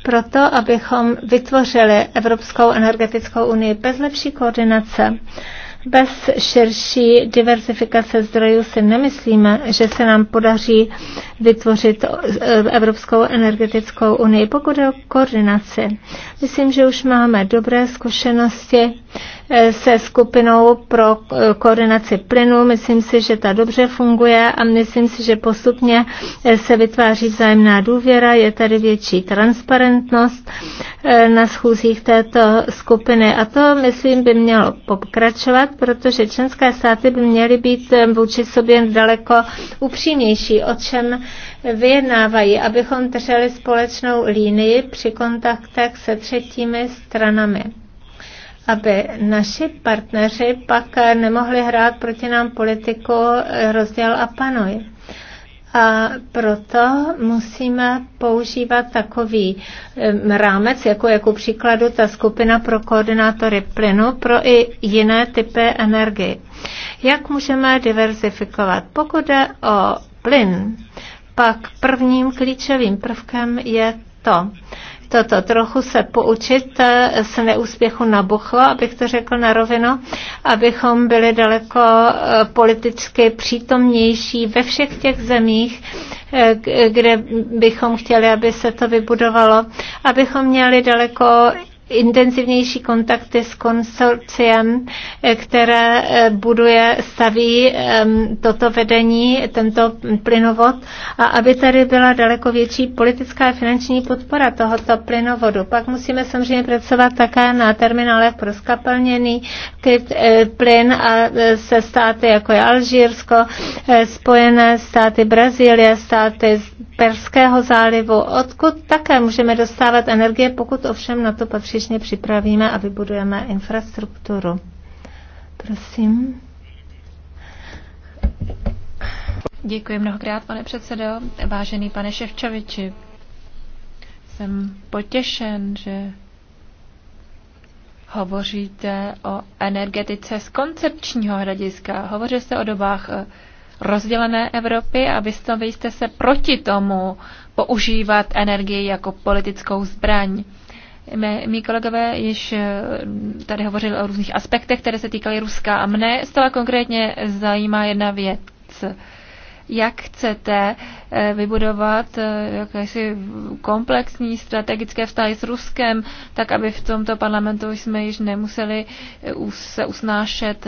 pro to, abychom vytvořili Evropskou energetickou unii bez lepší koordinace bez širší diversifikace zdrojů si nemyslíme, že se nám podaří vytvořit eh, Evropskou energetickou unii. Pokud je o koordinaci, myslím, že už máme dobré zkušenosti se skupinou pro koordinaci plynu. Myslím si, že ta dobře funguje a myslím si, že postupně se vytváří vzájemná důvěra, je tady větší transparentnost eh, na schůzích této skupiny a to, myslím, by mělo pokračovat, protože členské státy by měly být eh, vůči sobě daleko upřímnější, o čem vyjednávají, abychom drželi společnou línii při kontaktech se třetími stranami aby naši partneři pak nemohli hrát proti nám politiku eh, rozděl a panuj. A proto musíme používat takový rámec, jako jako příkladu ta skupina pro koordinátory plynu, pro i jiné typy energie. Jak můžeme diverzifikovat? Pokud jde o plyn, pak prvním klíčovým prvkem je to, toto trochu se poučit eh, z neúspěchu Nabuchla, abych to řekl na rovinu, abychom byli daleko eh, politicky přítomnější ve všech těch zemích, eh, kde bychom chtěli, aby se to vybudovalo, abychom měli daleko intenzivnější kontakty s konsorciem, které eh, buduje, staví toto vedení, tento plynovod a aby tady byla daleko větší politická a finanční podpora tohoto plynovodu. Pak musíme samozřejmě pracovat také na terminálech pro skapelněný eh, plyn a eh, se státy jako je Alžírsko, Spojené státy Brazílie, státy z Perského zálivu, odkud také můžeme dostávat energie, pokud ovšem na to patří patřičně připravíme a vybudujeme infrastrukturu. Prosím.
Děkuji mnohokrát, pane předsedo. Vážený pane Ševčoviči, jsem potěšen, že hovoříte o energetice z koncepčního hlediska. Hovoří se o dobách eh, rozdělené Evropy a vystavíte jste se proti tomu používat energii jako politickou zbraň. Mé, mý kolegové již eh, tady hovořili o různých aspektech, které se týkaly Ruska a mne stala konkrétně zajímá jedna věc. Jak chcete eh, vybudovat eh, jakési komplexní strategické vztahy s Ruskem, tak aby v tomto parlamentu jsme již nemuseli se usnášet,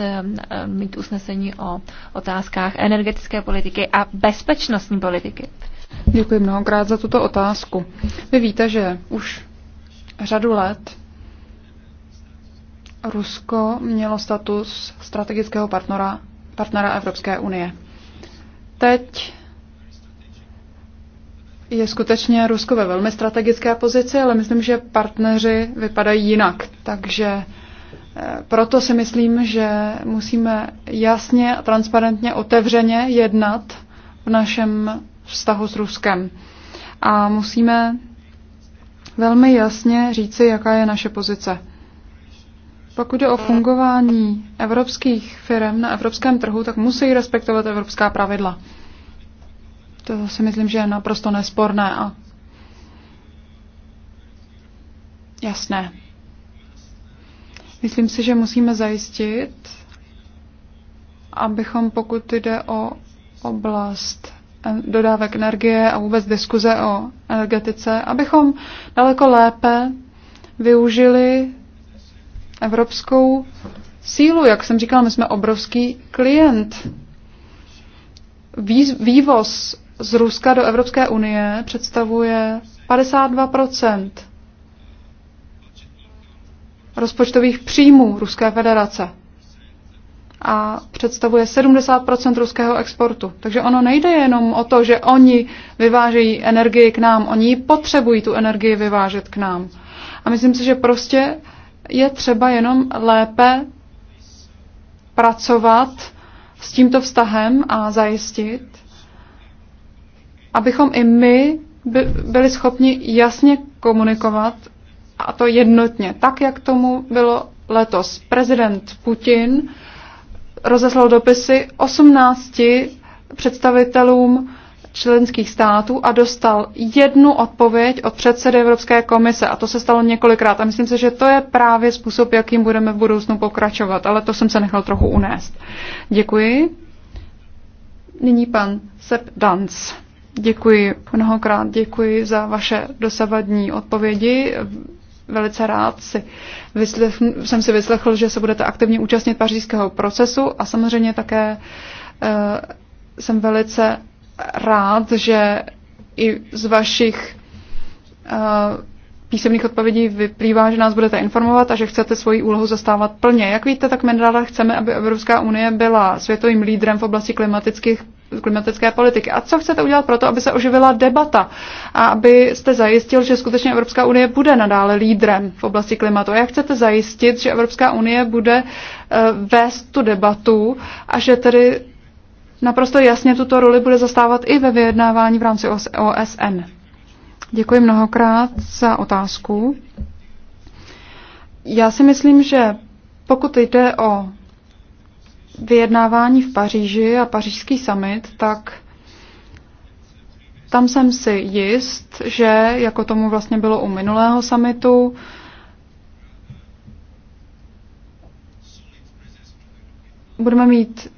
mít usnesení o otázkách energetické politiky a bezpečnostní politiky?
Děkuji mnohokrát za tuto otázku. Vy víte, že už řadu let Rusko mělo status strategického partnera, partnera Evropské unie. Teď je skutečně Rusko ve velmi strategické pozici, ale myslím, že partneři vypadají jinak. Takže eh, proto si myslím, že musíme jasně a transparentně, otevřeně jednat v našem vztahu s Ruskem. A musíme velmi jasně říci, jaká je naše pozice. Pokud jde o fungování evropských firm na evropském trhu, tak musí respektovat evropská pravidla. To si myslím, že je naprosto nesporné a jasné. Myslím si, že musíme zajistit, abychom, pokud jde o oblast dodávek energie a vůbec diskuze o energetice, abychom daleko lépe využili evropskou sílu. Jak jsem říkal, my jsme obrovský klient. Vývoz z Ruska do Evropské unie představuje 52 rozpočtových příjmů Ruské federace a představuje 70% ruského exportu. Takže ono nejde jenom o to, že oni vyvážejí energii k nám, oni potřebují tu energii vyvážet k nám. A myslím si, že prostě je třeba jenom lépe pracovat s tímto vztahem a zajistit, abychom i my byli schopni jasně komunikovat a to jednotně, tak jak tomu bylo letos. Prezident Putin rozeslal dopisy 18 představitelům členských států a dostal jednu odpověď od předsedy Evropské komise. A to se stalo několikrát. A myslím si, že to je právě způsob, jakým budeme v budoucnu pokračovat. Ale to jsem se nechal trochu unést. Děkuji. Nyní pan Sepp Danz. Děkuji mnohokrát, děkuji za vaše dosavadní odpovědi velice rád si vyslech, jsem si vyslechl, že se budete aktivně účastnit pařížského procesu a samozřejmě také e, jsem velice rád, že i z vašich e, písemných odpovědí vyplývá, že nás budete informovat a že chcete svoji úlohu zastávat plně. Jak víte, tak my chceme, aby Evropská unie byla světovým lídrem v oblasti klimatických klimatické politiky. A co chcete udělat pro to, aby se oživila debata a abyste zajistil, že skutečně Evropská unie bude nadále lídrem v oblasti klimatu? A jak chcete zajistit, že Evropská unie bude eh, vést tu debatu a že tedy naprosto jasně tuto roli bude zastávat i ve vyjednávání v rámci OSN? Děkuji mnohokrát za otázku. Já si myslím, že pokud jde o vyjednávání v Paříži a pařížský summit, tak tam jsem si jist, že jako tomu vlastně bylo u minulého summitu, budeme mít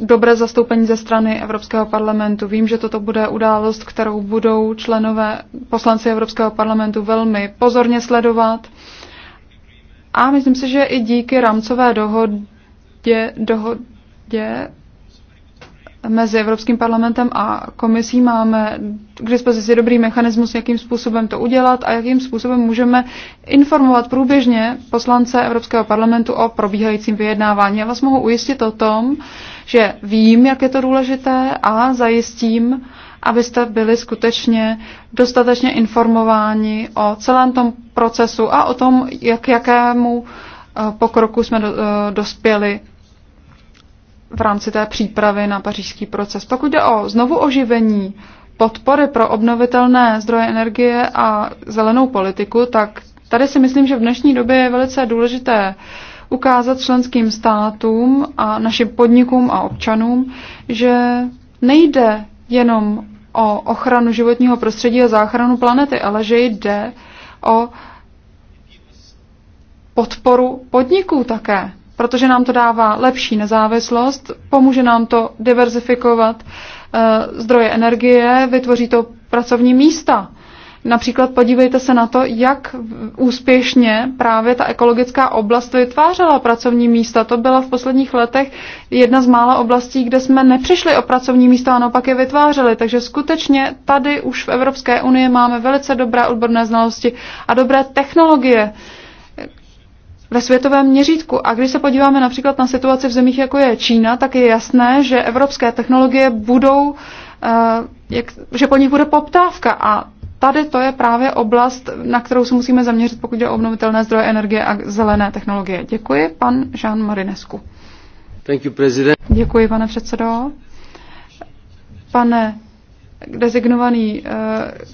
dobré zastoupení ze strany Evropského parlamentu. Vím, že toto bude událost, kterou budou členové poslanci Evropského parlamentu velmi pozorně sledovat. A myslím si, že i díky rámcové dohodě je dohodě mezi Evropským parlamentem a komisí máme k dispozici dobrý mechanismus, jakým způsobem to udělat a jakým způsobem můžeme informovat průběžně poslance Evropského parlamentu o probíhajícím vyjednávání. Já vás mohu ujistit o tom, že vím, jak je to důležité a zajistím, abyste byli skutečně dostatečně informováni o celém tom procesu a o tom, jak jakému eh, pokroku jsme eh, dospěli v rámci té přípravy na pařížský proces. Pokud jde o znovu oživení podpory pro obnovitelné zdroje energie a zelenou politiku, tak tady si myslím, že v dnešní době je velice důležité ukázat členským státům a našim podnikům a občanům, že nejde jenom o ochranu životního prostředí a záchranu planety, ale že jde o podporu podniků také protože nám to dává lepší nezávislost, pomůže nám to diverzifikovat eh, zdroje energie, vytvoří to pracovní místa. Například podívejte se na to, jak úspěšně právě ta ekologická oblast vytvářela pracovní místa. To byla v posledních letech jedna z mála oblastí, kde jsme nepřišli o pracovní místa a naopak je vytvářeli. Takže skutečně tady už v Evropské unii máme velice dobré odborné znalosti a dobré technologie. Uh, ve světovém měřítku. A když se podíváme například na situaci v zemích, jako je Čína, tak je jasné, že evropské technologie budou, eh, jak, že po nich bude poptávka a tady to je právě oblast, na kterou se musíme zaměřit, pokud je o obnovitelné zdroje energie a zelené technologie. Děkuji, pan Jean Marinescu. Thank you, Děkuji, pane předsedo. Pane designovaný eh,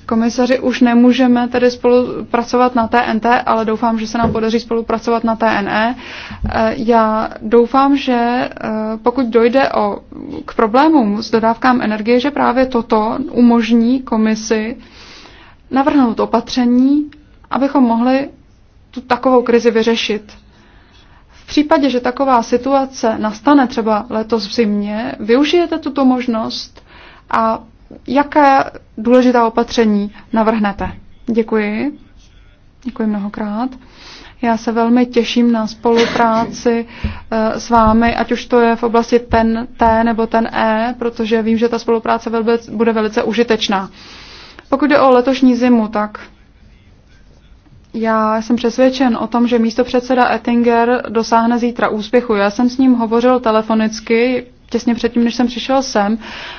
komisaři už nemůžeme tedy spolupracovat na TNT, ale doufám, že se nám podaří spolupracovat na TNE. Eh, já doufám, že eh, pokud dojde o, k problémům s dodávkám energie, že právě toto umožní komisi navrhnout opatření, abychom mohli tu takovou krizi vyřešit. V případě, že taková situace nastane třeba letos v zimě, využijete tuto možnost a jaké důležitá opatření navrhnete. Děkuji. Děkuji mnohokrát. Já se velmi těším na spolupráci eh, s vámi, ať už to je v oblasti ten T nebo ten E, protože vím, že ta spolupráce bude velice užitečná. Pokud jde o letošní zimu, tak já jsem přesvědčen o tom, že místo předseda Ettinger dosáhne zítra úspěchu. Já jsem s ním hovořil telefonicky těsně předtím, než jsem přišel sem.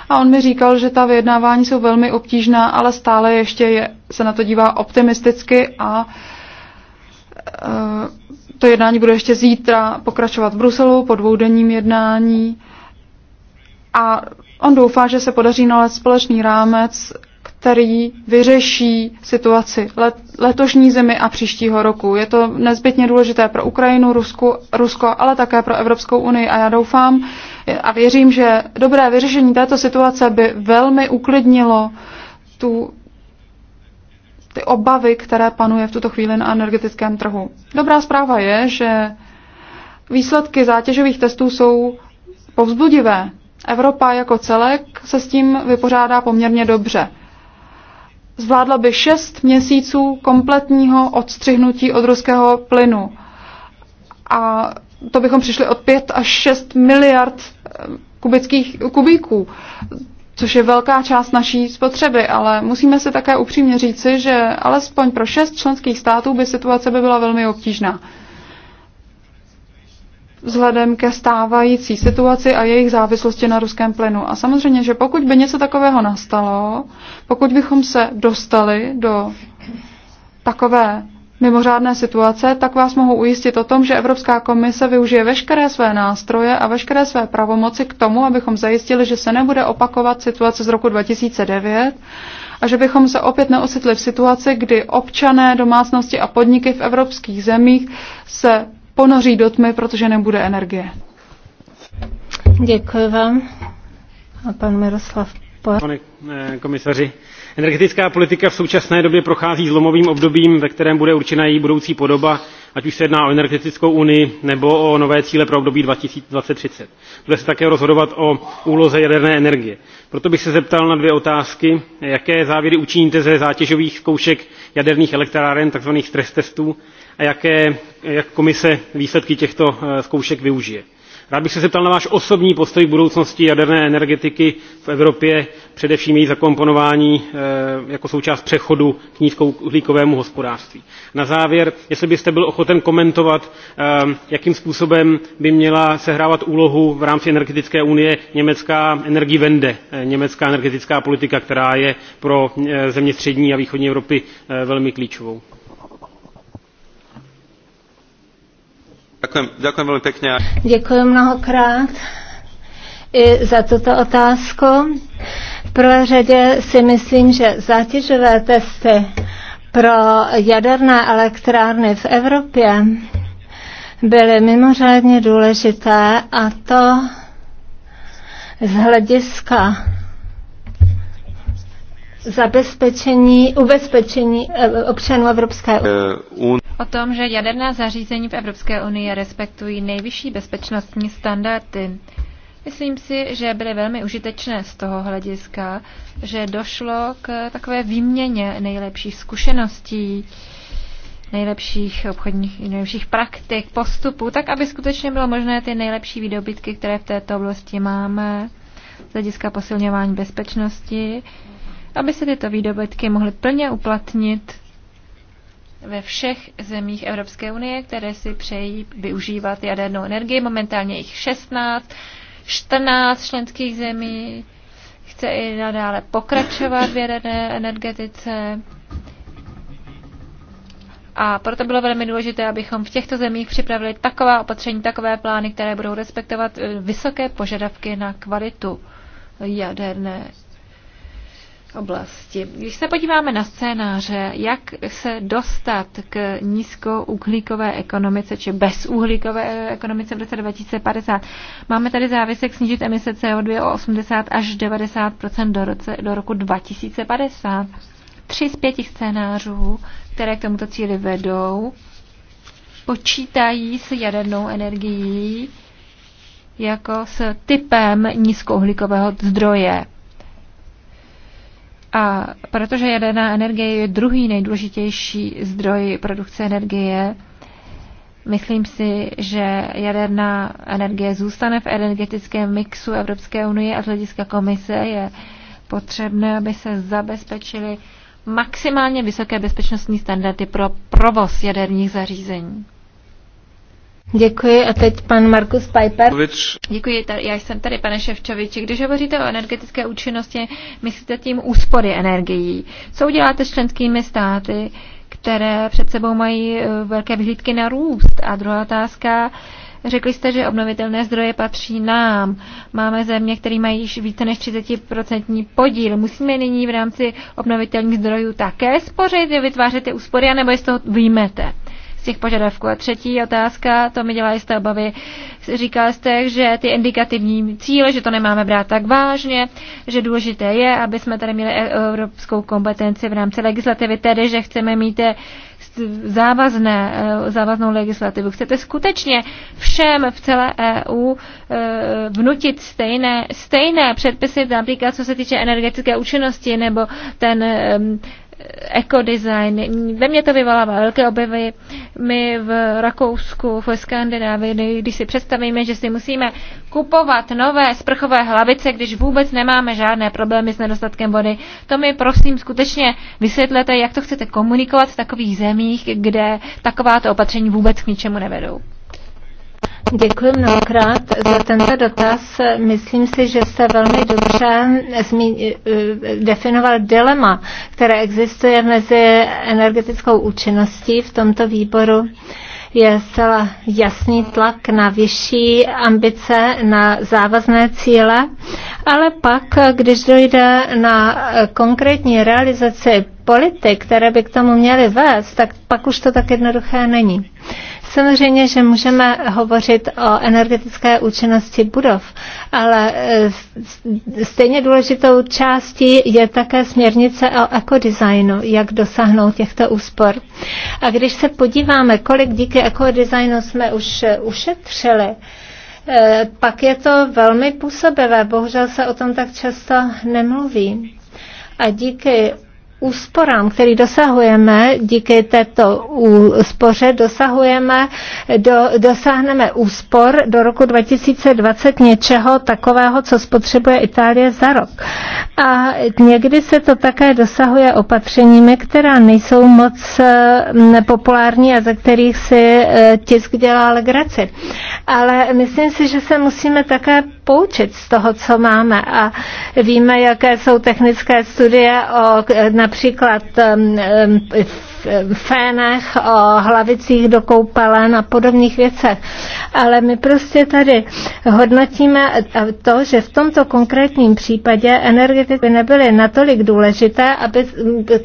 A on mi říkal, že ta vyjednávání jsou velmi obtížná, ale stále ještě je, se na to dívá optimisticky a e, to jednání bude ještě zítra pokračovat v Bruselu po dvoudenním jednání. A on doufá, že se podaří nalézt společný rámec, který vyřeší situaci let, letošní zimy a příštího roku. Je to nezbytně důležité pro Ukrajinu, Rusku, Rusko, ale také pro Evropskou unii a já doufám, a věřím, že dobré vyřešení této situace by velmi uklidnilo tu, ty obavy, které panuje v tuto chvíli na energetickém trhu. Dobrá zpráva je, že výsledky zátěžových testů jsou povzbudivé. Evropa jako celek se s tím vypořádá poměrně dobře. Zvládla by šest měsíců kompletního odstřihnutí od ruského plynu. A to bychom přišli od 5 až 6 miliard eh, kubických kubíků, což je velká část naší spotřeby, ale musíme se také upřímně říci, že alespoň pro 6 členských států by situace by byla velmi obtížná vzhledem ke stávající situaci a jejich závislosti na ruském plynu. A samozřejmě, že pokud by něco takového nastalo, pokud bychom se dostali do takové mimořádné situace, tak vás mohu ujistit o tom, že Evropská komise využije veškeré své nástroje a veškeré své pravomoci k tomu, abychom zajistili, že se nebude opakovat situace z roku 2009 a že bychom se opět neocitli v situaci, kdy občané, domácnosti a podniky v evropských zemích se ponoří do tmy, protože nebude energie. Děkuji vám. A pan Miroslav
Por. Pane eh, komisaři, energetická politika v současné době prochází zlomovým obdobím ve kterém bude určena její budoucí podoba ať už se jedná o energetickou unii nebo o nové cíle pro období. two thousand and thirty bude se také rozhodovat o úloze jaderné energie. proto bych se zeptal na dvě otázky jaké závěry učiníte ze zátěžových zkoušek jaderných elektráren tzv. stress testů a jak komise výsledky těchto eh, zkoušek využije? rád bych se zeptal na váš osobní postoj k budoucnosti jaderné energetiky v evropě především její zakomponování eh, jako součást přechodu k nízkouhlíkovému hospodářství. na závěr jestli byste byl ochoten komentovat eh, jakým způsobem by měla sehrávat úlohu v rámci energetické unie německá energiewende eh, německá energetická politika která je pro země střední a východní evropy velmi klíčovou. Děkuji, velmi pěkně.
Děkuji mnohokrát i za tuto otázku. V prvé řadě si myslím, že zátěžové testy pro jaderné elektrárny v Evropě byly mimořádně důležité a to z hlediska zabezpečení, ubezpečení eh, občanů Evropské eh, unie.
O tom, že jaderná zařízení v Evropské unii respektují nejvyšší bezpečnostní standardy. Myslím si, že byly velmi užitečné z toho hlediska, že došlo k takové výměně nejlepších zkušeností, nejlepších obchodních, nejlepších praktik, postupů, tak aby skutečně bylo možné ty nejlepší výdobytky, které v této oblasti máme, z hlediska posilňování bezpečnosti, aby se tyto výdobytky mohly plně uplatnit ve všech zemích Evropské unie, které si přejí využívat jadernou energii. Momentálně jich 16, 14 členských zemí chce i nadále pokračovat v jaderné energetice. A proto bylo velmi důležité, abychom v těchto zemích připravili taková opatření, takové plány, které budou respektovat eh, vysoké požadavky na kvalitu jaderné oblasti. Když se podíváme na scénáře, jak se dostat k nízkouhlíkové ekonomice či bezúhlíkové ekonomice v roce 2050, máme tady závisek snížit emise CO2 o 80 až 90 do, roce, do roku 2050. Tři z pěti scénářů, které k tomuto cíli vedou, počítají s jadernou energií jako s typem nízkouhlíkového zdroje. A protože jaderná energie je druhý nejdůležitější zdroj produkce energie, myslím si, že jaderná energie zůstane v energetickém mixu Evropské unie a z hlediska komise je potřebné, aby se zabezpečily maximálně vysoké bezpečnostní standardy pro provoz jaderních zařízení. Děkuji a teď pan Markus Piper. Děkuji, já jsem tady, pane Ševčoviči. Když hovoříte o energetické účinnosti, myslíte tím úspory energií. Co uděláte s členskými státy, které před sebou mají e, velké vyhlídky na růst? A druhá otázka, Řekli jste, že obnovitelné zdroje patří nám. Máme země, které mají již více než 30% podíl. Musíme nyní v rámci obnovitelných zdrojů také spořit, vytvářet ty úspory, anebo je z toho výjmete těch požadavků. A třetí otázka, to mi dělá jisté obavy. Říkal jste, že ty indikativní cíle, že to nemáme brát tak vážně, že důležité je, aby jsme tady měli e- evropskou kompetenci v rámci legislativy, tedy, že chceme mít e, závazné, e, závaznou legislativu. Chcete skutečně všem v celé EU vnutit stejné, stejné předpisy, například co se týče energetické účinnosti nebo ten ekodesign. Ve mně to vyvolává velké objevy. My v Rakousku, v Skandinávii, no, když si představíme, že si musíme kupovat nové sprchové hlavice, když vůbec nemáme žádné problémy s nedostatkem vody, to mi prosím skutečně vysvětlete, jak to chcete komunikovat v takových zemích, kde takováto opatření vůbec k ničemu nevedou.
Děkuji mnohokrát za tento dotaz. Myslím si, že jste velmi dobře eh, definoval dilema, které existuje mezi energetickou účinností v tomto výboru je zcela jasný tlak na vyšší ambice, na závazné cíle, ale pak, když dojde na konkrétní realizaci politik, které by k tomu měly vést, tak pak už to tak jednoduché není. Samozřejmě, že můžeme hovořit o energetické účinnosti budov, ale e, stejně důležitou částí je také směrnice o ekodesignu, jak dosáhnout těchto úspor. A když se podíváme, kolik díky ekodesignu jsme už e, ušetřili, e, pak je to velmi působivé. Bohužel se o tom tak často nemluví. A díky úsporám, který dosahujeme díky této úspoře, dosahujeme, do, dosáhneme úspor do roku 2020 něčeho takového, co spotřebuje Itálie za rok. A někdy se to také dosahuje opatřeními, která nejsou moc nepopulární mm, a za kterých si e, tisk dělá legraci. Ale myslím si, že se musíme také poučit z toho, co máme a víme, jaké jsou technické studie o na například v fénech, o hlavicích do koupele a podobných věcech. Ale my prostě tady hodnotíme to, že v tomto konkrétním případě energetiky nebyly natolik důležité, aby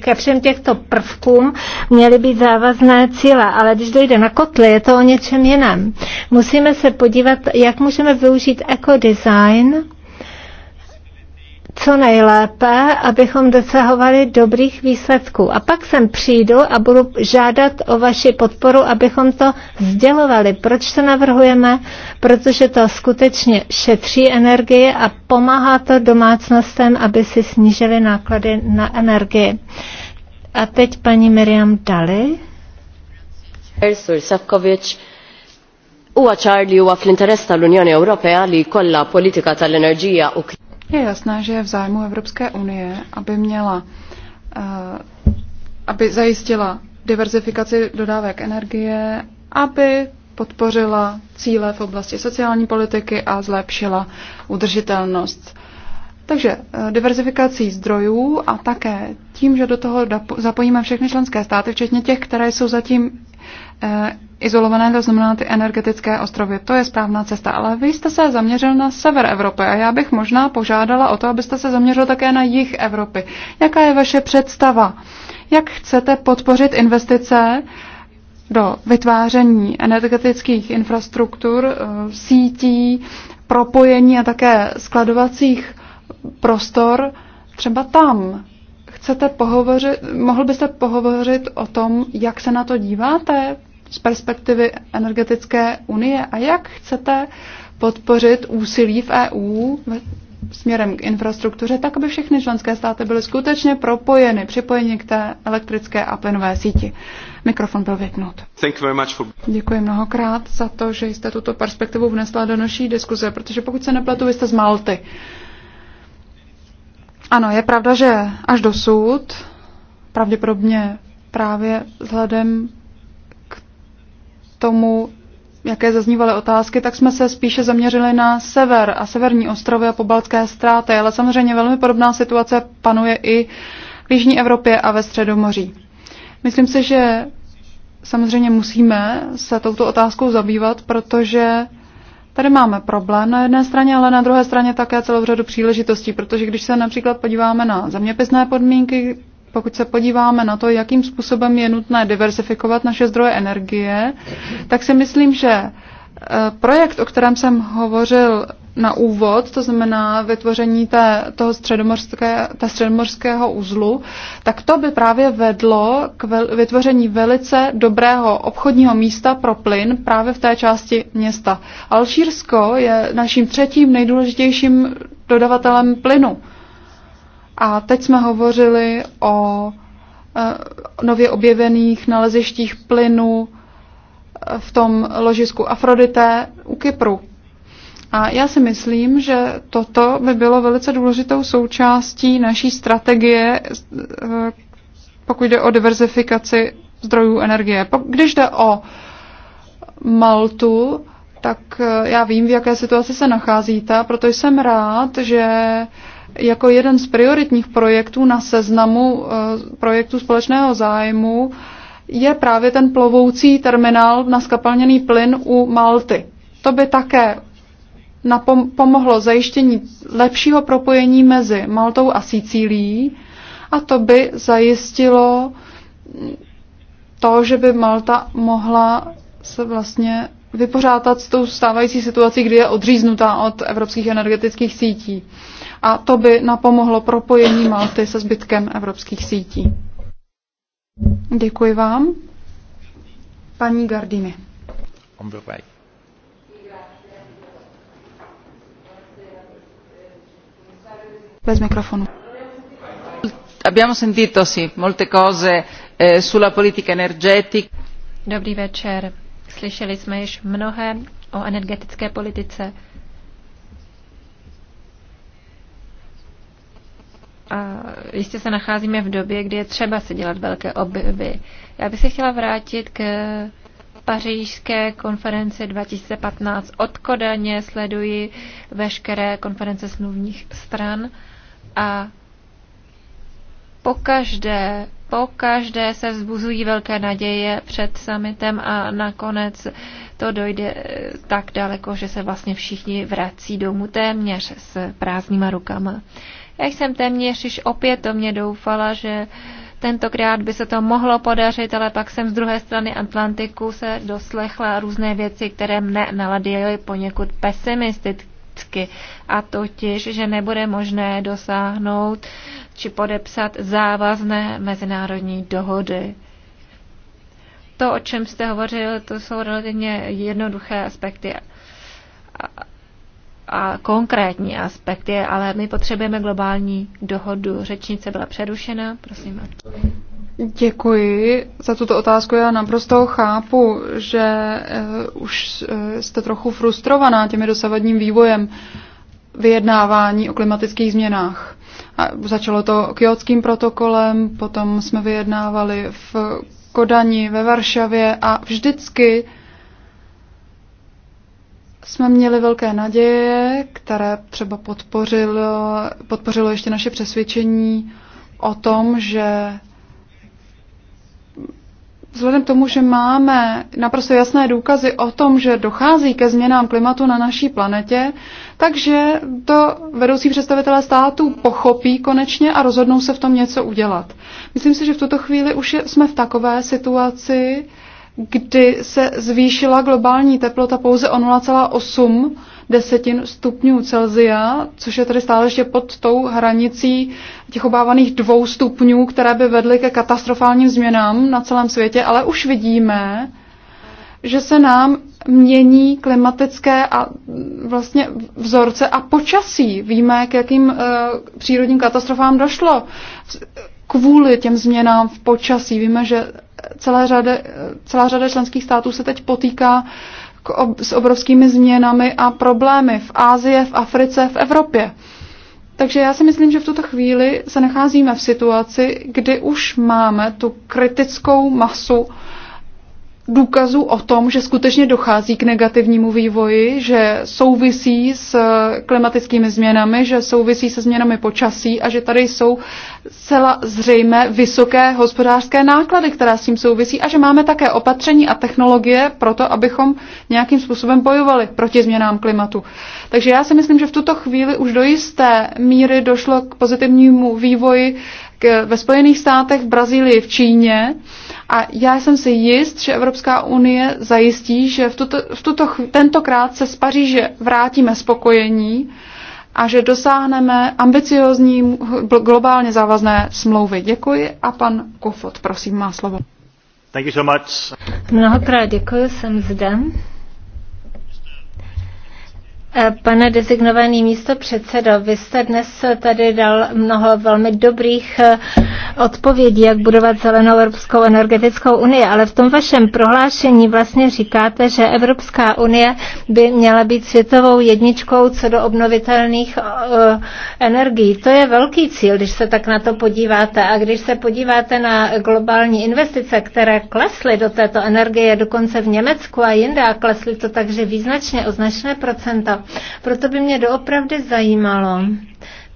ke všem těchto prvkům měly být závazné cíle. Ale když dojde na kotly, je to o něčem jiném. Musíme se podívat, jak můžeme využít ekodesign co nejlépe, abychom dosahovali dobrých výsledků. A pak sem přijdu a budu žádat o vaši podporu, abychom to sdělovali. Proč to navrhujeme? Protože to skutečně šetří energii a pomáhá to domácnostem, aby si snížili náklady na energii. A teď paní Miriam Dali. Safkovič, Charlie ċar li huwa fl-interess tal-Unjoni Ewropea li jkollha politika tal-enerġija u
je jasné, že je v zájmu Evropské unie, aby měla, eh, aby zajistila diverzifikaci dodávek energie, aby podpořila cíle v oblasti sociální politiky a zlepšila udržitelnost. Takže eh, diverzifikací zdrojů a také tím, že do toho zapojíme všechny členské státy, včetně těch, které jsou zatím eh, izolované, to znamená ty energetické ostrovy. To je správná cesta, ale vy jste se zaměřil na sever Evropy a já bych možná požádala o to, abyste se zaměřil také na jih Evropy. Jaká je vaše představa? Jak chcete podpořit investice do vytváření energetických infrastruktur, eh, sítí, propojení a také skladovacích prostor třeba tam? Chcete pohovořit, mohl byste pohovořit o tom, jak se na to díváte? z perspektivy energetické unie a jak chcete podpořit úsilí v EU směrem k infrastruktuře, tak aby všechny členské státy byly skutečně propojeny, připojeny k té elektrické a plynové síti. Mikrofon byl vypnut. For... Děkuji mnohokrát za to, že jste tuto perspektivu vnesla do naší diskuze, protože pokud se nepletu, vy jste z Malty. Ano, je pravda, že až dosud, pravděpodobně právě vzhledem tomu, jaké zaznívaly otázky, tak jsme se spíše zaměřili na sever a severní ostrovy a pobaltské ztráty, ale samozřejmě velmi podobná situace panuje i v Jižní Evropě a ve Středomoří. Myslím si, že samozřejmě musíme se touto otázkou zabývat, protože tady máme problém na jedné straně, ale na druhé straně také celou řadu příležitostí, protože když se například podíváme na zeměpisné podmínky, pokud se podíváme na to, jakým způsobem je nutné diversifikovat naše zdroje energie, tak si myslím, že e, projekt, o kterém jsem hovořil na úvod, to znamená vytvoření té, toho středomorské, té středomorského uzlu, tak to by právě vedlo k vytvoření velice dobrého obchodního místa pro plyn právě v té části města. Alžírsko je naším třetím nejdůležitějším dodavatelem plynu. A teď jsme hovořili o eh, nově objevených nalezištích plynu eh, v tom ložisku Afrodité u Kypru. A já si myslím, že toto by bylo velice důležitou součástí naší strategie, eh, pokud jde o diverzifikaci zdrojů energie. Když jde o Maltu, tak já vím, v jaké situaci se nacházíte, proto jsem rád, že jako jeden z prioritních projektů na seznamu eh, projektů společného zájmu je právě ten plovoucí terminál na skapalněný plyn u Malty. To by také pomohlo zajištění lepšího propojení mezi Maltou a Sicílií a to by zajistilo to, že by Malta mohla se vlastně vypořádat s tou stávající situací, kdy je odříznutá od evropských energetických sítí a to by napomohlo propojení Malty se zbytkem evropských sítí. Děkuji vám. Paní Gardini. Bez mikrofonu. Abbiamo sentito sì, molte cose eh, sulla politica energetica. Dobrý večer.
Slyšeli jsme již mnohé o energetické politice. A jistě se nacházíme v době, kdy je třeba se dělat velké objevy. Já bych se chtěla vrátit k pařížské konferenci 2015 od Kodaně, sleduji veškeré konference smluvních stran a po každé po každé se vzbuzují velké naděje před summitem a nakonec to dojde eh, tak daleko, že se vlastně všichni vrací domů téměř s prázdnýma rukama. Uh, já jsem téměř již opětovně doufala, že tentokrát by se to mohlo podařit, ale pak jsem z druhé strany Atlantiku se doslechla různé věci, které mne naladily poněkud pesimisticky. A totiž, že nebude možné dosáhnout či podepsat závazné mezinárodní dohody to, o čem jste hovořil, to jsou relativně jednoduché aspekty a konkrétní aspekty, ale my potřebujeme globální dohodu. Řečnice byla přerušena, prosím.
Děkuji za tuto otázku. Já naprosto chápu, že uh, už eh, jste trochu frustrovaná těmi dosavadním vývojem vyjednávání o klimatických změnách. A začalo to kyotským protokolem, potom jsme vyjednávali v Kodani, ve Varšavě a vždycky uh, jsme měli velké naděje, které třeba podpořilo, podpořilo ještě naše přesvědčení o tom, že vzhledem k tomu, že máme naprosto jasné důkazy o tom, že dochází ke změnám klimatu na naší planetě, takže to vedoucí představitelé států pochopí konečně a rozhodnou se v tom něco udělat. Myslím si, že v tuto chvíli už jsme v takové situaci, kdy se zvýšila globální teplota pouze o 0,8 desetin stupňů Celzia, což je tedy stále ještě pod tou hranicí těch obávaných dvou stupňů, které by vedly ke katastrofálním změnám na celém světě, ale už vidíme, že se nám mění klimatické a vlastně vzorce a počasí. Víme, k jakým uh, přírodním katastrofám došlo kvůli těm změnám v počasí. Víme, že celá řada, celá řada členských států se teď potýká ob, s obrovskými změnami a problémy v Ázii, v Africe, v Evropě. Takže já si myslím, že v tuto chvíli se nacházíme v situaci, kdy už máme tu kritickou masu uh, důkazů o tom, že skutečně dochází k negativnímu vývoji, že souvisí s eh, klimatickými změnami, že souvisí se změnami počasí a že tady jsou zcela zřejmé vysoké hospodářské náklady, které s tím souvisí a že máme také opatření a technologie pro to, abychom nějakým způsobem bojovali proti změnám klimatu. Takže já si myslím, že v tuto chvíli už do jisté míry došlo k pozitivnímu vývoji Eh, ve Spojených státech, v Brazílii, v Číně a já jsem si jist, že Evropská unie zajistí, že v tuto, v tuto, tentokrát se z Paříže vrátíme spokojení a že dosáhneme ambiciozní globálně závazné smlouvy. Děkuji a pan Kofot, prosím, má slovo. Thank you so much. Mnohokrát děkuji, jsem
zde. Eh, pane designovaný místo předsedo, vy jste dnes tady dal mnoho velmi dobrých eh, odpovědí, jak budovat zelenou Evropskou energetickou unii, ale v tom vašem prohlášení vlastně říkáte, že Evropská unie by měla být světovou jedničkou co do obnovitelných uh, energií. To je velký cíl, když se tak na to podíváte. A když se podíváte na globální investice, které klesly do této energie, dokonce v Německu a jinde, a klesly to takže význačně o značné procento, proto by mě doopravdy zajímalo,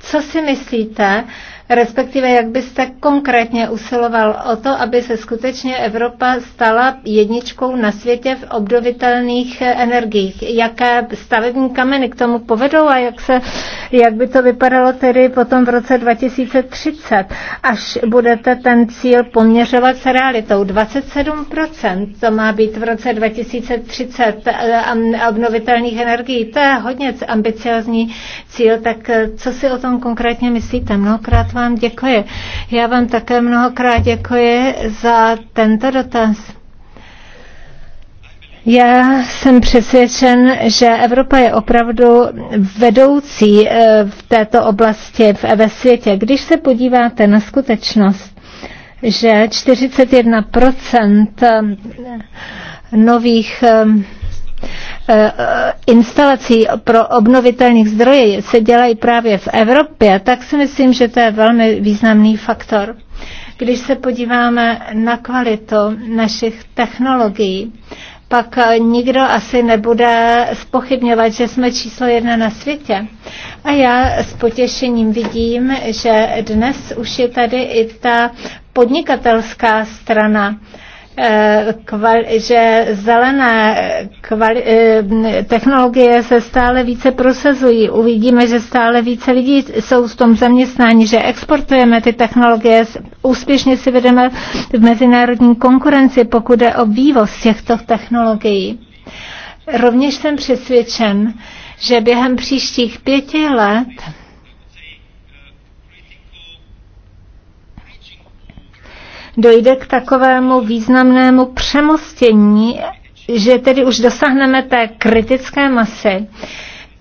co si myslíte, respektive jak byste konkrétně usiloval o to, aby se skutečně Evropa stala jedničkou na světě v obdovitelných eh, energiích. Jaké stavební kameny k tomu povedou a jak, se, jak by to vypadalo tedy potom v roce 2030, až budete ten cíl poměřovat s realitou. 27% to má být v roce 2030 eh, obnovitelných energií. To je hodně ambiciozní cíl, tak eh, co si o tom konkrétně myslíte? Mnohokrát vám děkuji. Já vám také mnohokrát děkuji za tento dotaz. Já jsem přesvědčen, že Evropa je opravdu vedoucí eh, v této oblasti ve světě. Když se podíváte na skutečnost, že 41 eh, nových eh, Eh, instalací pro obnovitelných zdrojů se dělají právě v Evropě, tak si myslím, že to je velmi významný faktor. Když se podíváme na kvalitu našich technologií, pak eh, nikdo asi nebude spochybňovat, že jsme číslo jedna na světě. A já s potěšením vidím, že dnes už je tady i ta podnikatelská strana kval, že zelené kval, eh, technologie se stále více prosazují. Uvidíme, že stále více lidí jsou v tom zaměstnání, že exportujeme ty technologie, úspěšně si vedeme v mezinárodní konkurenci, pokud je o vývoz těchto technologií. Rovněž jsem přesvědčen, že během příštích pěti let dojde k takovému významnému přemostění, že tedy už dosáhneme té kritické masy,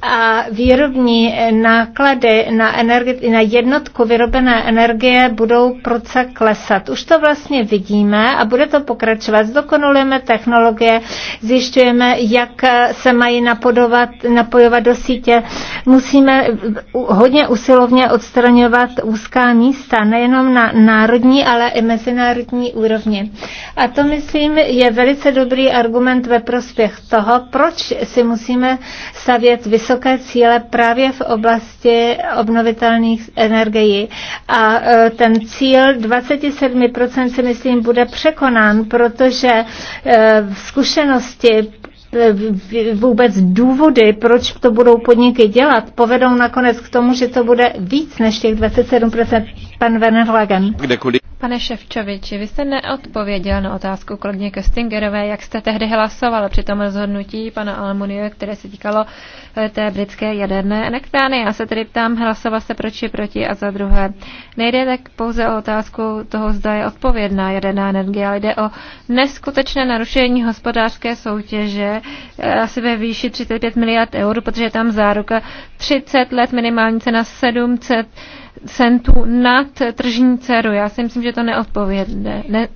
a výrobní náklady na, energi- na jednotku vyrobené energie budou proce klesat. Už to vlastně vidíme a bude to pokračovat. Zdokonalujeme technologie, zjišťujeme, jak se mají napodovat, napojovat do sítě. Musíme hodně usilovně odstraňovat úzká místa, nejenom na národní, ale i mezinárodní úrovni. A to, myslím, je velice dobrý argument ve prospěch toho, proč si musíme stavět vysoké vysoké cíle právě v oblasti obnovitelných energií. A e, ten cíl 27% si myslím bude překonán, protože e, e, v zkušenosti vůbec důvody, proč to budou podniky dělat, povedou nakonec k tomu, že to bude víc než těch 27%. Pan Werner
Kdekoliv. Pane Ševčoviči, vy jste neodpověděl na otázku kolegyně Köstingerové, jak jste tehdy hlasoval při tom rozhodnutí pana Almunie, které se týkalo eh, té britské jaderné elektrárny. Já se tedy ptám, hlasoval jste proč je proti a za druhé. Nejde tak pouze o otázku toho, zda je odpovědná jaderná energie, ale jde o neskutečné narušení hospodářské soutěže eh, asi ve výši 35 miliard eur, protože je tam záruka 30 let minimální cena 700 centů nad tržní dceru. Já si myslím, že to neodpovědne. Ne.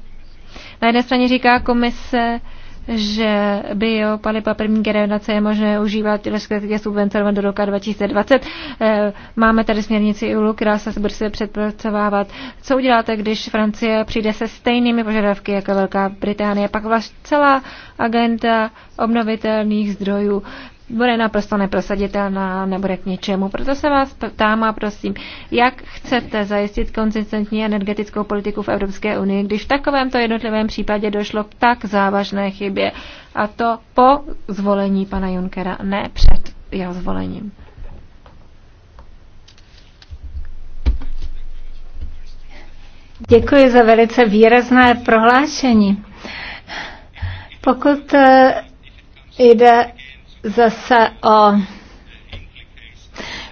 Na jedné straně říká komise, že biopaliva první generace je možné užívat respektive subvencovat do roku 2020. Eh, máme tady směrnici EU, která se bude se předpracovávat. Co uděláte, když Francie přijde se stejnými požadavky jako Velká Británie? Pak vás celá agenda obnovitelných zdrojů bude naprosto neprosaditelná, nebude k ničemu. Proto se vás ptám a prosím, jak chcete zajistit konzistentní energetickou politiku v Evropské unii, když v takovémto jednotlivém případě došlo k tak závažné chybě a to po zvolení pana Junkera, ne před jeho zvolením. Děkuji za
velice výrazné prohlášení. Pokud eh, jde zase o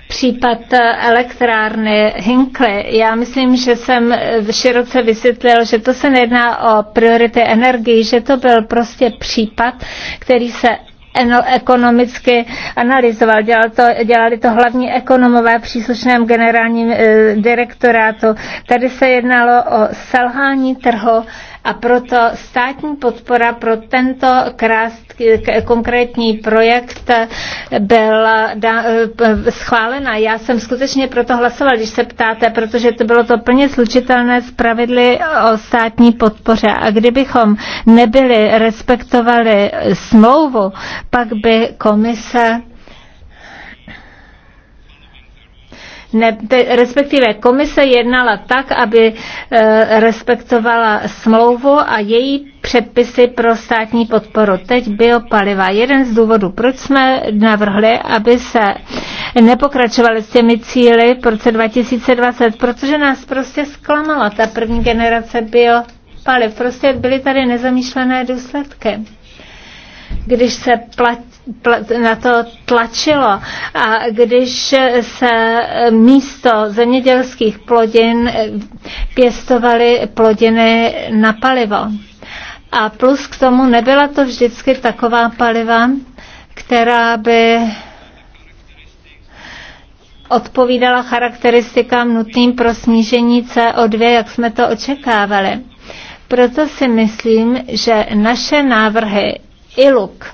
případ elektrárny Hinkley. Já myslím, že jsem široce vysvětlil, že to se nejedná o priority energii, že to byl prostě případ, který se ekonomicky analyzoval. Dělali to, dělali to hlavní ekonomové v příslušném generálním e, direktorátu. Tady se jednalo o selhání trhu a proto státní podpora pro tento krást, konkrétní projekt byla da, eh, schválena. Já jsem skutečně proto hlasovala, když se ptáte, protože to bylo to plně slučitelné s pravidly o státní podpoře. A kdybychom nebyli respektovali smlouvu, pak by komise ne, respektive komise jednala tak, aby eh, respektovala smlouvu a její předpisy pro státní podporu. Teď biopaliva. Jeden z důvodů, proč jsme navrhli, aby se nepokračovali s těmi cíly v roce 2020, protože nás prostě zklamala ta první generace biopaliv. Prostě byly tady nezamýšlené důsledky. Když se platí na to tlačilo. A když se místo zemědělských plodin eh, pěstovaly plodiny na palivo. A plus k tomu nebyla to vždycky taková paliva, která by odpovídala charakteristikám nutným pro snížení CO2, jak jsme to očekávali. Proto si myslím, že naše návrhy ILUK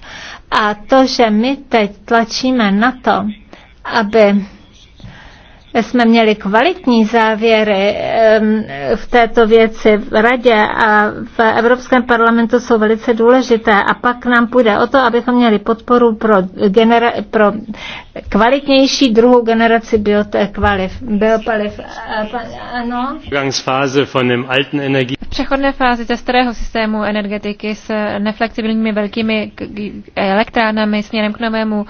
a to, že my teď tlačíme na to, aby jsme měli kvalitní závěry v této věci v Radě a v Evropském parlamentu jsou velice důležité. A pak nám půjde o to, abychom měli podporu pro, genera- pro kvalitnější druhou generaci
biopaliv. biopaliv. Ano. V přechodné fázi ze starého systému energetiky s neflexibilními velkými elektrárnami směrem k novému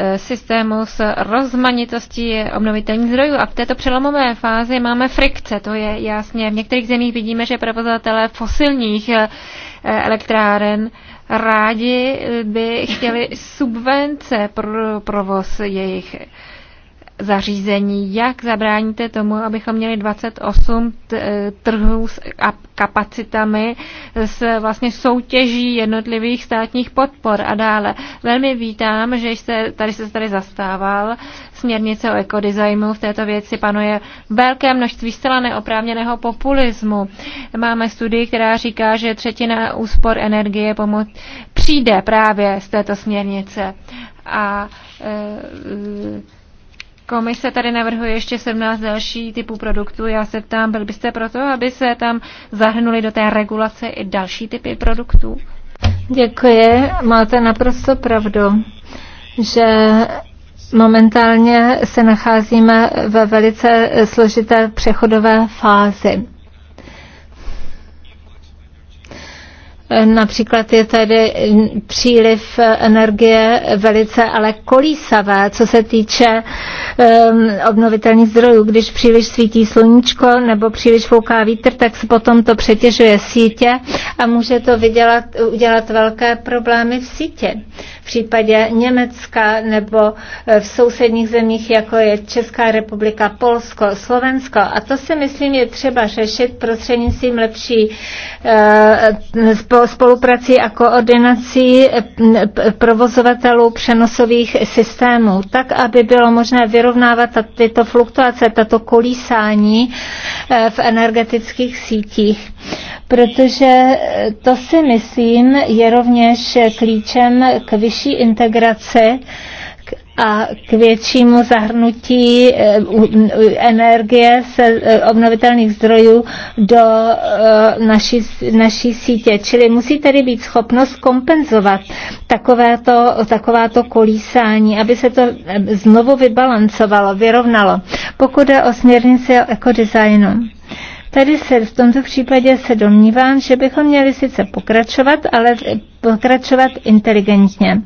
Eh, systému s rozmanitostí obnovitelných zdrojů. A v této přelomové fázi máme frikce, to je jasně. V některých zemích vidíme, že provozovatelé fosilních eh, elektráren rádi by chtěli subvence pro provoz jejich zařízení, jak zabráníte tomu, abychom měli 28 e, trhů s kapacitami s vlastně soutěží jednotlivých státních podpor a dále. Velmi vítám, že jste, tady se tady zastával směrnice o ekodesignu. V této věci panuje velké množství zcela neoprávněného populismu. Máme studii, která říká, že třetina úspor energie pomoc přijde právě z této směrnice. A e, Komise tady navrhuje ještě 17 další typů produktů. Já se ptám, byl byste proto, aby se tam zahrnuli do té regulace i další typy produktů?
Děkuji, máte naprosto pravdu, že momentálně se nacházíme ve velice složité přechodové fázi. Například je tady příliv energie velice ale kolísavé, co se týče um, obnovitelných zdrojů. Když příliš svítí sluníčko nebo příliš fouká vítr, tak se potom to přetěžuje sítě a může to vydělat, udělat velké problémy v sítě. V případě Německa nebo eh, v sousedních zemích, jako je Česká republika, Polsko, Slovensko. A to si myslím je třeba řešit prostřednictvím lepší uh, spoluprací a koordinací provozovatelů přenosových systémů, tak, aby bylo možné vyrovnávat tyto fluktuace, tato kolísání e, v energetických sítích. Protože to si myslím je rovněž klíčem k vyšší integraci a k většímu zahrnutí eh, energie se eh, obnovitelných zdrojů do eh, naší, naší sítě. Čili musí tady být schopnost kompenzovat takovéto, takováto kolísání, aby se to znovu vybalancovalo, vyrovnalo. Pokud je o směrnici o ekodesignu, Tady se v tomto případě se domnívám, že bychom měli sice pokračovat, ale pokračovat inteligentně.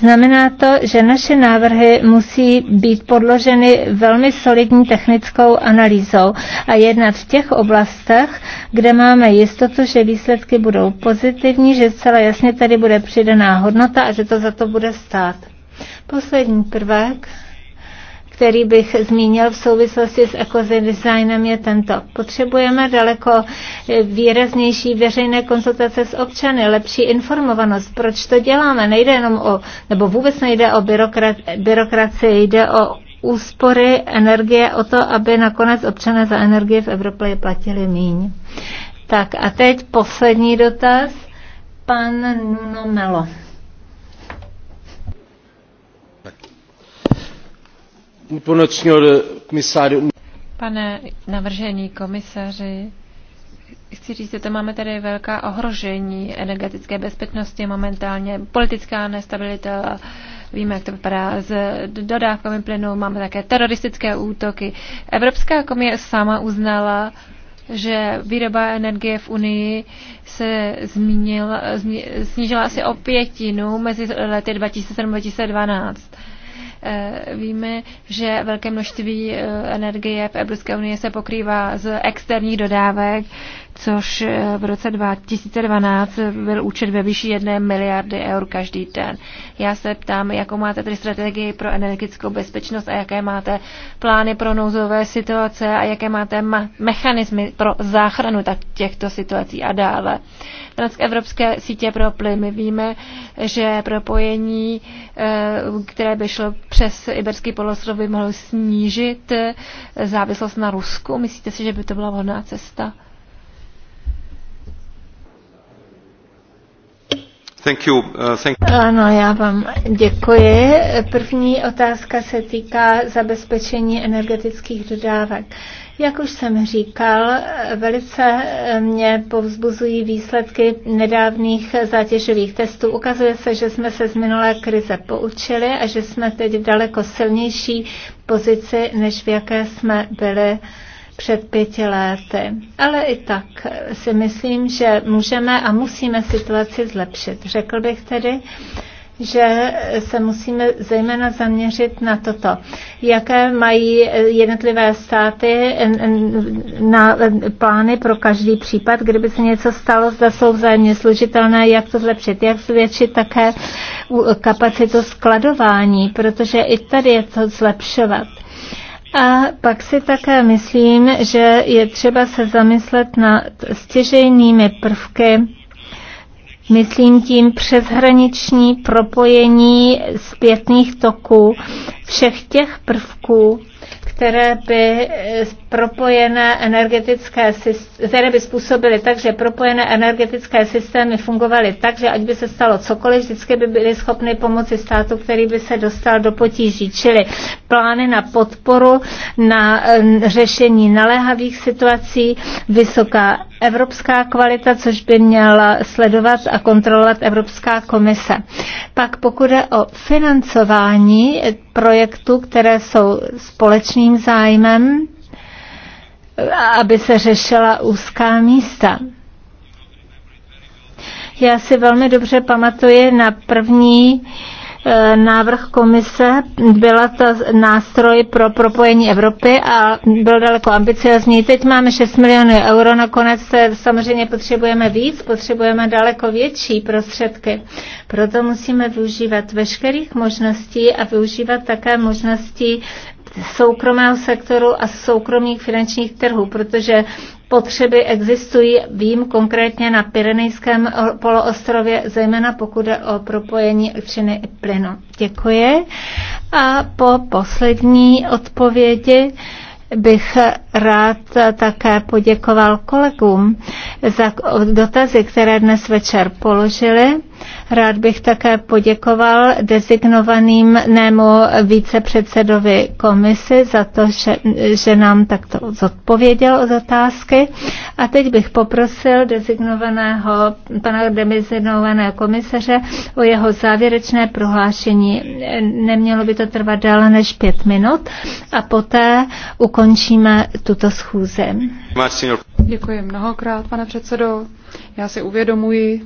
Znamená to, že naše návrhy musí být podloženy velmi solidní technickou analýzou a jednat v těch oblastech, kde máme jistotu, že výsledky budou pozitivní, že zcela jasně tady bude přidaná hodnota a že to za to bude stát. Poslední prvek který bych zmínil v souvislosti s designem, je tento. Potřebujeme daleko eh, výraznější veřejné konzultace s občany, lepší informovanost. Proč to děláme? Nejde jenom o, nebo vůbec nejde o byrokra- byrokracii, jde o úspory energie, o to, aby nakonec občané za energii v Evropě platili míň. Tak a teď poslední dotaz. Pan Nuno Melo.
Um-
Pane navržení komisaři, chci říct, že to máme tady velká ohrožení energetické bezpečnosti momentálně, politická nestabilita, víme, jak to vypadá s dodávkami plynu, máme také teroristické útoky. Evropská komise sama uznala, že výroba energie v Unii se zmínil, snížila asi o pětinu mezi lety 2007-2012. a Eh, víme, že velké množství eh, energie v Evropské unii se pokrývá z externích dodávek, což eh, v roce 2012 byl účet ve výši jedné miliardy eur každý den. Já se ptám, jakou máte tedy strategii pro energetickou bezpečnost a jaké máte plány pro nouzové situace a jaké máte mechanismy pro záchranu tak těchto situací a dále. V Evropské sítě pro plyn my víme, že propojení, eh, které by šlo přes Iberský polostrov, by mohlo snížit eh, závislost na Rusku. Myslíte si, že by to byla vhodná cesta?
Thank you. Uh, thank
Ano, já vám děkuji. První otázka se týká zabezpečení energetických dodávek. Jak už jsem říkal, velice mě povzbuzují výsledky nedávných zátěžových testů. Ukazuje se, že jsme se z minulé krize poučili a že jsme teď v daleko silnější pozici, než v jaké jsme byli před pěti lety. Ale i tak si myslím, že můžeme a musíme situaci zlepšit. Řekl bych tedy, že se musíme zejména zaměřit na toto, jaké mají jednotlivé státy na plány pro každý případ, kdyby se něco stalo, zda jsou vzájemně služitelné, jak to zlepšit, jak zvětšit také kapacitu skladování, protože i tady je to zlepšovat. A pak si také myslím, že je třeba se zamyslet nad stěžejnými prvky Myslím tím přeshraniční propojení zpětných toků všech těch prvků, které by propojené energetické systémy, které by způsobily tak, že propojené energetické systémy fungovaly tak, že ať by se stalo cokoliv, vždycky by byly schopny pomoci státu, který by se dostal do potíží. Čili plány na podporu, na eh, řešení naléhavých situací, vysoká evropská kvalita, což by měla sledovat a kontrolovat Evropská komise. Pak pokud je o financování, projektů, které jsou společným zájmem, aby se řešila úzká místa. Já si velmi dobře pamatuji na první Eh, návrh komise byla to nástroj pro propojení Evropy a byl daleko ambiciozní. Teď máme 6 milionů euro, nakonec samozřejmě potřebujeme víc, potřebujeme daleko větší prostředky. Proto musíme využívat veškerých možností a využívat také možností soukromého sektoru a soukromých finančních trhů, protože potřeby existují, vím konkrétně na Pyrenejském poloostrově, zejména pokud jde o propojení elektřiny i plynu. Děkuji. A po poslední odpovědi bych rád také poděkoval kolegům za dotazy, které dnes večer položili Rád bych také poděkoval designovaným nému vícepředsedovi komisy za to, že, že nám takto zodpověděl od otázky. A teď bych poprosil designovaného, pana demizinovaného komisaře o jeho závěrečné prohlášení. Nemělo by to trvat déle než pět minut a poté ukončíme tuto schůzi.
Děkuji mnohokrát, pane předsedo. Já si uvědomuji,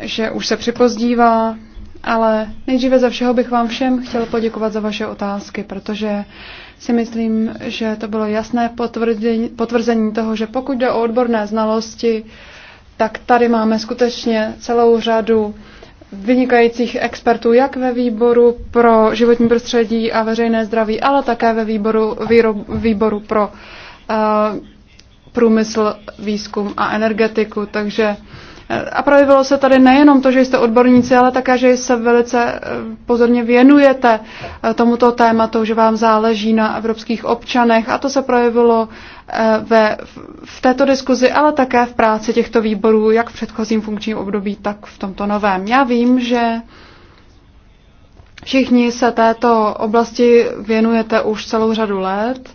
že už se připozdívá, ale nejdříve za všeho bych vám všem chtěl poděkovat za vaše otázky, protože si myslím, že to bylo jasné potvrzení, potvrzení toho, že pokud jde o odborné znalosti, tak tady máme skutečně celou řadu vynikajících expertů jak ve výboru pro životní prostředí a veřejné zdraví, ale také ve výboru, výrob, výboru pro uh, průmysl, výzkum a energetiku. Takže a projevilo se tady nejenom to, že jste odborníci, ale také, že se velice eh, pozorně věnujete eh, tomuto tématu, že vám záleží na evropských občanech a to se projevilo eh, ve, v této diskuzi, ale také v práci těchto výborů, jak v předchozím funkčním období, tak v tomto novém. Já vím, že všichni se této oblasti věnujete už celou řadu let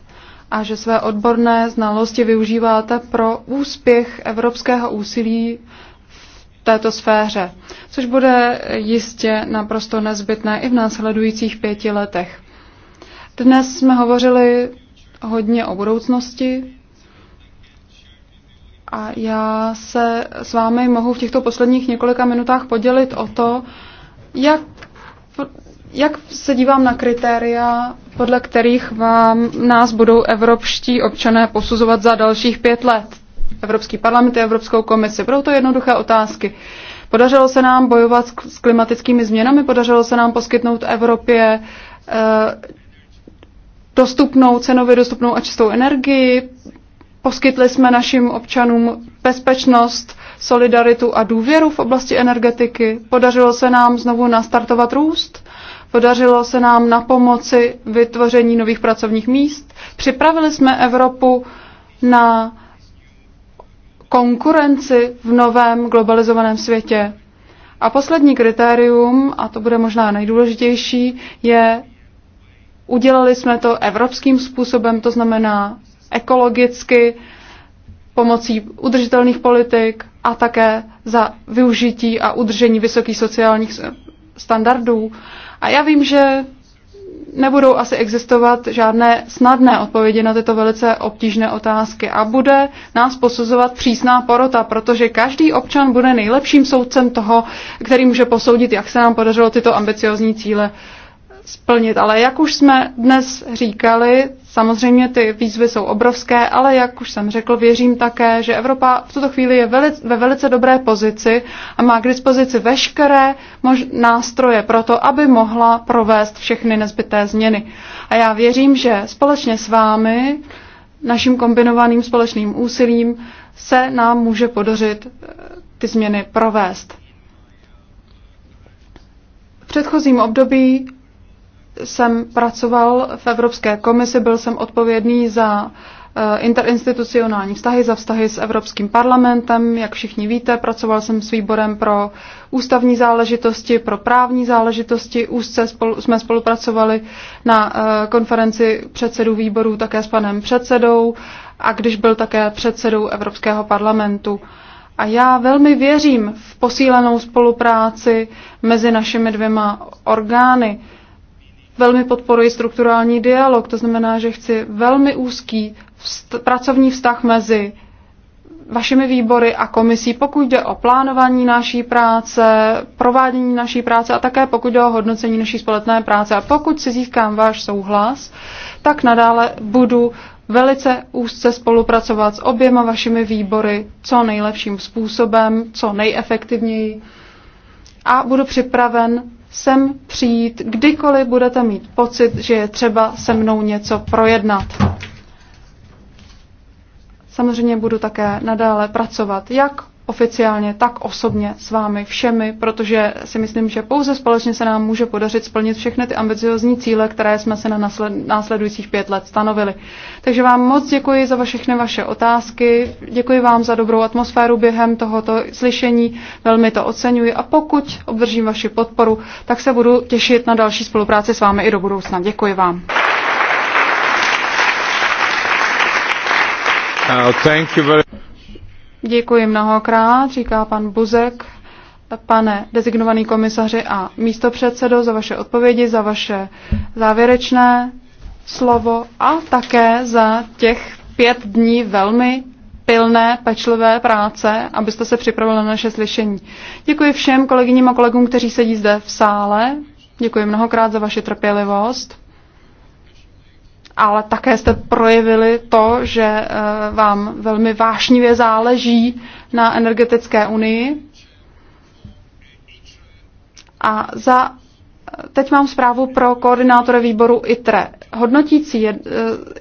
a že své odborné znalosti využíváte pro úspěch evropského úsilí této sféře, což bude jistě naprosto nezbytné i v následujících pěti letech. Dnes jsme hovořili hodně o budoucnosti a já se s vámi mohu v těchto posledních několika minutách podělit o to, jak, jak se dívám na kritéria, podle kterých vám nás budou evropští občané posuzovat za dalších pět let. Evropský parlament a Evropskou komisi. Budou to jednoduché otázky. Podařilo se nám bojovat s klimatickými změnami, podařilo se nám poskytnout Evropě eh, dostupnou, cenově dostupnou a čistou energii, poskytli jsme našim občanům bezpečnost, solidaritu a důvěru v oblasti energetiky, podařilo se nám znovu nastartovat růst, podařilo se nám na pomoci vytvoření nových pracovních míst, připravili jsme Evropu na konkurenci v novém globalizovaném světě. A poslední kritérium, a to bude možná nejdůležitější, je, udělali jsme to evropským způsobem, to znamená ekologicky, pomocí udržitelných politik a také za využití a udržení vysokých sociálních standardů. A já vím, že nebudou asi existovat žádné snadné odpovědi na tyto velice obtížné otázky a bude nás posuzovat přísná porota, protože každý občan bude nejlepším soudcem toho, který může posoudit, jak se nám podařilo tyto ambiciozní cíle splnit. Ale jak už jsme dnes říkali, samozřejmě ty výzvy jsou obrovské, ale jak už jsem řekl, věřím také, že Evropa v tuto chvíli je ve velice dobré pozici a má k dispozici veškeré mož- nástroje pro to, aby mohla provést všechny nezbytné změny. A já věřím, že společně s vámi, naším kombinovaným společným úsilím, se nám může podařit eh, ty změny provést. V předchozím období jsem pracoval v Evropské komisi, byl jsem odpovědný za eh, interinstitucionální vztahy, za vztahy s Evropským parlamentem. Jak všichni víte, pracoval jsem s výborem pro ústavní záležitosti, pro právní záležitosti. Úzce spolu, jsme spolupracovali na eh, konferenci předsedů výborů také s panem předsedou a když byl také předsedou Evropského parlamentu. A já velmi věřím v posílenou spolupráci mezi našimi dvěma orgány velmi podporuji strukturální dialog, to znamená, že chci velmi úzký vst- pracovní vztah mezi vašimi výbory a komisí, pokud jde o plánování naší práce, provádění naší práce a také pokud jde o hodnocení naší společné práce. A pokud si získám váš souhlas, tak nadále budu velice úzce spolupracovat s oběma vašimi výbory co nejlepším způsobem, co nejefektivněji a budu připraven sem přijít, kdykoliv budete mít pocit, že je třeba se mnou něco projednat. Samozřejmě budu také nadále pracovat jak oficiálně, tak osobně s vámi všemi, protože si myslím, že pouze společně se nám může podařit splnit všechny ty ambiciozní cíle, které jsme se na následujících pět let stanovili. Takže vám moc děkuji za všechny vaše otázky, děkuji vám za dobrou atmosféru během tohoto slyšení, velmi to oceňuji a pokud obdržím vaši podporu, tak se budu těšit na další spolupráci s vámi i do budoucna. Děkuji vám.
Uh, thank you very
Děkuji mnohokrát, říká pan Buzek, pane designovaný komisaři a místopředsedo za vaše odpovědi, za vaše závěrečné slovo a také za těch pět dní velmi pilné, pečlivé práce, abyste se připravili na naše slyšení. Děkuji všem kolegyním a kolegům, kteří sedí zde v sále. Děkuji mnohokrát za vaši trpělivost ale také jste projevili to, že eh, vám velmi vášnivě záleží na energetické unii. A za Teď mám zprávu pro koordinátora výboru ITRE. Hodnotící eh,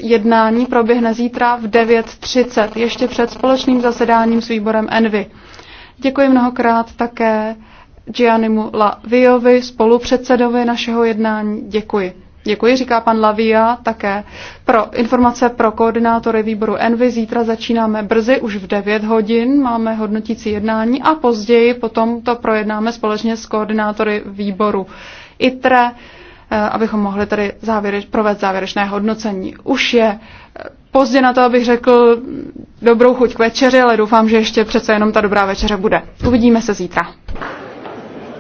jednání proběhne zítra v 9.30, ještě před společným zasedáním s výborem ENVY. Děkuji mnohokrát také Giannimu Laviovi, spolupředsedovi našeho jednání. Děkuji. Děkuji, říká pan Lavia také. Pro informace pro koordinátory výboru Envy zítra začínáme brzy, už v 9 hodin máme hodnotící jednání a později potom to projednáme společně s koordinátory výboru ITRE, eh, abychom mohli tady závěreč, provést závěrečné hodnocení. Už je eh, pozdě na to, abych řekl dobrou chuť k večeři, ale doufám, že ještě přece jenom ta dobrá večeře bude. Uvidíme se zítra.